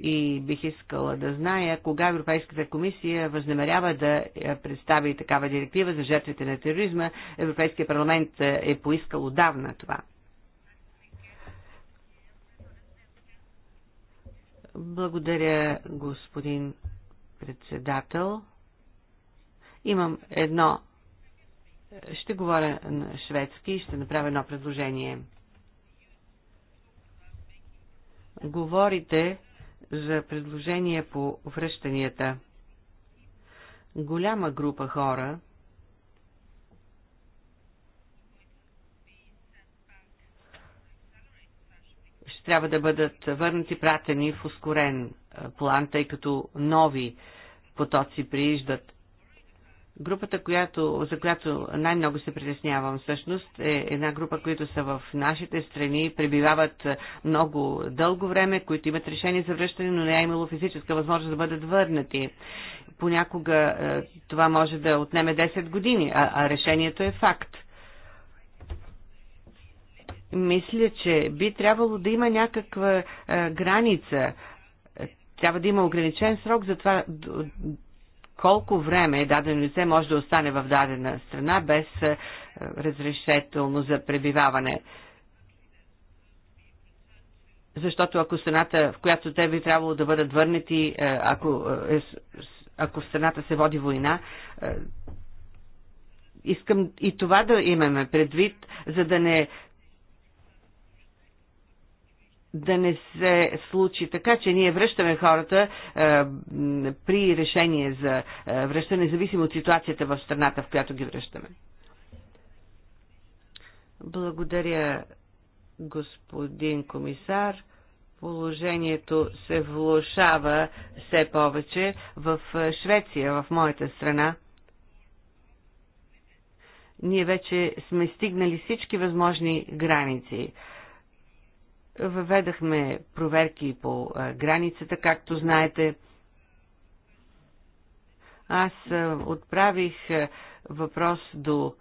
и бих искала да зная кога Европейската комисия възнамерява да е, представи такава директива за жертвите на тероризма. Европейския парламент е, е поискал отдавна това. Благодаря, господин председател. Имам едно. Ще говоря на шведски и ще направя едно предложение. Говорите за предложение по връщанията. Голяма група хора трябва да бъдат върнати, пратени в ускорен е, план, тъй като нови потоци прииждат. Групата, която, за която най-много се притеснявам всъщност, е една група, които са в нашите страни, пребивават е, много дълго време, които имат решение за връщане, но не е имало физическа възможност да бъдат върнати. Понякога е, това може да отнеме 10 години, а, а решението е факт. Мисля, че би трябвало да има някаква а, е, граница. Трябва да има ограничен срок за това колко време дадено лице може да остане в дадена страна без а, е, разрешително за пребиваване защото ако страната, в която те би трябвало да бъдат върнати, е, ако, ако в страната се води война, искам и това да имаме предвид, за да не да не се случи така, че ние връщаме хората е, при решение за е, връщане, независимо от ситуацията в страната, в която ги връщаме. Благодаря, господин комисар положението се влушава все повече в е, Швеция, в моята страна. Ние вече сме стигнали всички възможни граници Въведахме проверки по границата, както знаете. Аз отправих въпрос до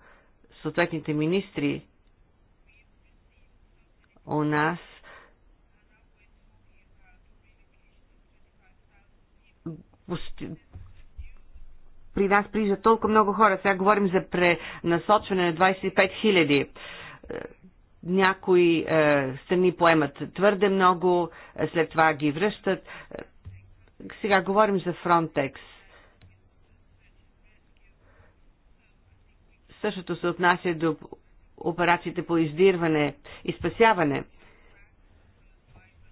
съответните министри у нас при нас прижат толкова много хора. Сега говорим за пренасочване на 25 хиляди някои е, страни поемат твърде много, е, след това ги връщат. Сега говорим за Фронтекс. Същото се отнася до операциите по издирване и спасяване.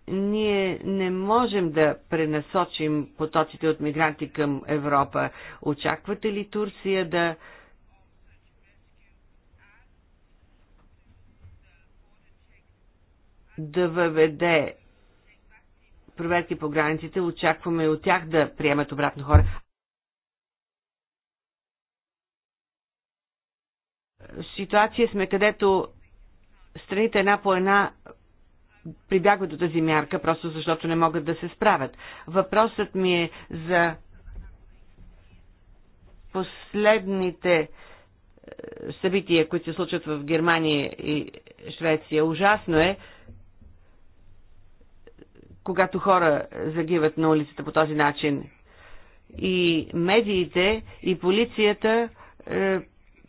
Ние не можем да пренасочим потоците от мигранти към Европа. Очаквате ли Турция да да въведе проверки по границите. Очакваме от тях да приемат обратно хора. Ситуация сме, където страните една по една прибягват до тази мярка, просто защото не могат да се справят. Въпросът ми е за последните е, събития, които се случват в Германия и Швеция. Ужасно е, когато хора загиват на улицата по този начин. И медиите, и полицията е,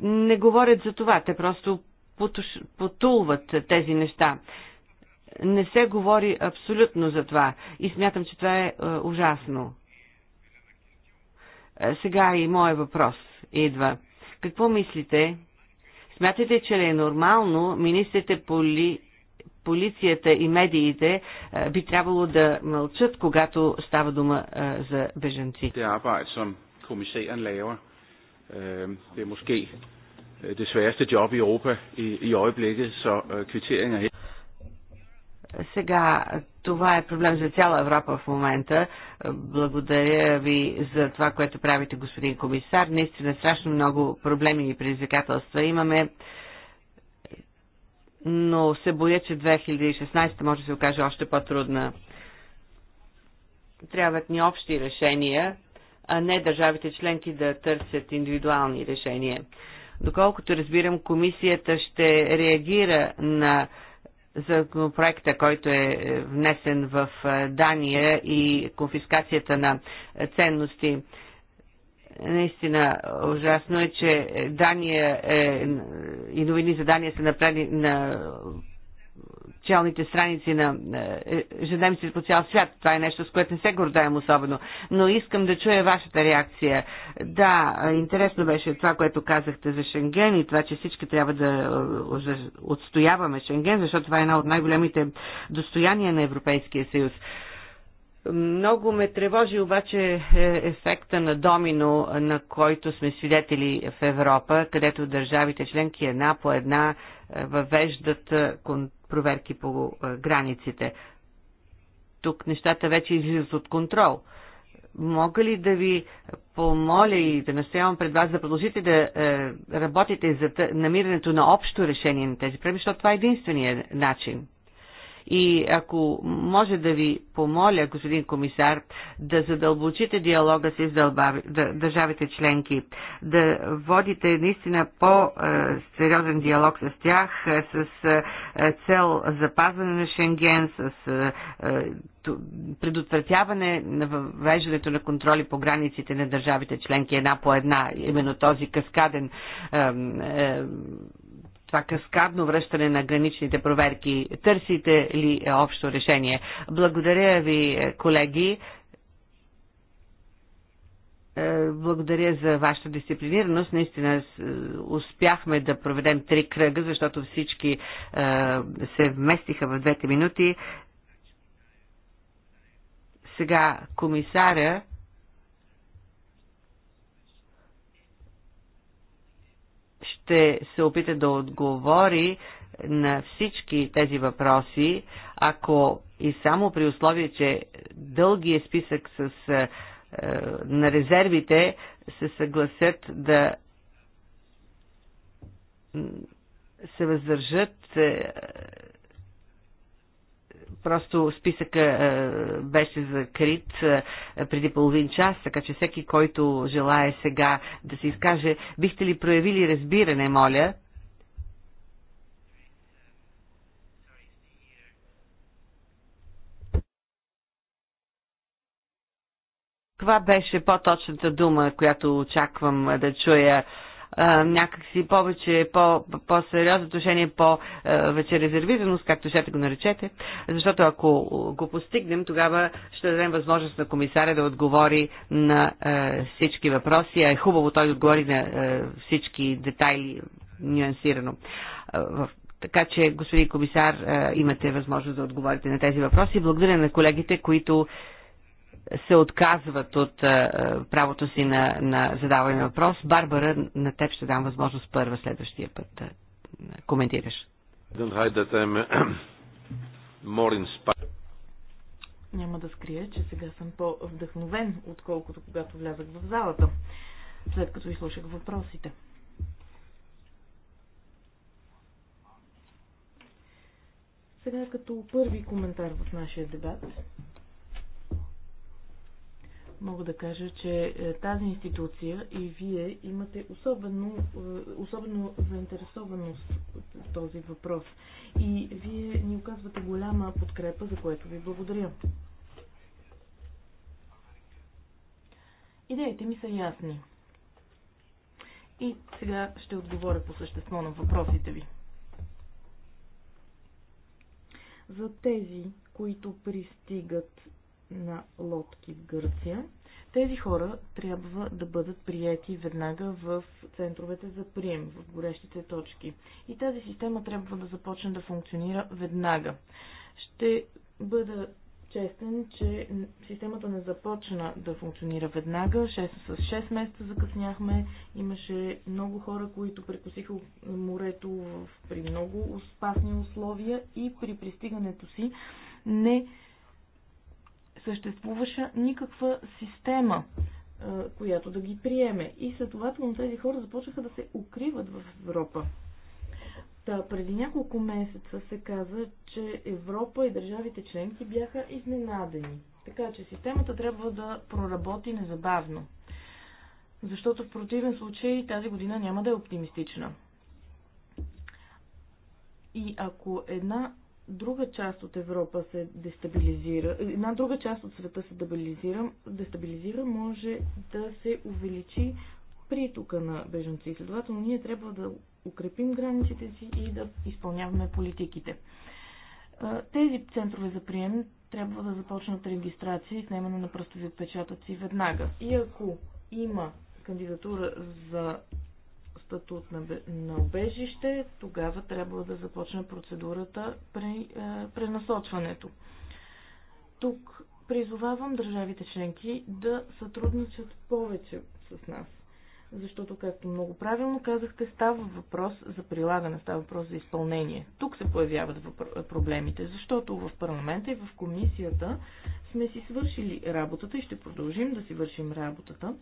не говорят за това. Те просто потуш, потулват тези неща. Не се говори абсолютно за това. И смятам, че това е, е ужасно. Е, сега и моят въпрос идва. Какво мислите? Смятате, че е нормално министрите поли, полицията и медиите е, би трябвало да мълчат, когато става дума е, за беженци. Det arbejde, som kommissæren laver, е, det er måske det job i Europa i, øjeblikket, så øh, kvitteringen сега това е проблем за цяла Европа в момента. Благодаря ви за това, което правите, господин комисар. Наистина страшно много проблеми и предизвикателства имаме но се боя, че 2016 може да се окаже още по-трудна. Трябват ни общи решения, а не държавите членки да търсят индивидуални решения. Доколкото разбирам, комисията ще реагира на законопроекта, който е внесен в е, Дания и конфискацията на ценности Наистина ужасно е, че Дания е, и новини за Дания са направени на челните страници на ежедневниците по цял свят. Това е нещо, с което не се гордаем особено. Но искам да чуя вашата реакция. Да, интересно беше това, което казахте за Шенген и това, че всички трябва да е, отстояваме Шенген, защото това е една от най-големите достояния на Европейския съюз. Много ме тревожи обаче е, ефекта на домино, на който сме свидетели в Европа, където държавите членки една по една е, въвеждат е, проверки по границите. Тук нещата вече излизат от контрол. Мога ли да ви помоля и да настоявам пред вас да продължите да работите за намирането на общо решение на тези проблеми, защото това е единствения начин? И ако може да ви помоля, господин комисар, да задълбочите диалога си с държавите членки, да водите наистина по-сериозен диалог с тях, е, с е, цел запазване на Шенген, с е, предотвратяване на въвеждането на контроли по границите на държавите членки една по една, именно този каскаден това каскадно връщане на граничните проверки. Търсите ли е, общо решение? Благодаря ви, е, колеги. Е, благодаря за вашата дисциплинираност. Наистина успяхме да проведем три кръга, защото всички се вместиха в двете минути. Сега комисаря ще се опита да отговори на всички тези въпроси, ако и само при условие, че дългия списък с, е, е на резервите се съгласят да се въздържат е, Просто списъка е, беше закрит е, преди половин час, така че всеки, който желая сега да се изкаже, бихте ли проявили разбиране, моля, Това беше по-точната дума, която очаквам да чуя някакси повече, по-сериозно по отношение, по-вече резервираност, както ще го наречете, защото ако го постигнем, тогава ще дадем възможност на комисаря да отговори на всички въпроси, а е хубаво той да отговори на всички детайли нюансирано. Така че, господин комисар, имате възможност да отговорите на тези въпроси. Благодаря на колегите, които се отказват от правото си на, на задаване на въпрос. Барбара, на теб ще дам възможност първа следващия път да коментираш. *clears throat* Няма да скрия, че сега съм по-вдъхновен, отколкото когато влязах в залата, след като изслушах въпросите. Сега като първи коментар в нашия дебат мога да кажа, че е, тази институция и вие имате особено, е, особено заинтересованост в този въпрос. И вие ни оказвате голяма подкрепа, за което ви благодаря. Идеите ми са ясни. И сега ще отговоря по същество на въпросите ви. За тези, които пристигат на лодки в Гърция. Тези хора трябва да бъдат прияти веднага в центровете за прием, в горещите точки. И тази система трябва да започне да функционира веднага. Ще бъда честен, че системата не започна да функционира веднага. 6, с 6 месеца закъсняхме. Имаше много хора, които прекосиха морето в, при много опасни условия и при пристигането си не съществуваше никаква система, е, която да ги приеме. И следователно тези хора започнаха да се укриват в Европа. Та, преди няколко месеца се каза, че Европа и държавите членки бяха изненадени. Така че системата трябва да проработи незабавно. Защото в противен случай тази година няма да е оптимистична. И ако една друга част от Европа се дестабилизира, една друга част от света се дестабилизира, дестабилизира може да се увеличи притока на беженци. Следователно, ние трябва да укрепим границите си и да изпълняваме политиките. Тези центрове за прием трябва да започнат регистрация и снимане на пръстови отпечатъци веднага. И ако има кандидатура за статут на, на обежище, тогава трябва да започне процедурата при е, пренасочването. Тук призовавам държавите членки да сътрудничат повече с нас. Защото, както много правилно казахте, става въпрос за прилагане, става въпрос за изпълнение. Тук се появяват проблемите, защото в парламента и в комисията сме си свършили работата и ще продължим да си вършим работата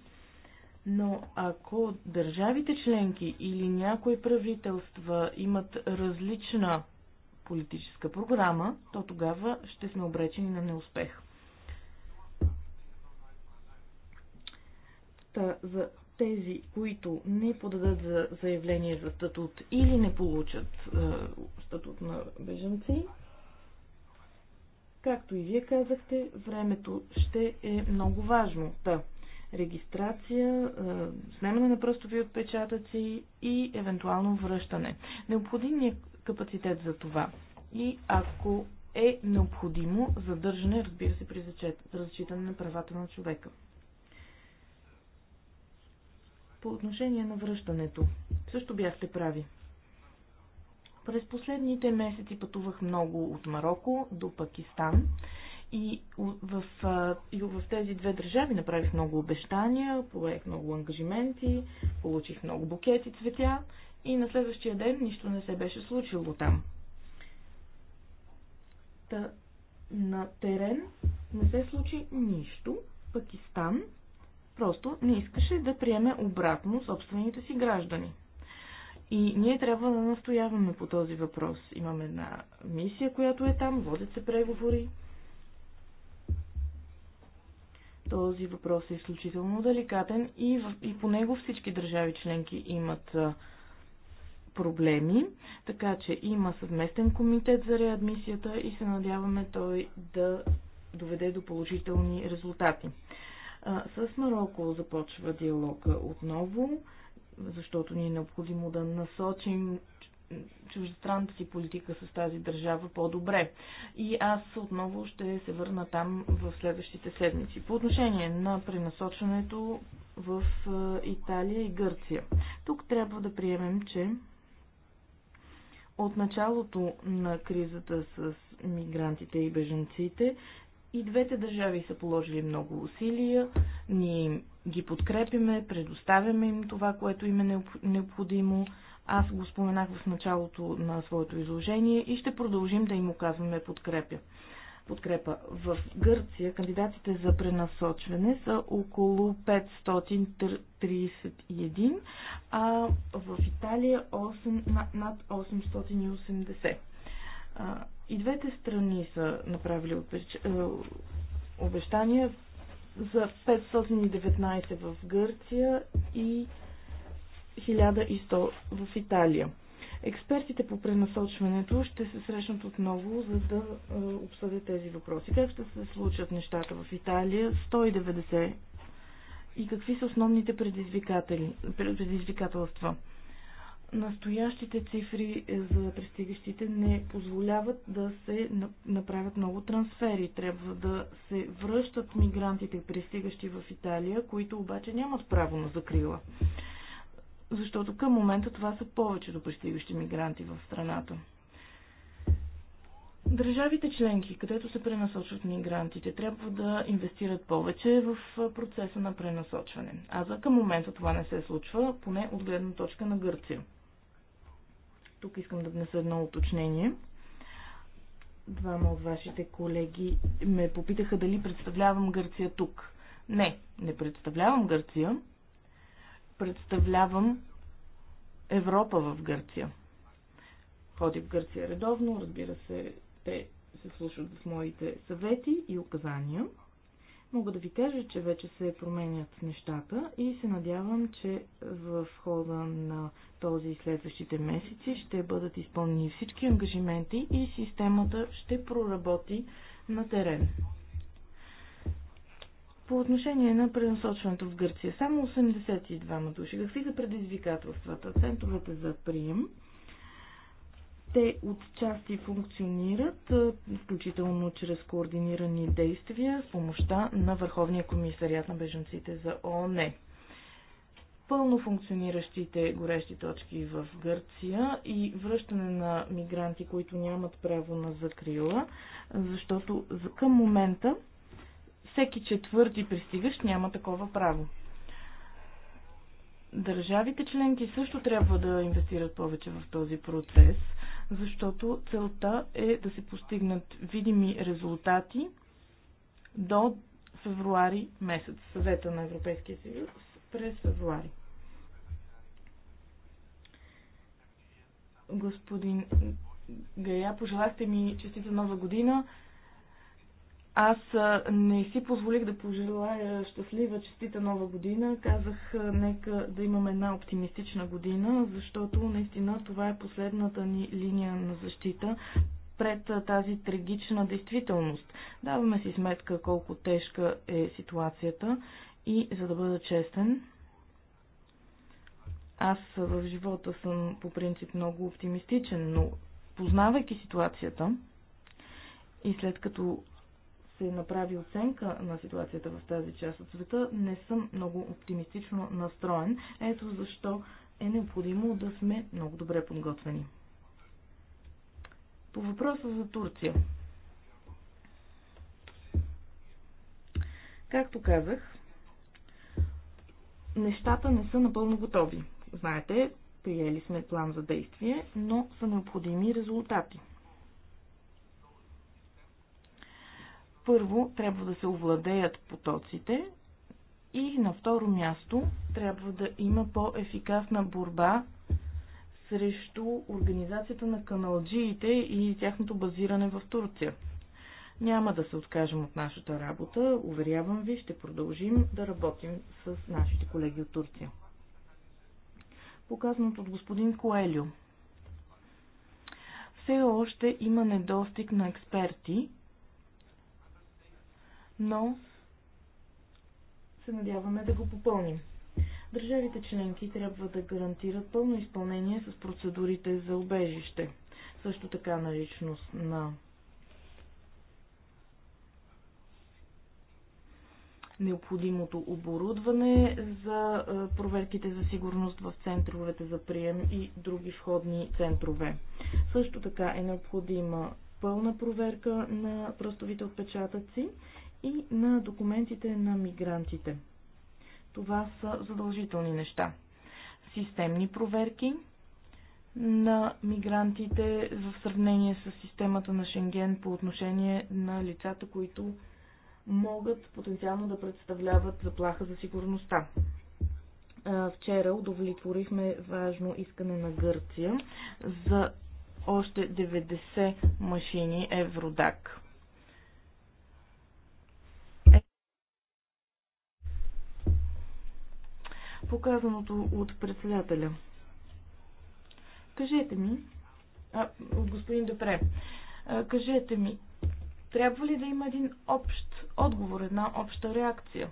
но ако държавите членки или някои правителства имат различна политическа програма, то тогава ще сме обречени на неуспех. Та, за тези, които не подадат за заявление за статут или не получат е, статут на бежанци, както и вие казахте, времето ще е много важно. Та, да регистрация, снемане на пръстови отпечатъци и евентуално връщане. Необходим е капацитет за това. И ако е необходимо задържане, разбира се, при зачитане на правата на човека. По отношение на връщането, също бяхте прави. През последните месеци пътувах много от Марокко до Пакистан и в, и в тези две държави направих много обещания, поех много ангажименти, получих много букети цветя и на следващия ден нищо не се беше случило там. Та, на терен не се случи нищо. Пакистан просто не искаше да приеме обратно собствените си граждани. И ние трябва да настояваме по този въпрос. Имаме една мисия, която е там, водят се преговори. Този въпрос е изключително деликатен и, в, и по него всички държави членки имат проблеми, така че има съвместен комитет за реадмисията и се надяваме той да доведе до положителни резултати. С Марокко започва диалога отново, защото ни е необходимо да насочим чуждестранната си политика с тази държава по-добре. И аз отново ще се върна там в следващите седмици. По отношение на пренасочването в Италия и Гърция. Тук трябва да приемем, че от началото на кризата с мигрантите и бежанците и двете държави са положили много усилия. Ние ги подкрепиме, предоставяме им това, което им е необходимо аз го споменах в началото на своето изложение и ще продължим да им оказваме подкрепя. подкрепа. В Гърция кандидатите за пренасочване са около 531, а в Италия 8, над 880. И двете страни са направили е, обещания за 519 в Гърция и 1100 в Италия. Експертите по пренасочването ще се срещнат отново, за да е, обсъдят тези въпроси. Как ще се случат нещата в Италия? 190 и какви са основните предизвикателства? Настоящите цифри е, за пристигащите не позволяват да се направят много трансфери. Трябва да се връщат мигрантите, пристигащи в Италия, които обаче нямат право на закрила защото към момента това са повечето пристигащи мигранти в страната. Държавите членки, където се пренасочват мигрантите, трябва да инвестират повече в процеса на пренасочване. А за към момента това не се случва, поне от гледна точка на Гърция. Тук искам да внеса едно уточнение. Двама от вашите колеги ме попитаха дали представлявам Гърция тук. Не, не представлявам Гърция, представлявам Европа в Гърция. Ходи в Гърция редовно, разбира се, те се слушат в моите съвети и указания. Мога да ви кажа, че вече се променят нещата и се надявам, че в хода на този и следващите месеци ще бъдат изпълнени всички ангажименти и системата ще проработи на терен. По отношение на пренасочването в Гърция, само 82 души. Какви са предизвикателствата? Центровете за прием, те отчасти функционират, включително чрез координирани действия с помощта на Върховния комисариат на беженците за ООН. Пълно функциониращите горещи точки в Гърция и връщане на мигранти, които нямат право на закрила, защото към момента всеки четвърти пристигащ няма такова право. Държавите членки също трябва да инвестират повече в този процес, защото целта е да се постигнат видими резултати до февруари месец. Съвета на Европейския съюз през февруари. Господин Гая, пожелахте ми честита нова година. Аз не си позволих да пожелая щастлива, честита нова година. Казах, нека да имаме една оптимистична година, защото наистина това е последната ни линия на защита пред тази трагична действителност. Даваме си сметка колко тежка е ситуацията и, за да бъда честен, аз в живота съм по принцип много оптимистичен, но познавайки ситуацията и след като се направи оценка на ситуацията в тази част от света, не съм много оптимистично настроен. Ето защо е необходимо да сме много добре подготвени. По въпроса за Турция. Както казах, нещата не са напълно готови. Знаете, приели сме план за действие, но са необходими резултати – Първо, трябва да се овладеят потоците и на второ място трябва да има по-ефикасна борба срещу организацията на каналджиите и тяхното базиране в Турция. Няма да се откажем от нашата работа. Уверявам ви, ще продължим да работим с нашите колеги от Турция. Показаното от господин Коелю. Все още има недостиг на експерти, но се надяваме да го попълним. Държавите членки трябва да гарантират пълно изпълнение с процедурите за обежище, също така наличност на необходимото оборудване за е, проверките за сигурност в центровете за прием и други входни центрове. Също така е необходима пълна проверка на пръстовите отпечатъци и на документите на мигрантите. Това са задължителни неща. Системни проверки на мигрантите в сравнение с системата на Шенген по отношение на лицата, които могат потенциално да представляват заплаха за сигурността. Вчера удовлетворихме важно искане на Гърция за още 90 машини Евродак. показаното от председателя. Кажете ми, а, от господин Депре, а, кажете ми, трябва ли да има един общ отговор, една обща реакция?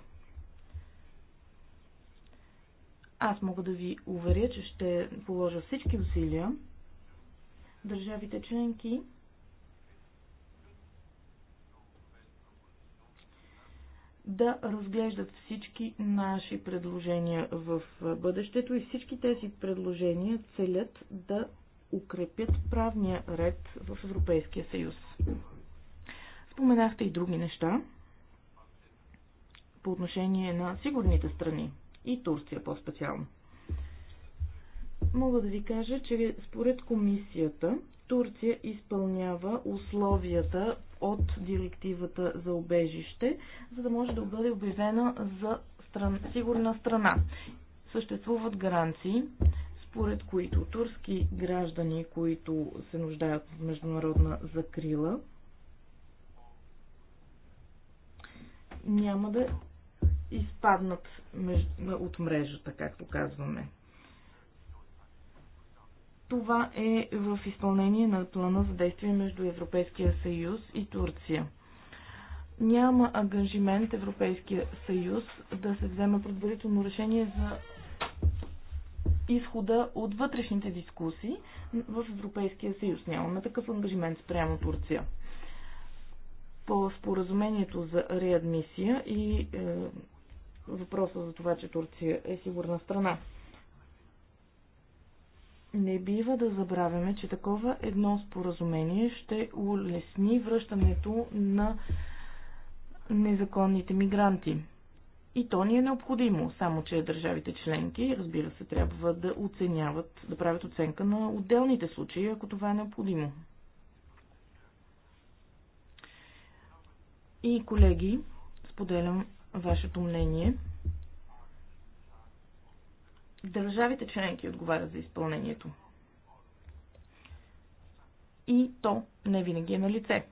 Аз мога да ви уверя, че ще положа всички усилия държавите членки да разглеждат всички наши предложения в бъдещето и всички тези предложения целят да укрепят правния ред в Европейския съюз. Споменахте и други неща по отношение на сигурните страни и Турция по-специално. Мога да ви кажа, че според комисията Турция изпълнява условията от директивата за обежище, за да може да бъде обявена за стран, сигурна страна. Съществуват гаранции, според които турски граждани, които се нуждаят от международна закрила, няма да изпаднат от мрежата, както казваме. Това е в изпълнение на плана за действие между Европейския съюз и Турция. Няма ангажимент Европейския съюз да се взема предварително решение за изхода от вътрешните дискусии в Европейския съюз. Нямаме такъв ангажимент спрямо Турция. По споразумението за реадмисия и е, въпроса за това, че Турция е сигурна страна. Не бива да забравяме, че такова едно споразумение ще улесни връщането на незаконните мигранти. И то ни е необходимо, само че държавите членки, разбира се, трябва да оценяват, да правят оценка на отделните случаи, ако това е необходимо. И колеги, споделям вашето мнение държавите членки отговарят за изпълнението. И то не винаги е на лице.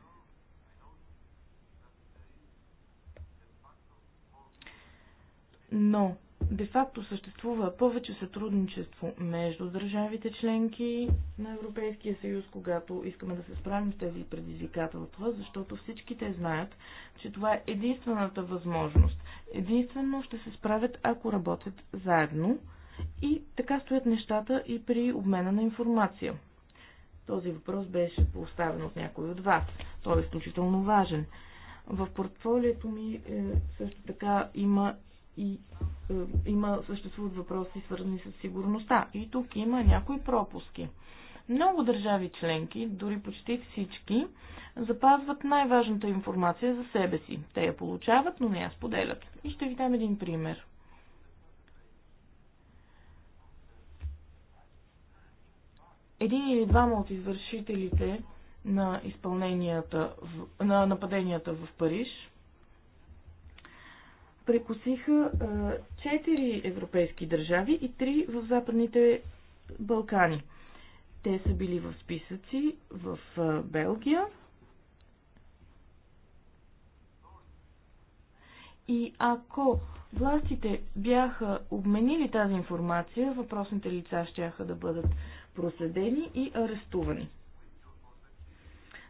Но де-факто съществува повече сътрудничество между държавите членки на Европейския съюз, когато искаме да се справим с тези предизвикателства, защото всички те знаят, че това е единствената възможност. Единствено ще се справят, ако работят заедно и така стоят нещата и при обмена на информация. Този въпрос беше поставен от някой от вас. Той е изключително важен. В портфолиото ми е, също така има и е, има, съществуват въпроси свързани с сигурността. И тук има някои пропуски. Много държави членки, дори почти всички, запазват най-важната информация за себе си. Те я получават, но не я споделят. И ще ви дам един пример. един или двама от извършителите на изпълненията, на нападенията в Париж прекусиха четири европейски държави и три в Западните Балкани. Те са били в списъци в Белгия и ако властите бяха обменили тази информация, въпросните лица ще да бъдат проследени и арестувани.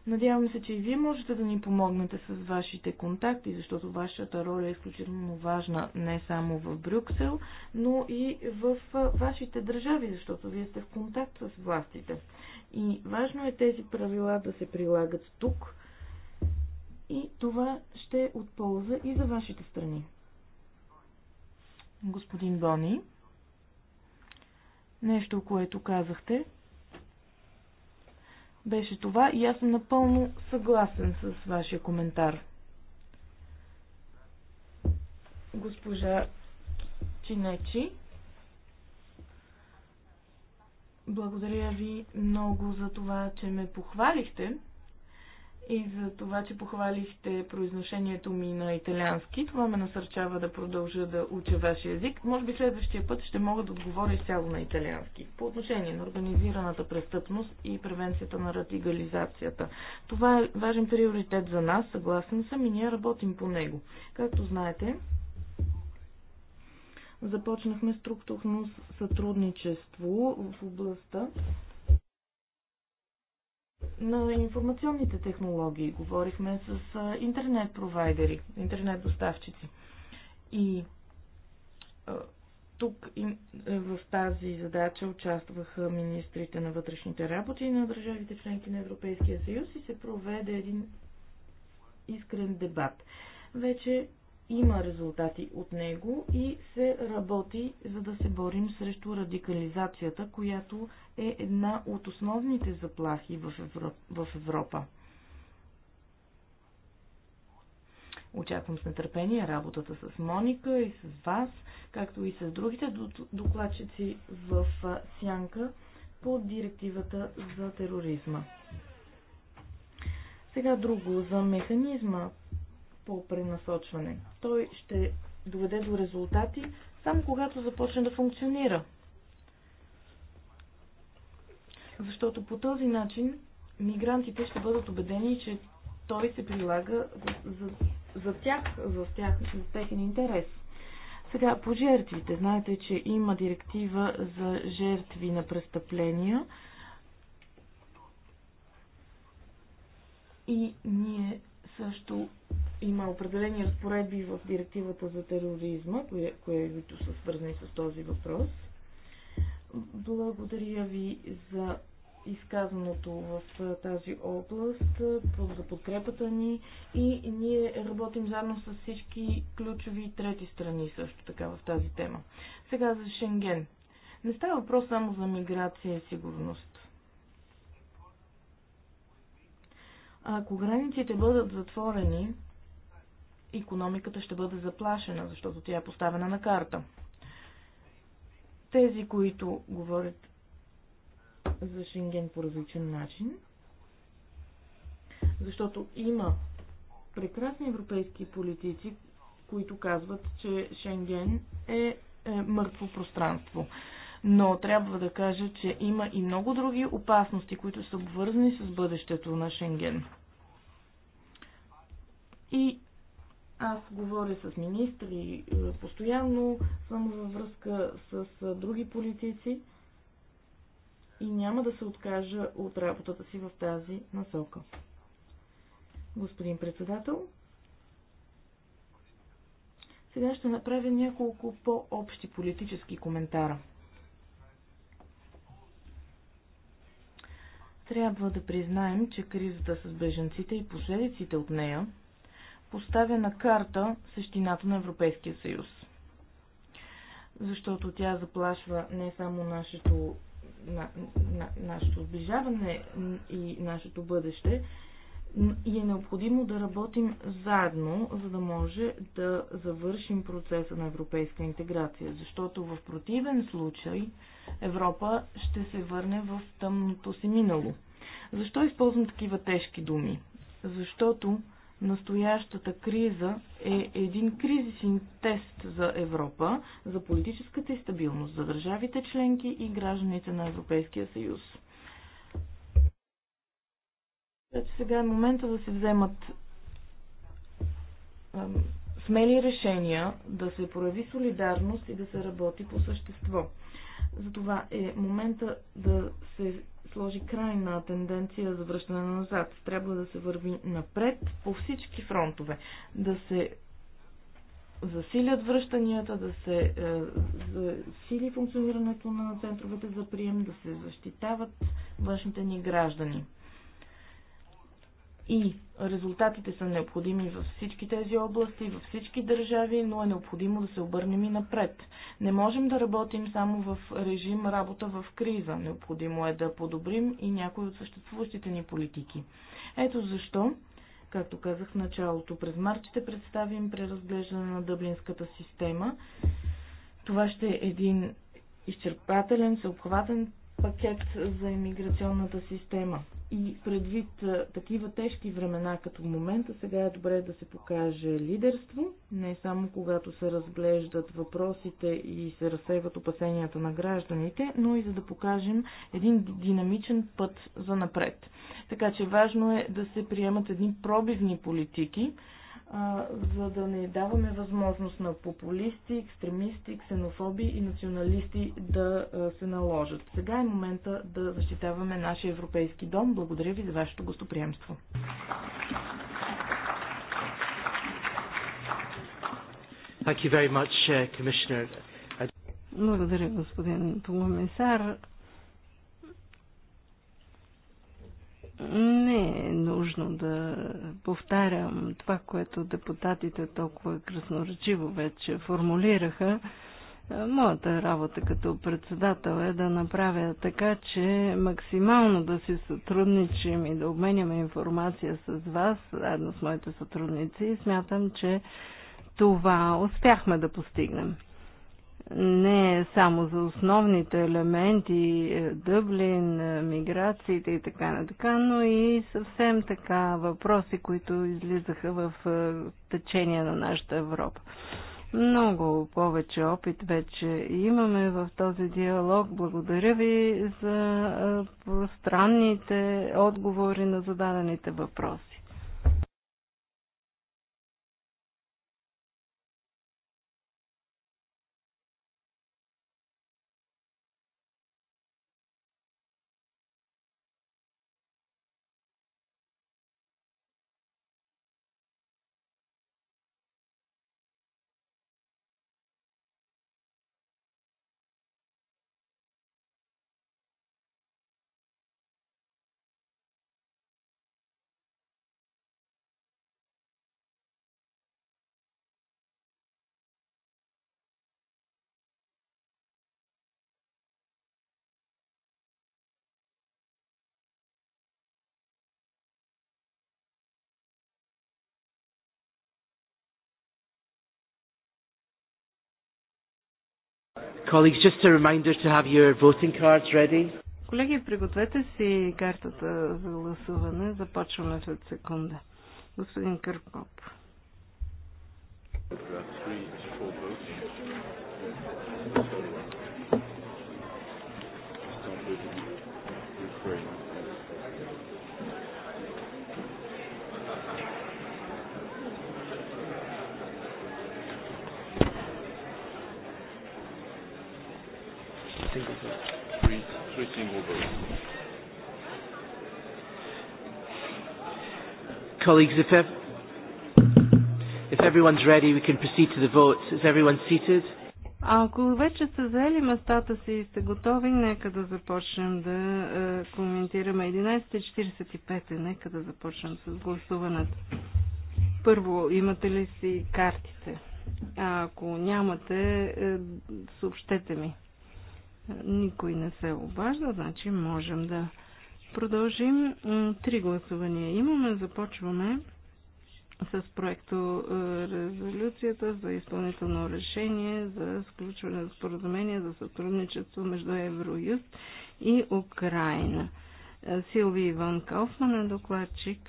Надявам се, че и вие можете да ни помогнете с вашите контакти, защото вашата роля е изключително важна не само в Брюксел, но и в вашите държави, защото вие сте в контакт с властите. И важно е тези правила да се прилагат тук и това ще е от полза и за вашите страни. Господин Бони. Нещо, което казахте, беше това и аз съм напълно съгласен с вашия коментар. Госпожа Чинечи, благодаря ви много за това, че ме похвалихте и за това, че похвалихте произношението ми на италиански. Това ме насърчава да продължа да уча вашия език. Може би следващия път ще мога да отговоря изцяло на италиански. По отношение на организираната престъпност и превенцията на радикализацията. Това е важен приоритет за нас, съгласен съм и ние работим по него. Както знаете, започнахме структурно сътрудничество в областта на информационните технологии, говорихме с интернет провайдери, интернет доставчици. И тук е, в тази задача участваха министрите на вътрешните работи на държавите членки на Европейския съюз и се проведе един искрен дебат. Вече има резултати от него и се работи за да се борим срещу радикализацията, която е една от основните заплахи в Европа. Очаквам с нетърпение работата с Моника и с вас, както и с другите докладчици в Сянка по директивата за тероризма. Сега друго за механизма по пренасочване. Той ще доведе до резултати само когато започне да функционира. Защото по този начин мигрантите ще бъдат убедени, че той се прилага за, за тях, за тях, за техен интерес. Сега, по жертвите. Знаете, че има директива за жертви на престъпления. И ние също има определени разпоредби в директивата за тероризма, които са свързани с този въпрос. Благодаря ви за изказаното в тази област, за подкрепата ни и ние работим заедно с всички ключови трети страни също така в тази тема. Сега за Шенген. Не става въпрос само за миграция и сигурност. Ако границите бъдат затворени, економиката ще бъде заплашена, защото тя е поставена на карта. Тези, които говорят за Шенген по различен начин, защото има прекрасни европейски политици, които казват, че Шенген е, е мъртво пространство. Но трябва да кажа, че има и много други опасности, които са обвързани с бъдещето на Шенген. И аз говоря с министри е, постоянно, само във връзка с е, други политици и няма да се откажа от работата си в тази насока. Господин председател, сега ще направя няколко по-общи политически коментара. Трябва да признаем, че кризата с беженците и последиците от нея – поставя на карта същината на Европейския съюз. Защото тя заплашва не само нашето, на, на, нашето сближаване и нашето бъдеще, и е необходимо да работим заедно, за да може да завършим процеса на европейска интеграция, защото в противен случай Европа ще се върне в тъмното си минало. Защо използвам такива тежки думи? Защото Настоящата криза е един кризисен тест за Европа, за политическата и стабилност, за държавите членки и гражданите на Европейския съюз. Значи сега е момента да се вземат смели решения, да се прояви солидарност и да се работи по същество. Затова е момента да се сложи край на тенденция за връщане назад. Трябва да се върви напред по всички фронтове. Да се засилят връщанията, да се е, засили функционирането на центровете за прием, да се защитават външните ни граждани и резултатите са необходими във всички тези области, във всички държави, но е необходимо да се обърнем и напред. Не можем да работим само в режим работа в криза. Необходимо е да подобрим и някои от съществуващите ни политики. Ето защо, както казах в началото, през март ще представим преразглеждане на дъблинската система. Това ще е един изчерпателен, съобхватен пакет за иммиграционната система. И предвид такива тежки времена като момента, сега е добре да се покаже лидерство, не само когато се разглеждат въпросите и се разсейват опасенията на гражданите, но и за да покажем един динамичен път за напред. Така че важно е да се приемат едни пробивни политики, за да не даваме възможност на популисти, екстремисти, ксенофоби и националисти да се наложат. Сега е момента да защитаваме нашия европейски дом. Благодаря ви за вашето гостоприемство. Thank you very much, uh, Commissioner. Благодаря, господин комисар. Не е нужно да повтарям това, което депутатите толкова красноречиво вече формулираха. Моята работа като председател е да направя така, че максимално да си сътрудничим и да обменяме информация с вас, заедно с моите сътрудници и смятам, че това успяхме да постигнем не е само за основните елементи, е, Дъблин, е, миграциите и така на така, но и съвсем така въпроси, които излизаха в течение на нашата Европа. Много повече опит вече имаме в този диалог. Благодаря ви за пространните отговори на зададените въпроси. Колеги, пригответе си картата за гласуване. Започваме след секунда. Господин Кърпоп. Three, four scrutin ouvert. Colleagues, if, ev- if everyone's ready, we can proceed to the vote. Is everyone seated? Ако вече са заели местата си и сте готови, нека да започнем да е, коментираме. 11.45 е. нека да започнем с гласуването. Първо, имате ли си картите? А ако нямате, е, съобщете ми. Никой не се обажда, значи можем да продължим. Три гласувания имаме. Започваме с проекто е, резолюцията за изпълнително решение за сключване на споразумение за сътрудничество между Евроюст и Украина. Е, Силви Иван Кауфман е докладчик.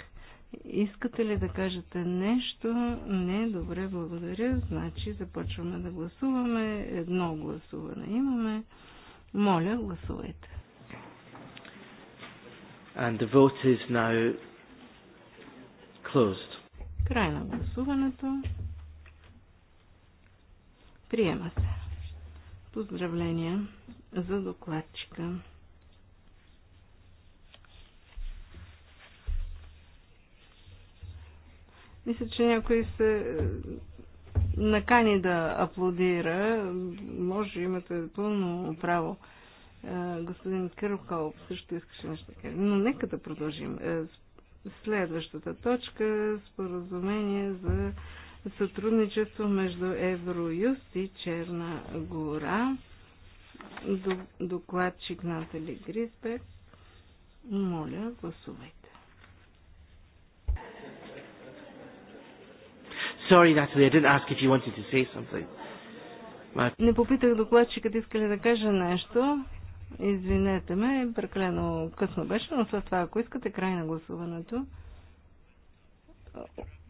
Искате ли да кажете нещо? Не, добре, благодаря. Значи започваме да гласуваме. Едно гласуване имаме. Моля, гласувайте. And the vote is now closed. Край на гласуването. Приема се. Поздравления за докладчика. Мисля, че някои се накани да аплодира, може имате пълно право. Е, господин Кърхолп също искаше нещо да каже. Но нека да продължим. Е, следващата точка е споразумение за сътрудничество между Евроюст и Черна гора. Докладчик Натали Гризбек. Моля, гласувайте. Sorry, Natalie, I didn't ask if you wanted to say something. Не попитах докладчикът иска ли да каже нещо. Извинете ме, прекалено късно беше, но след това, ако искате, край на гласуването.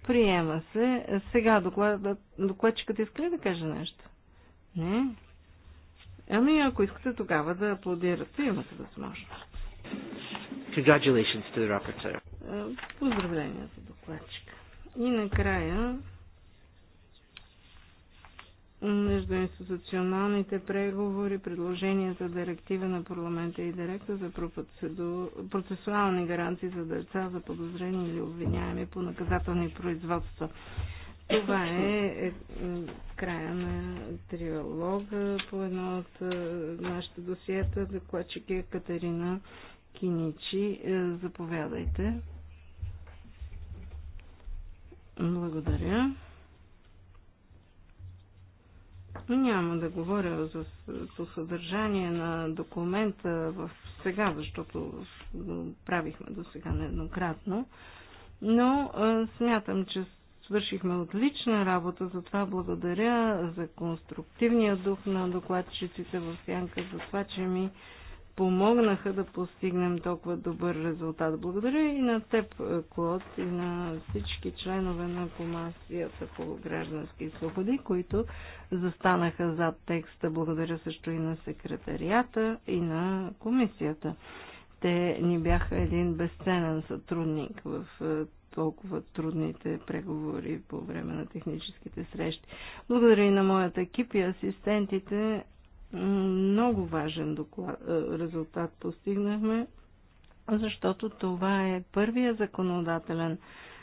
Приема се. Сега докладчикът иска ли да каже нещо? Не. Ами, ако искате тогава да аплодирате, имате възможност. Congratulations to the rapporteur. Е, поздравления за докладчика. И накрая междуинституционалните преговори, предложенията директива на парламента и директа за процесуални гаранции за деца за подозрени или обвиняеми по наказателни производства. Това е, е края на триалога по едно от е, нашите досиета. Докладчик е Катерина Киничи. Е, заповядайте. Благодаря. Няма да говоря за съдържание на документа в сега, защото правихме до сега нееднократно, но смятам, че свършихме отлична работа, затова благодаря за конструктивния дух на докладчиците в Сянка, за това, че ми помогнаха да постигнем толкова добър резултат. Благодаря и на теб, Клод, и на всички членове на Комасията по граждански свободи, които застанаха зад текста. Благодаря също и на секретарията, и на комисията. Те ни бяха един безценен сътрудник в е, толкова трудните преговори по време на техническите срещи. Благодаря и на моят екип и асистентите много важен доклад, е, резултат постигнахме, защото това е първия законодателен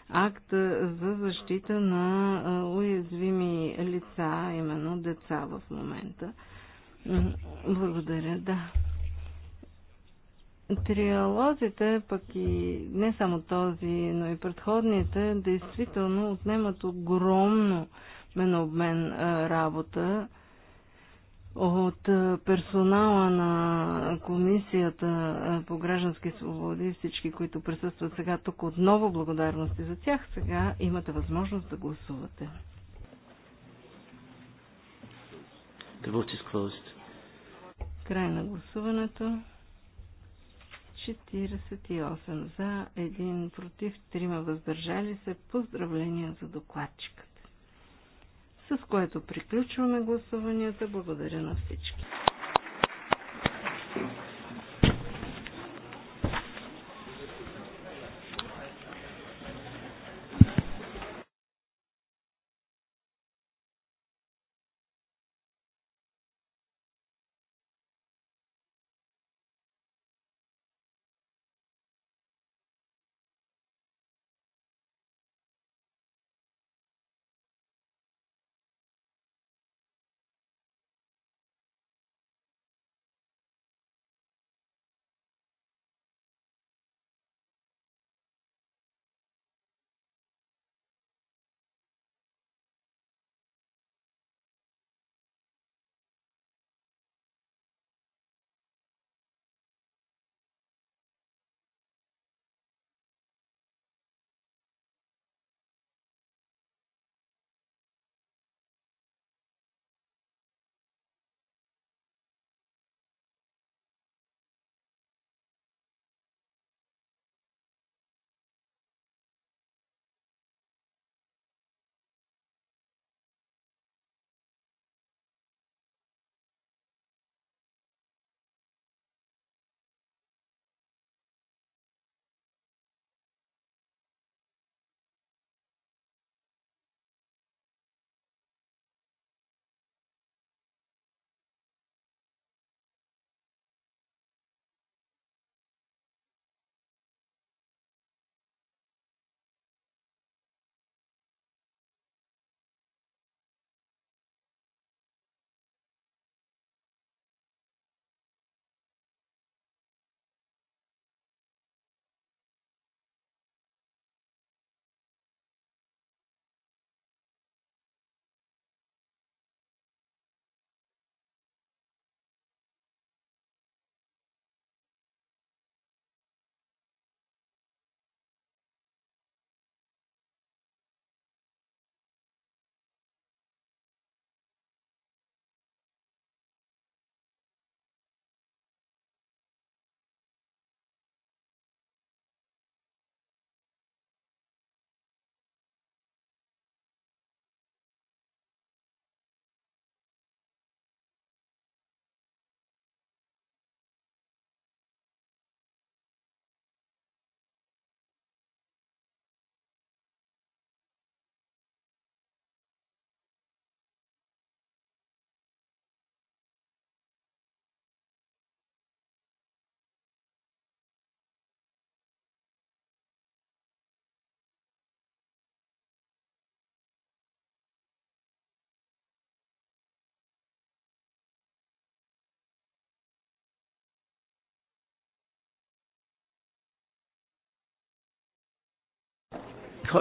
акт е, за защита на е, уязвими лица, именно деца в момента. Благодаря, да. Триалозите, пък и не само този, но и предходните, действително отнемат огромно менообмен работа от е, персонала на Комисията е, по граждански свободи, всички, които присъстват сега тук, отново благодарности за тях. Сега имате възможност да гласувате. Край на гласуването. 48 за, 1 против, 3 въздържали се. Поздравления за докладчика с което приключваме гласуванията. Благодаря на всички.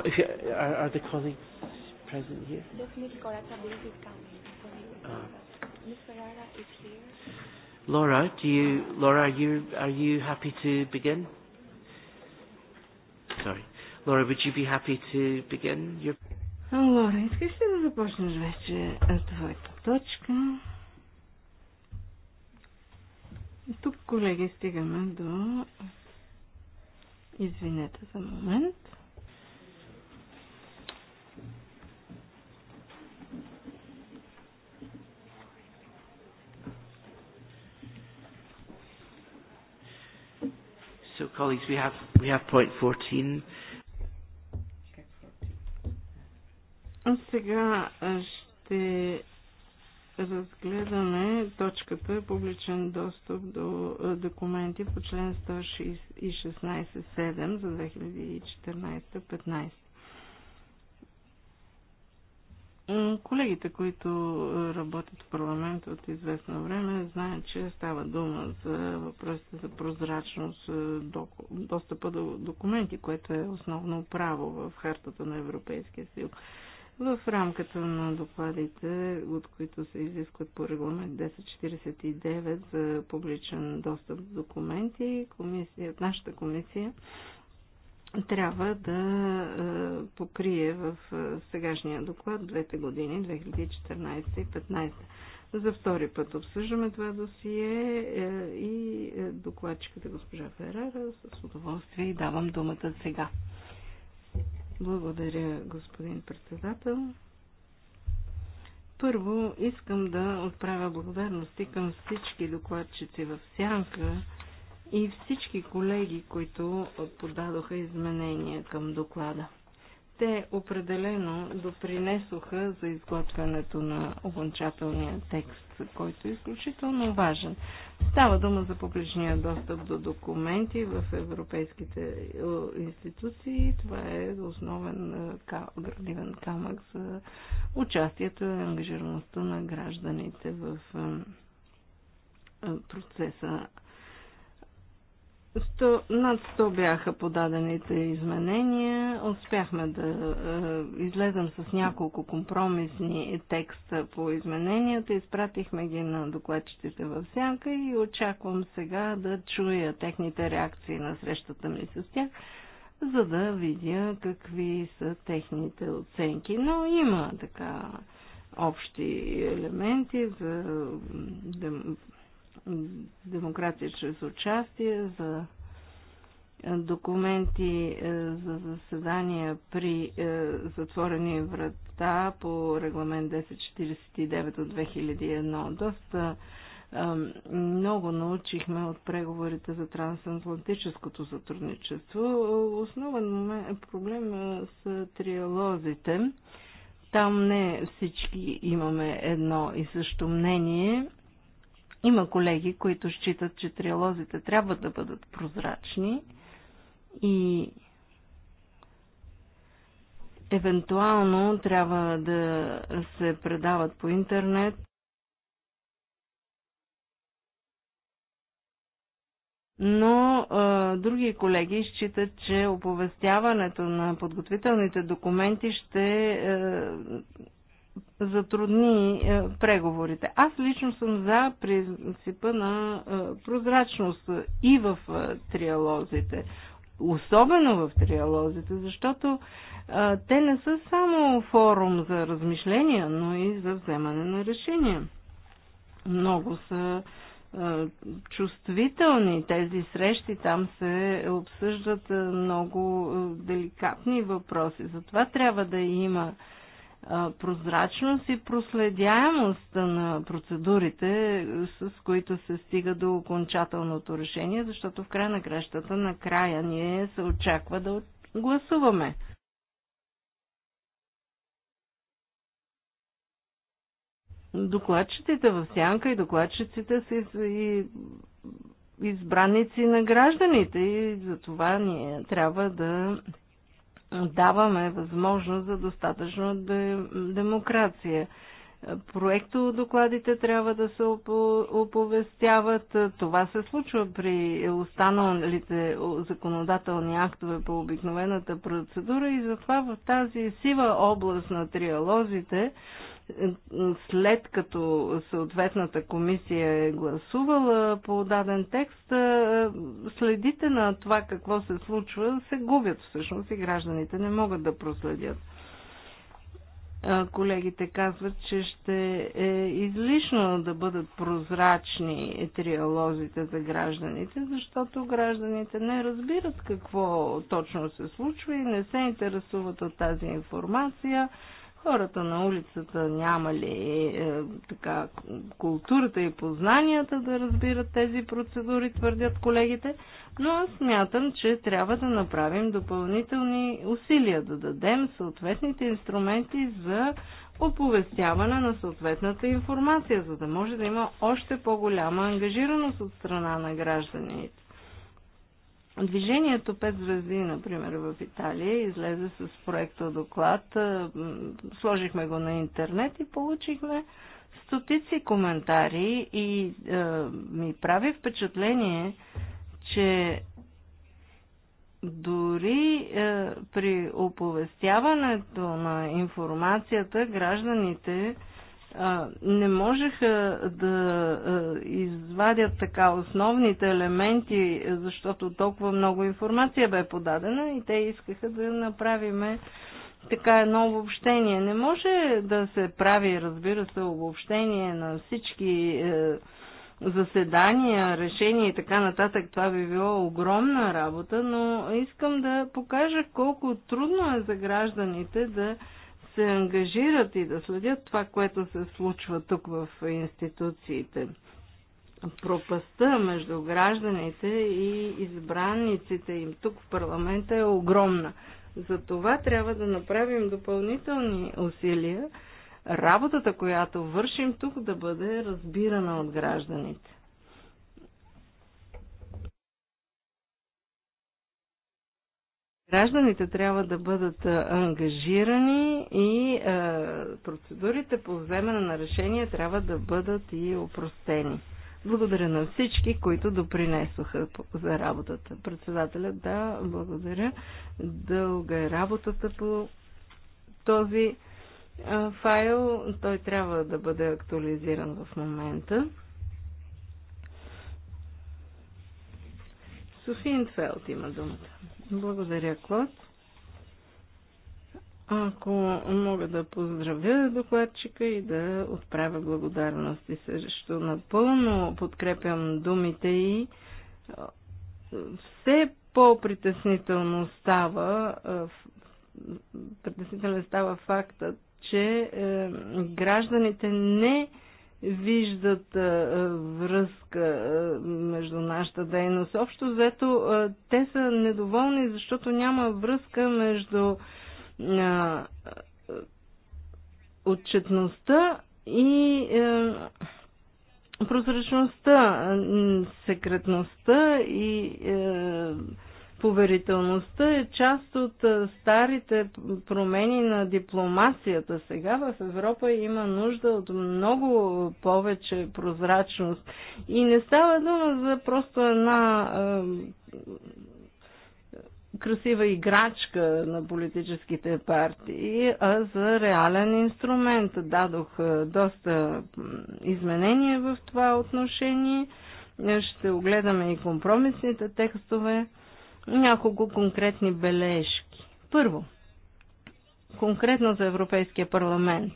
if you, are, are the colleagues present here? Yes, Ms. Coretta is coming. Uh, Ms. Ferrara is here. Laura, do you, Laura, are you, are you happy to begin? Sorry. Laura, would you be happy to begin your... Лора, искаш ли да започнеш вече с твоята точка? Тук, колеги, стигаме до... Извинете за момент. colleagues, we have, we have point fourteen. Сега ще разгледаме точката публичен достъп до документи по член 116.7 за 2014-15. Е, колегите, които е, работят в парламента от известно време, знаят, че става дума за въпросите за прозрачност, е, достъпа до документи, което е основно право в хартата на Европейския съюз. В рамката на докладите, от които се изискват по регламент 1049 за публичен достъп до документи, комисия, нашата комисия трябва да е, покрие в е, сегашния доклад двете години, 2014 и 2015. За втори път обсъждаме това досие е, и докладчиката госпожа Ферара с удоволствие и давам думата сега. Благодаря, господин председател. Първо искам да отправя благодарности към всички докладчици в Сянка, и всички колеги, които подадоха изменения към доклада. Те определено допринесоха за изготвянето на окончателния текст, който е изключително важен. Става дума за публичния достъп до документи в европейските институции. Това е основен е, градивен камък за участието и ангажираността на гражданите в е, процеса 100, над 100 бяха подадените изменения. Успяхме да е, излезем с няколко компромисни текста по измененията. Изпратихме ги на докладчиците в сянка и очаквам сега да чуя техните реакции на срещата ми с тях, за да видя какви са техните оценки. Но има така общи елементи за демокрация чрез участие, за документи е, за заседания при е, затворени врата по регламент 1049 от 2001. Доста е, много научихме от преговорите за трансатлантическото сътрудничество. Основен момент, проблем с триалозите. Там не всички имаме едно и също мнение има колеги, които считат, че триалозите трябва да бъдат прозрачни и евентуално трябва да се предават по интернет. Но а, други колеги считат, че оповестяването на подготвителните документи ще а, затрудни е, преговорите. Аз лично съм за принципа на е, прозрачност и в е, триалозите. Особено в триалозите, защото те не са само форум за размишления, но и за вземане на решения. Много са чувствителни тези срещи, там се обсъждат много деликатни въпроси. Затова трябва да има прозрачност и проследяемост на процедурите, с които се стига до окончателното решение, защото в края на кращата накрая ние се очаква да гласуваме. Докладчиците в сянка и докладчиците са и избраници на гражданите и за това ние трябва да даваме възможност за достатъчно демокрация. Проекто докладите трябва да се оповестяват. Това се случва при останалите законодателни актове по обикновената процедура и затова в тази сива област на триалозите след като съответната комисия е гласувала по даден текст, следите на това какво се случва се губят всъщност и гражданите не могат да проследят. Колегите казват, че ще е излишно да бъдат прозрачни триалозите за гражданите, защото гражданите не разбират какво точно се случва и не се интересуват от тази информация хората на улицата нямали е, така, културата и познанията да разбират тези процедури, твърдят колегите, но аз смятам, че трябва да направим допълнителни усилия, да дадем съответните инструменти за оповестяване на съответната информация, за да може да има още по-голяма ангажираност от страна на гражданите. Движението 5 звезди, например, в Италия, излезе с проекта доклад, е, сложихме го на интернет и получихме стотици коментари и е, ми прави впечатление, че дори е, при оповестяването на информацията гражданите не можеха да извадят така основните елементи, защото толкова много информация бе подадена и те искаха да направиме така едно обобщение. Не може да се прави, разбира се, обобщение на всички е, заседания, решения и така нататък. Това би било огромна работа, но искам да покажа колко трудно е за гражданите да се ангажират и да следят това, което се случва тук в институциите. Пропаста между гражданите и избранниците им тук в парламента е огромна. За това трябва да направим допълнителни усилия работата, която вършим тук, да бъде разбирана от гражданите. Гражданите трябва да бъдат ангажирани и е, процедурите по вземане на решения трябва да бъдат и опростени. Благодаря на всички, които допринесоха за работата. Председателя, да, благодаря. Дълга е работата по този файл. Той трябва да бъде актуализиран в момента. Софин Фелт има думата. Благодаря, Клод. Ако мога да поздравя докладчика и да отправя благодарности също, напълно подкрепям думите и все по-притеснително става, притеснително става фактът, че е, гражданите не виждат връзка между нашата дейност. Общо взето, те са недоволни, защото няма връзка между отчетността и прозрачността, секретността и Поверителността е част от старите промени на дипломацията. Сега в Европа има нужда от много повече прозрачност. И не става дума за просто една е, красива играчка на политическите партии, а за реален инструмент. Дадох доста изменения в това отношение. Ще огледаме и компромисните текстове няколко конкретни бележки. Първо, конкретно за Европейския парламент.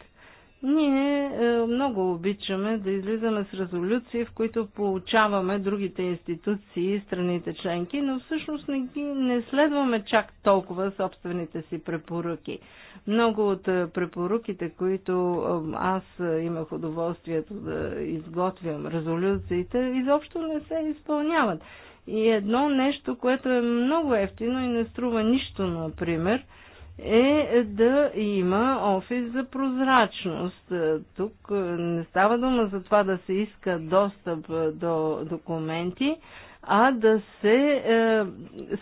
Ние е, много обичаме да излизаме с резолюции, в които получаваме другите институции и страните членки, но всъщност не, ги, не следваме чак толкова собствените си препоръки. Много от е, препоръките, които е, аз имах удоволствието да изготвям резолюциите, изобщо не се изпълняват. И едно нещо, което е много ефтино и не струва нищо, например, е да има офис за прозрачност. Е, тук е, не става дума за това да се иска достъп е, до документи, а да се е,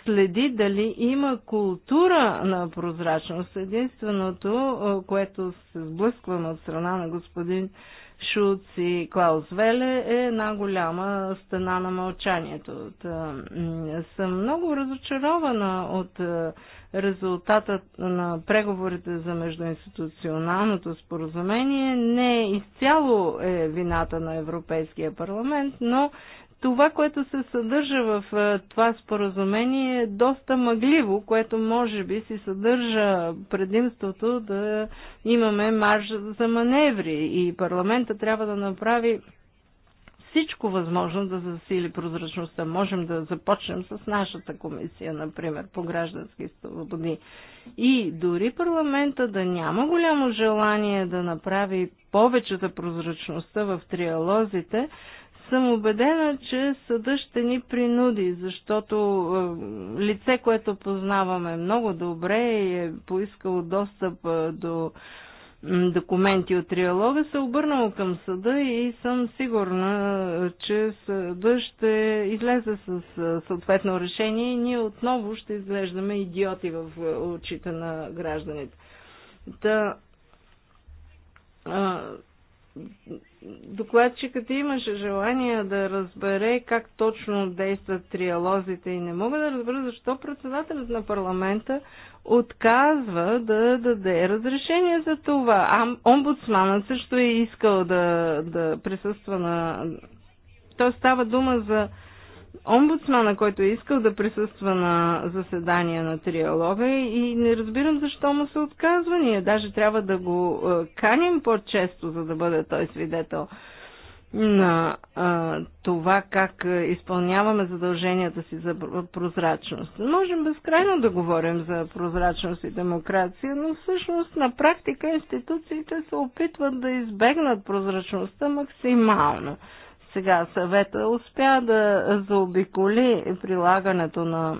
следи дали има култура на прозрачност. Единственото, което се сблъскваме от страна на господин Шуц и Клаус Веле е една голяма стена на мълчанието. съм много разочарована от е, резултата на преговорите за междуинституционалното споразумение. Не изцяло е вината на Европейския парламент, но това, което се съдържа в е, това споразумение е доста мъгливо, което може би си съдържа предимството да имаме марж за маневри и парламента трябва да направи всичко възможно да засили прозрачността. Можем да започнем с нашата комисия, например, по граждански свободи. И дори парламента да няма голямо желание да направи повече за прозрачността в триалозите, съм убедена, че съда ще ни принуди, защото е, лице, което познаваме много добре и е поискало достъп е, до документи от триалога, се обърнало към съда и съм сигурна, че съда ще излезе с е, съответно решение и ние отново ще изглеждаме идиоти в очите на гражданите. Та, да докладчикът имаше желание да разбере как точно действат триалозите и не мога да разбера защо председателят на парламента отказва да даде разрешение за това. А омбудсманът също е искал да, да присъства на... То става дума за омбудсмана, който е искал да присъства на заседания на триалога и не разбирам защо му се отказва. Ние даже трябва да го е, каним по-често, за да бъде той свидетел на а, е, това как е, изпълняваме задълженията си за прозрачност. Можем безкрайно да говорим за прозрачност и демокрация, но всъщност на практика институциите се опитват да избегнат прозрачността максимално. Сега съвета успя да заобиколи прилагането на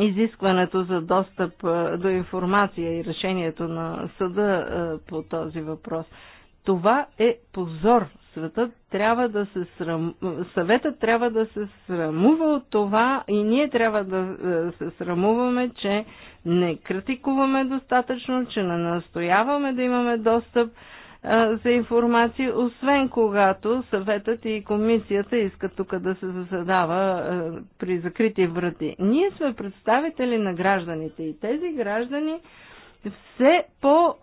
изискването за достъп до информация и решението на съда по този въпрос. Това е позор. Светът трябва да се срам... Съветът трябва да се срамува от това и ние трябва да се срамуваме, че не критикуваме достатъчно, че не настояваме да имаме достъп за информация, освен когато съветът и комисията искат тук да се заседава при закрити врати. Ние сме представители на гражданите и тези граждани все по,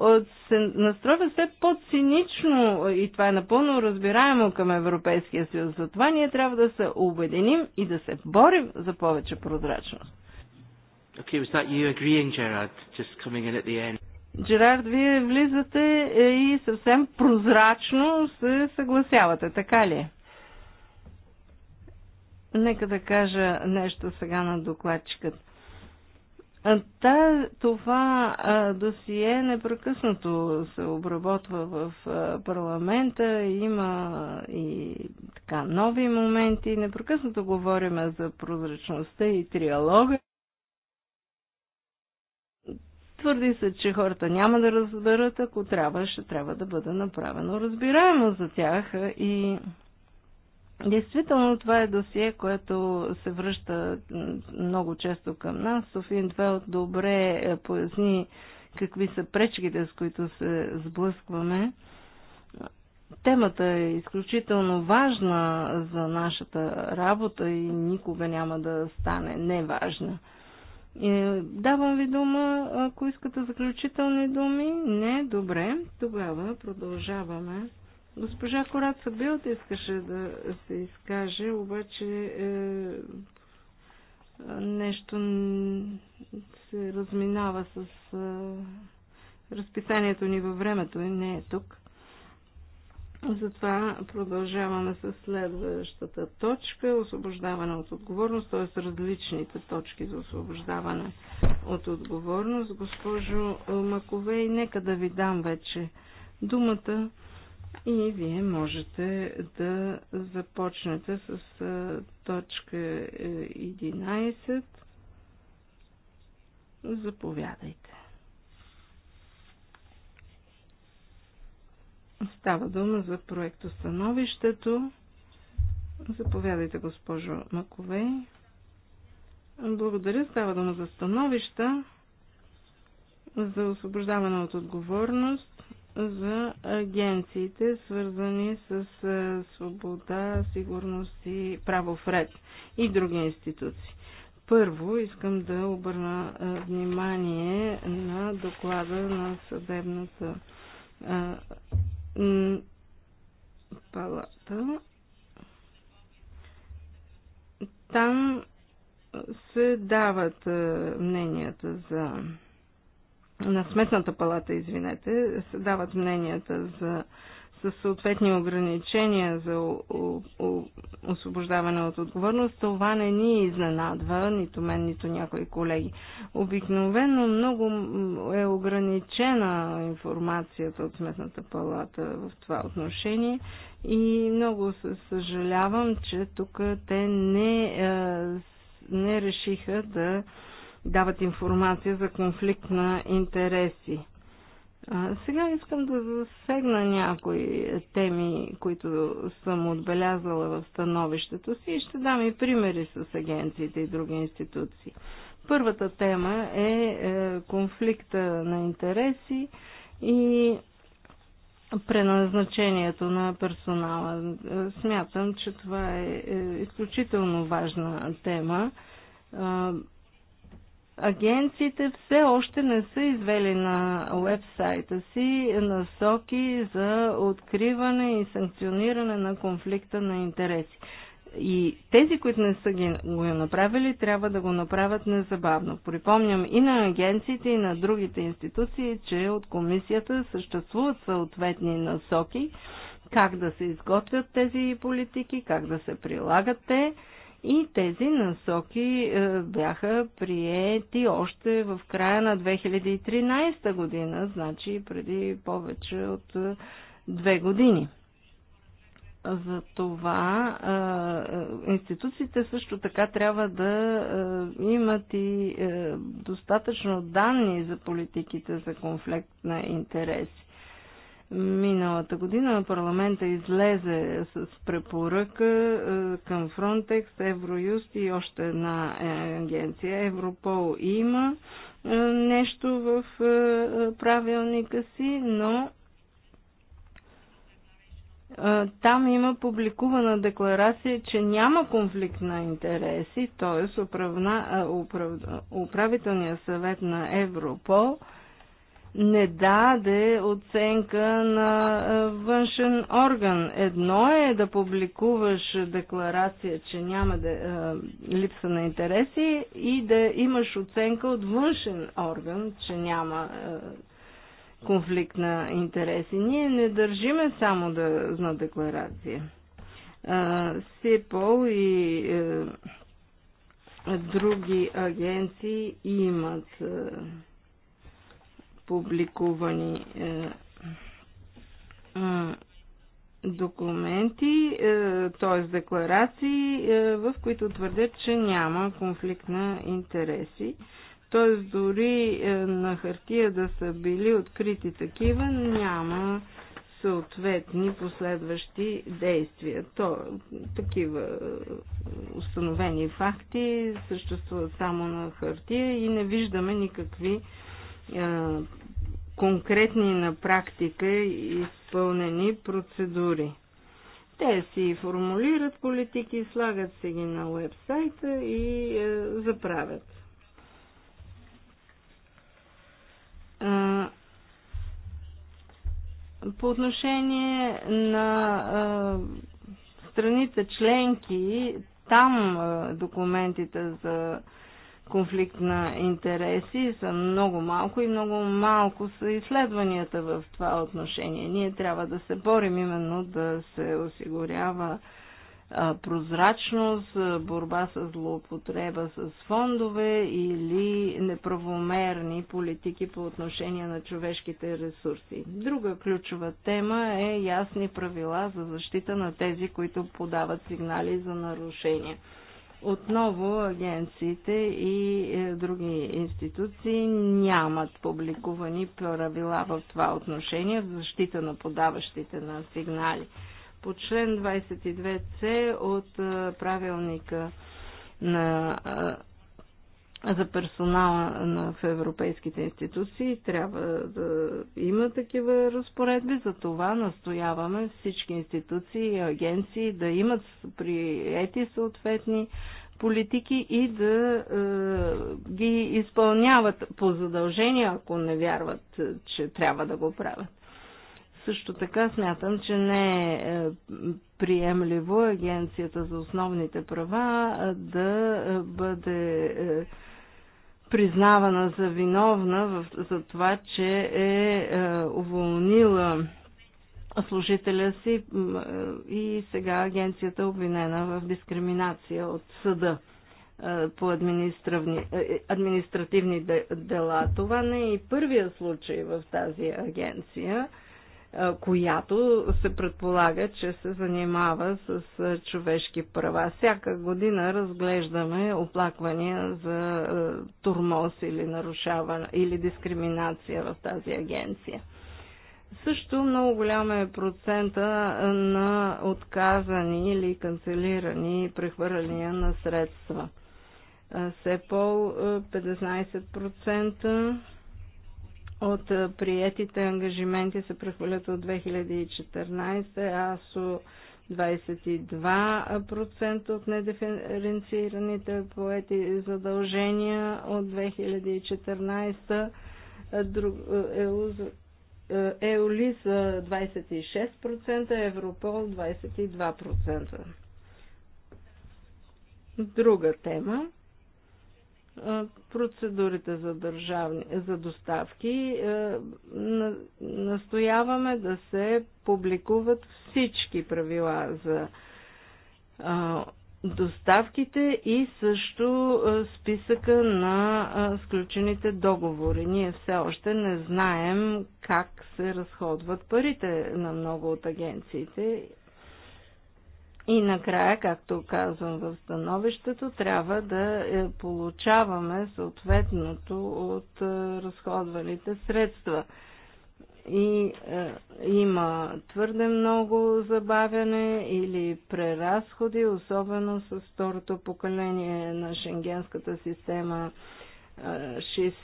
се настроя все по-цинично и това е напълно разбираемо към Европейския съюз. Затова ние трябва да се обединим и да се борим за повече прозрачност. Okay, was that you agreeing, Gerard, just coming in at the end? Джерард, вие влизате е, и съвсем прозрачно се съгласявате, така ли е? Нека да кажа нещо сега на докладчикът. Та, това а, досие непрекъснато се обработва в а, парламента, има и така нови моменти, непрекъснато говорим за прозрачността и триалога. Твърди се, че хората няма да разберат, ако трябва, ще трябва да бъде направено разбираемо за тях и Действително това е досие, което се връща много често към нас. Софин Двелт добре поясни какви са пречките, с които се сблъскваме. Темата е изключително важна за нашата работа и никога няма да стане неважна. Е, давам ви дума, ако искате заключителни думи. Не, добре. Тогава продължаваме. Госпожа Кораца Билт искаше да се изкаже, обаче е, нещо се разминава с е, разписанието ни във времето и не е тук. Затова продължаваме с следващата точка освобождаване от отговорност, т.е. различните точки за освобождаване от отговорност. Госпожо Маковей, нека да ви дам вече думата и вие можете да започнете с точка 11. Е, Заповядайте. Става дума за проектостановището. Заповядайте, госпожо Маковей. Благодаря. Става дума за становища за освобождаване от отговорност за агенциите, свързани с е, свобода, сигурност и правов ред и други институции. Първо искам да обърна е, внимание на доклада на съдебната е, палата. Там се дават мненията за на Сметната палата, извинете, се дават мненията за с съответни ограничения за освобождаване от отговорност, това не ни изненадва, нито мен, нито някои колеги. Обикновено много е ограничена информацията от Сметната палата в това отношение и много се съжалявам, че тук те не, е, не решиха да дават информация за конфликт на интереси а, сега искам да засегна някои теми, които съм отбелязала в становището си и ще дам и примери с агенциите и други институции. Първата тема е, е конфликта на интереси и преназначението на персонала. Смятам, че това е, е изключително важна тема агенциите все още не са извели на уебсайта си насоки за откриване и санкциониране на конфликта на интереси. И тези, които не са ги, го направили, трябва да го направят незабавно. Припомням и на агенциите, и на другите институции, че от комисията съществуват съответни насоки как да се изготвят тези политики, как да се прилагат те и тези насоки е, бяха приети още в края на 2013 година, значи преди повече от е, две години. Затова е, институциите също така трябва да имат и достатъчно данни за политиките за конфликт на интереси. Миналата година парламента излезе с препоръка е, към Frontex, Евроюст и още една е, агенция. Европол има е, нещо в правилника си, но там има публикувана декларация, че няма конфликт на интереси, т.е. Управителният съвет на Европол – не даде оценка на външен орган. Едно е да публикуваш декларация, че няма да, липса на интереси и да имаш оценка от външен орган, че няма конфликт на интереси. Ние не държиме само да, на декларация. СИПОЛ и други агенции имат публикувани е, е, документи, е, т.е. декларации, в които твърдят, че няма конфликт на интереси. Т.е. дори на хартия да са били открити такива, няма съответни последващи действия. То, такива установени факти съществуват само на хартия и не виждаме никакви конкретни на практика изпълнени процедури. Те си формулират политики, слагат се ги на уебсайта и е, заправят. А, по отношение на а, страните членки, там а, документите за а, конфликт на интереси са много малко и много малко са изследванията в това отношение. Ние трябва да се борим именно да се осигурява прозрачност, борба с злоупотреба с фондове или неправомерни политики по отношение на човешките ресурси. Друга ключова тема е ясни правила за защита на тези, които подават сигнали за нарушения отново агенциите и е, други институции нямат публикувани правила в това отношение в защита на подаващите на сигнали. По член 22c от е, правилника на, е, за персонала на, в европейските институции трябва да има такива разпоредби. За това настояваме всички институции и агенции да имат приети съответни политики и да е, ги изпълняват по задължение, ако не вярват, е, че трябва да го правят. Също така смятам, че не е, е приемливо Агенцията за основните права е, да бъде признавана за виновна за това, че е уволнила служителя си е, и сега агенцията е обвинена в дискриминация от съда е, по е, административни дела. Това не е и първия случай в тази агенция, която се предполага, че се занимава с човешки права. Всяка година разглеждаме оплаквания за турмоз или нарушаване или дискриминация в тази агенция. Също много голям е процента на отказани или канцелирани прехвърляния на средства. СЕПОЛ 15% от приетите ангажименти се прехвърлят от 2014, АСО 22% от недиференцираните поети задължения от 2014, друг, ЕУ е, Еолис 26%, Европол 22%. Друга тема процедурите за, държавни, за доставки, е, настояваме да се публикуват всички правила за доставките и също списъка на сключените договори. Ние все още не знаем как се разходват парите на много от агенциите. И накрая, както казвам в становището, трябва да е, получаваме съответното от разходваните средства и е, има твърде много забавяне или преразходи, особено с второто поколение на шенгенската система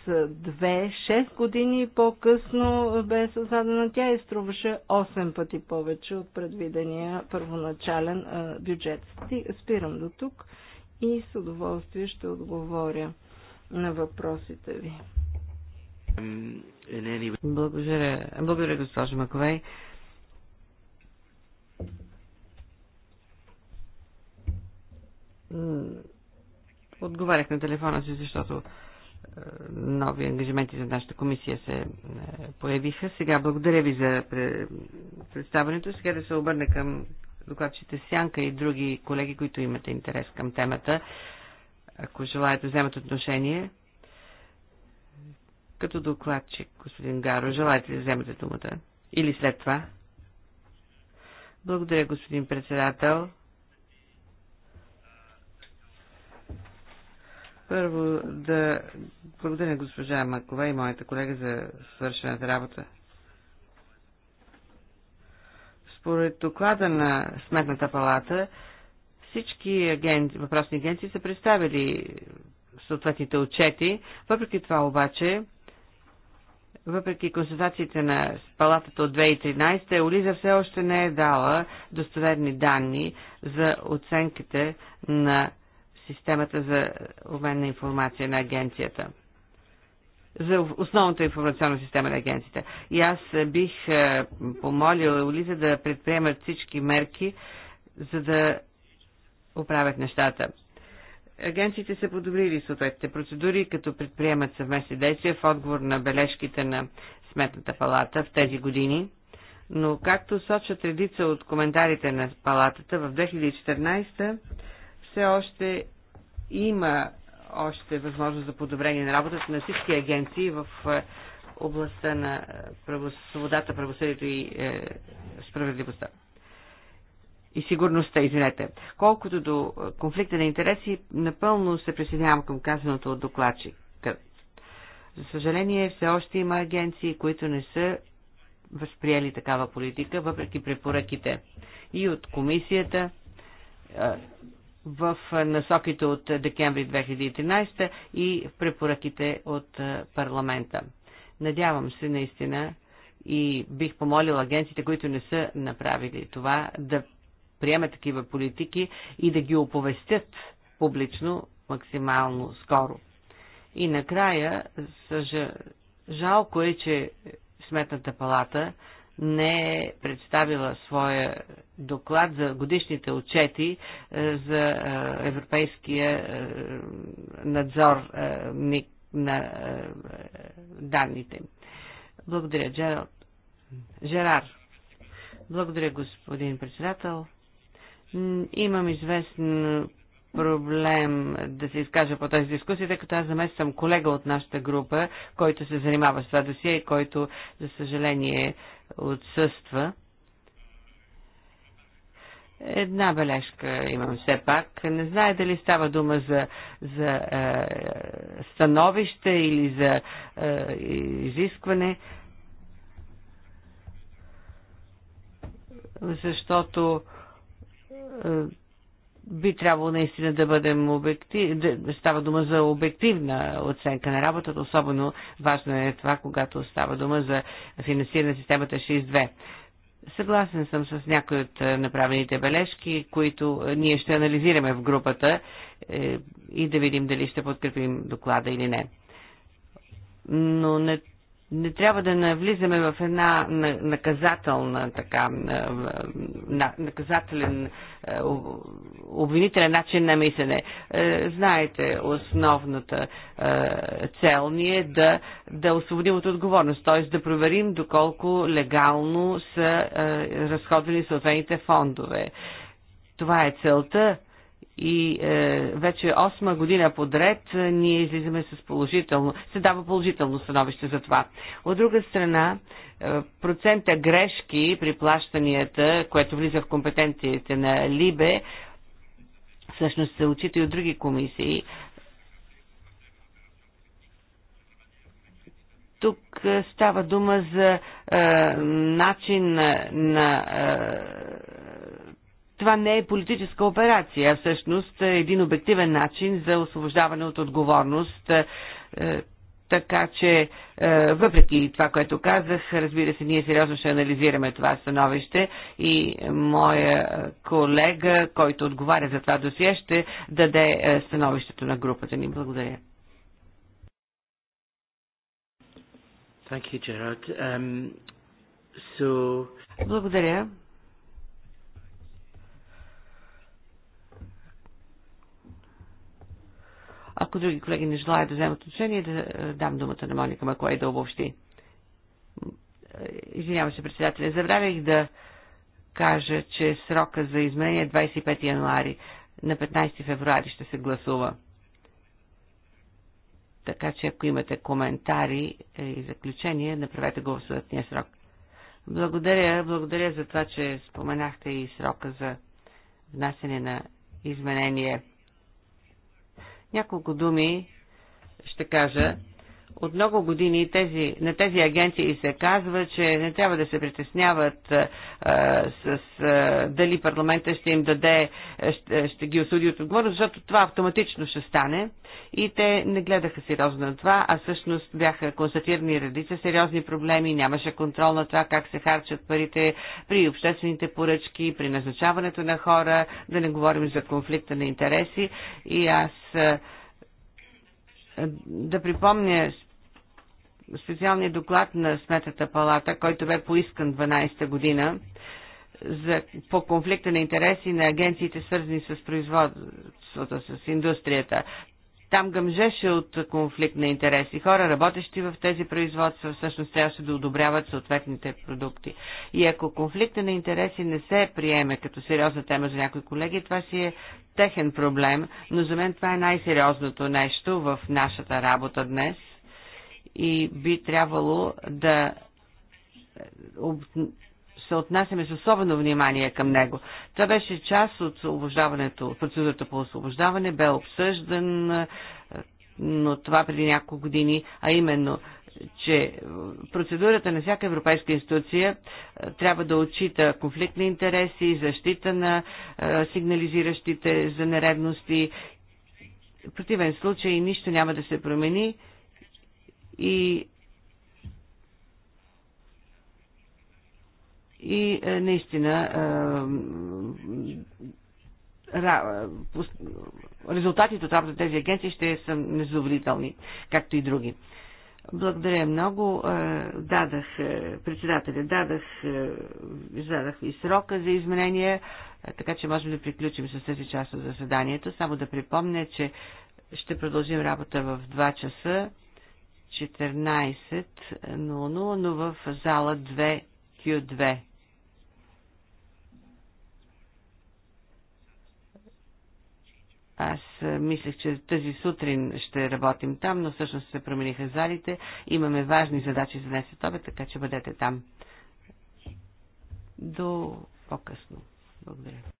6-2-6 е, години по-късно бе създадена тя и струваше 8 пъти повече от предвидения първоначален е, бюджет. Спирам до тук и с удоволствие ще отговоря на въпросите ви. Благодаря, благодаря Маковей. Отговарях на телефона си, защото е, нови ангажименти за нашата комисия се е, появиха. Сега благодаря ви за представането. Сега да се обърна към докладчите Сянка и други колеги, които имате интерес към темата. Ако желаете да вземат отношение, като докладчик, господин Гаро. Желаете да вземете думата? Или след това? Благодаря, господин председател. Първо да благодаря госпожа Макова и моята колега за свършената работа. Според доклада на Сметната палата, всички агенти, въпросни агенции са представили съответните отчети. Въпреки това обаче въпреки консултациите на палатата от 2013, Олиза все още не е дала достоверни данни за оценките на системата за обмен на информация на агенцията за основната информационна система на агенцията. И аз бих е, помолила Олиза да предприемат всички мерки, за да оправят нещата агенциите са подобрили съответните процедури, като предприемат съвместни действия в отговор на бележките на Сметната палата в тези години. Но както сочат редица от коментарите на палатата, в 2014 все още има още възможност за подобрение на работата на всички агенции в е, областта на е, свободата, правосъдието и е, справедливостта и сигурността, извинете. Колкото до е, конфликта на интереси, напълно се присъединявам към казаното от докладчика. За съжаление, все още има агенции, които не са възприели такава политика, въпреки препоръките и от комисията е, в насоките от декември 2013 и в препоръките от е, парламента. Надявам се наистина и бих помолил агенциите, които не са направили това, да предприемат такива политики и да ги оповестят публично максимално скоро. И накрая, съжа... жалко е, че Сметната палата не е представила своя доклад за годишните отчети е, за е, европейския е, надзор на данните. Благодаря, Джералд. Жерар. Благодаря, господин председател. Имам известен проблем да се изкажа по тази дискусия, тъй като аз за съм колега от нашата група, който се занимава с това досие и който, за съжаление, отсъства. Една бележка имам все пак. Не знае дали става дума за, за е, становище или за е, изискване, защото е, е, би трябвало наистина да бъдем обектив, да става дума за обективна оценка на работата, особено важно е това, когато става дума за финансиране на системата 6.2. Съгласен съм с някои от е, направените бележки, които е, ние ще анализираме в групата и да видим дали ще подкрепим доклада или не. Но не не трябва да навлизаме в една наказателна така е, наказателен е, обвинителен начин на мислене. Е, знаете, основната цел ни е да, да освободим от отговорност, т.е. да проверим доколко легално са разходени съответните фондове. Това е целта и е, вече 8 година подред е, ние излизаме с положително, се дава положително становище за това. От друга страна, е, процента грешки при плащанията, което влиза в компетенциите на Либе, всъщност се отчита и от други комисии. Тук е, става дума за е, начин на, на е, това не е политическа операция, а всъщност е един обективен начин за освобождаване от отговорност. Е, е, така че, е, въпреки това, което казах, разбира се, ние сериозно ще анализираме това становище и моя колега, който отговаря за това досие, ще даде становището на групата ни. Благодаря. Thank you, Gerard. Um, so... Благодаря. Ако други колеги не желаят да вземат отношение, да е, дам думата на Моника Макоей да обобщи. Е, Извинявам се, председателя. Забравих да кажа, че срока за изменение е 25 януари. На 15 февруари ще се гласува. Така че ако имате коментари е, и заключения, направете го в съответния срок. Благодаря, благодаря за това, че споменахте и срока за внасене на изменение. Няколко думи ще кажа от много години тези, на тези агенции се казва, че не трябва да се притесняват а, с а, дали парламента ще им даде, ще, ще ги осуди от отговорност, защото това автоматично ще стане. И те не гледаха сериозно на това, а всъщност бяха констатирани редица сериозни проблеми, нямаше контрол на това как се харчат парите при обществените поръчки, при назначаването на хора, да не говорим за конфликта на интереси. И аз да припомня специалния доклад на Сметата палата, който бе поискан 12-та година за, по конфликта на интереси на агенциите, свързани с производството, с индустрията. Там гъмжеше от конфликт на интереси. Хора, работещи в тези производства, всъщност трябваше да одобряват съответните продукти. И ако конфликта на интереси не се приеме като сериозна тема за някои колеги, това си е техен проблем, но за мен това е най-сериозното нещо в нашата работа днес – и би трябвало да е, се отнасяме с особено внимание към него. Това беше част от освобождаването, процедурата по освобождаване, бе обсъждан, е, но това преди няколко години, а именно, че процедурата на всяка европейска институция е, трябва да отчита конфликт на интереси, защита на сигнализиращите за нередности. В противен случай нищо няма да се промени и и е, наистина е, резултатите от работа тези агенции ще са незадоволителни, както и други. Благодаря много. Е, дадах, председателя, дадах, издадах и срока за изменение, така че можем да приключим с тази част от заседанието. Само да припомня, че ще продължим работа в 2 часа. 14.00, но в зала 2Q2. Аз мислех, че тази сутрин ще работим там, но всъщност се промениха залите. Имаме важни задачи за днес от обед, така че бъдете там. До по-късно. Благодаря.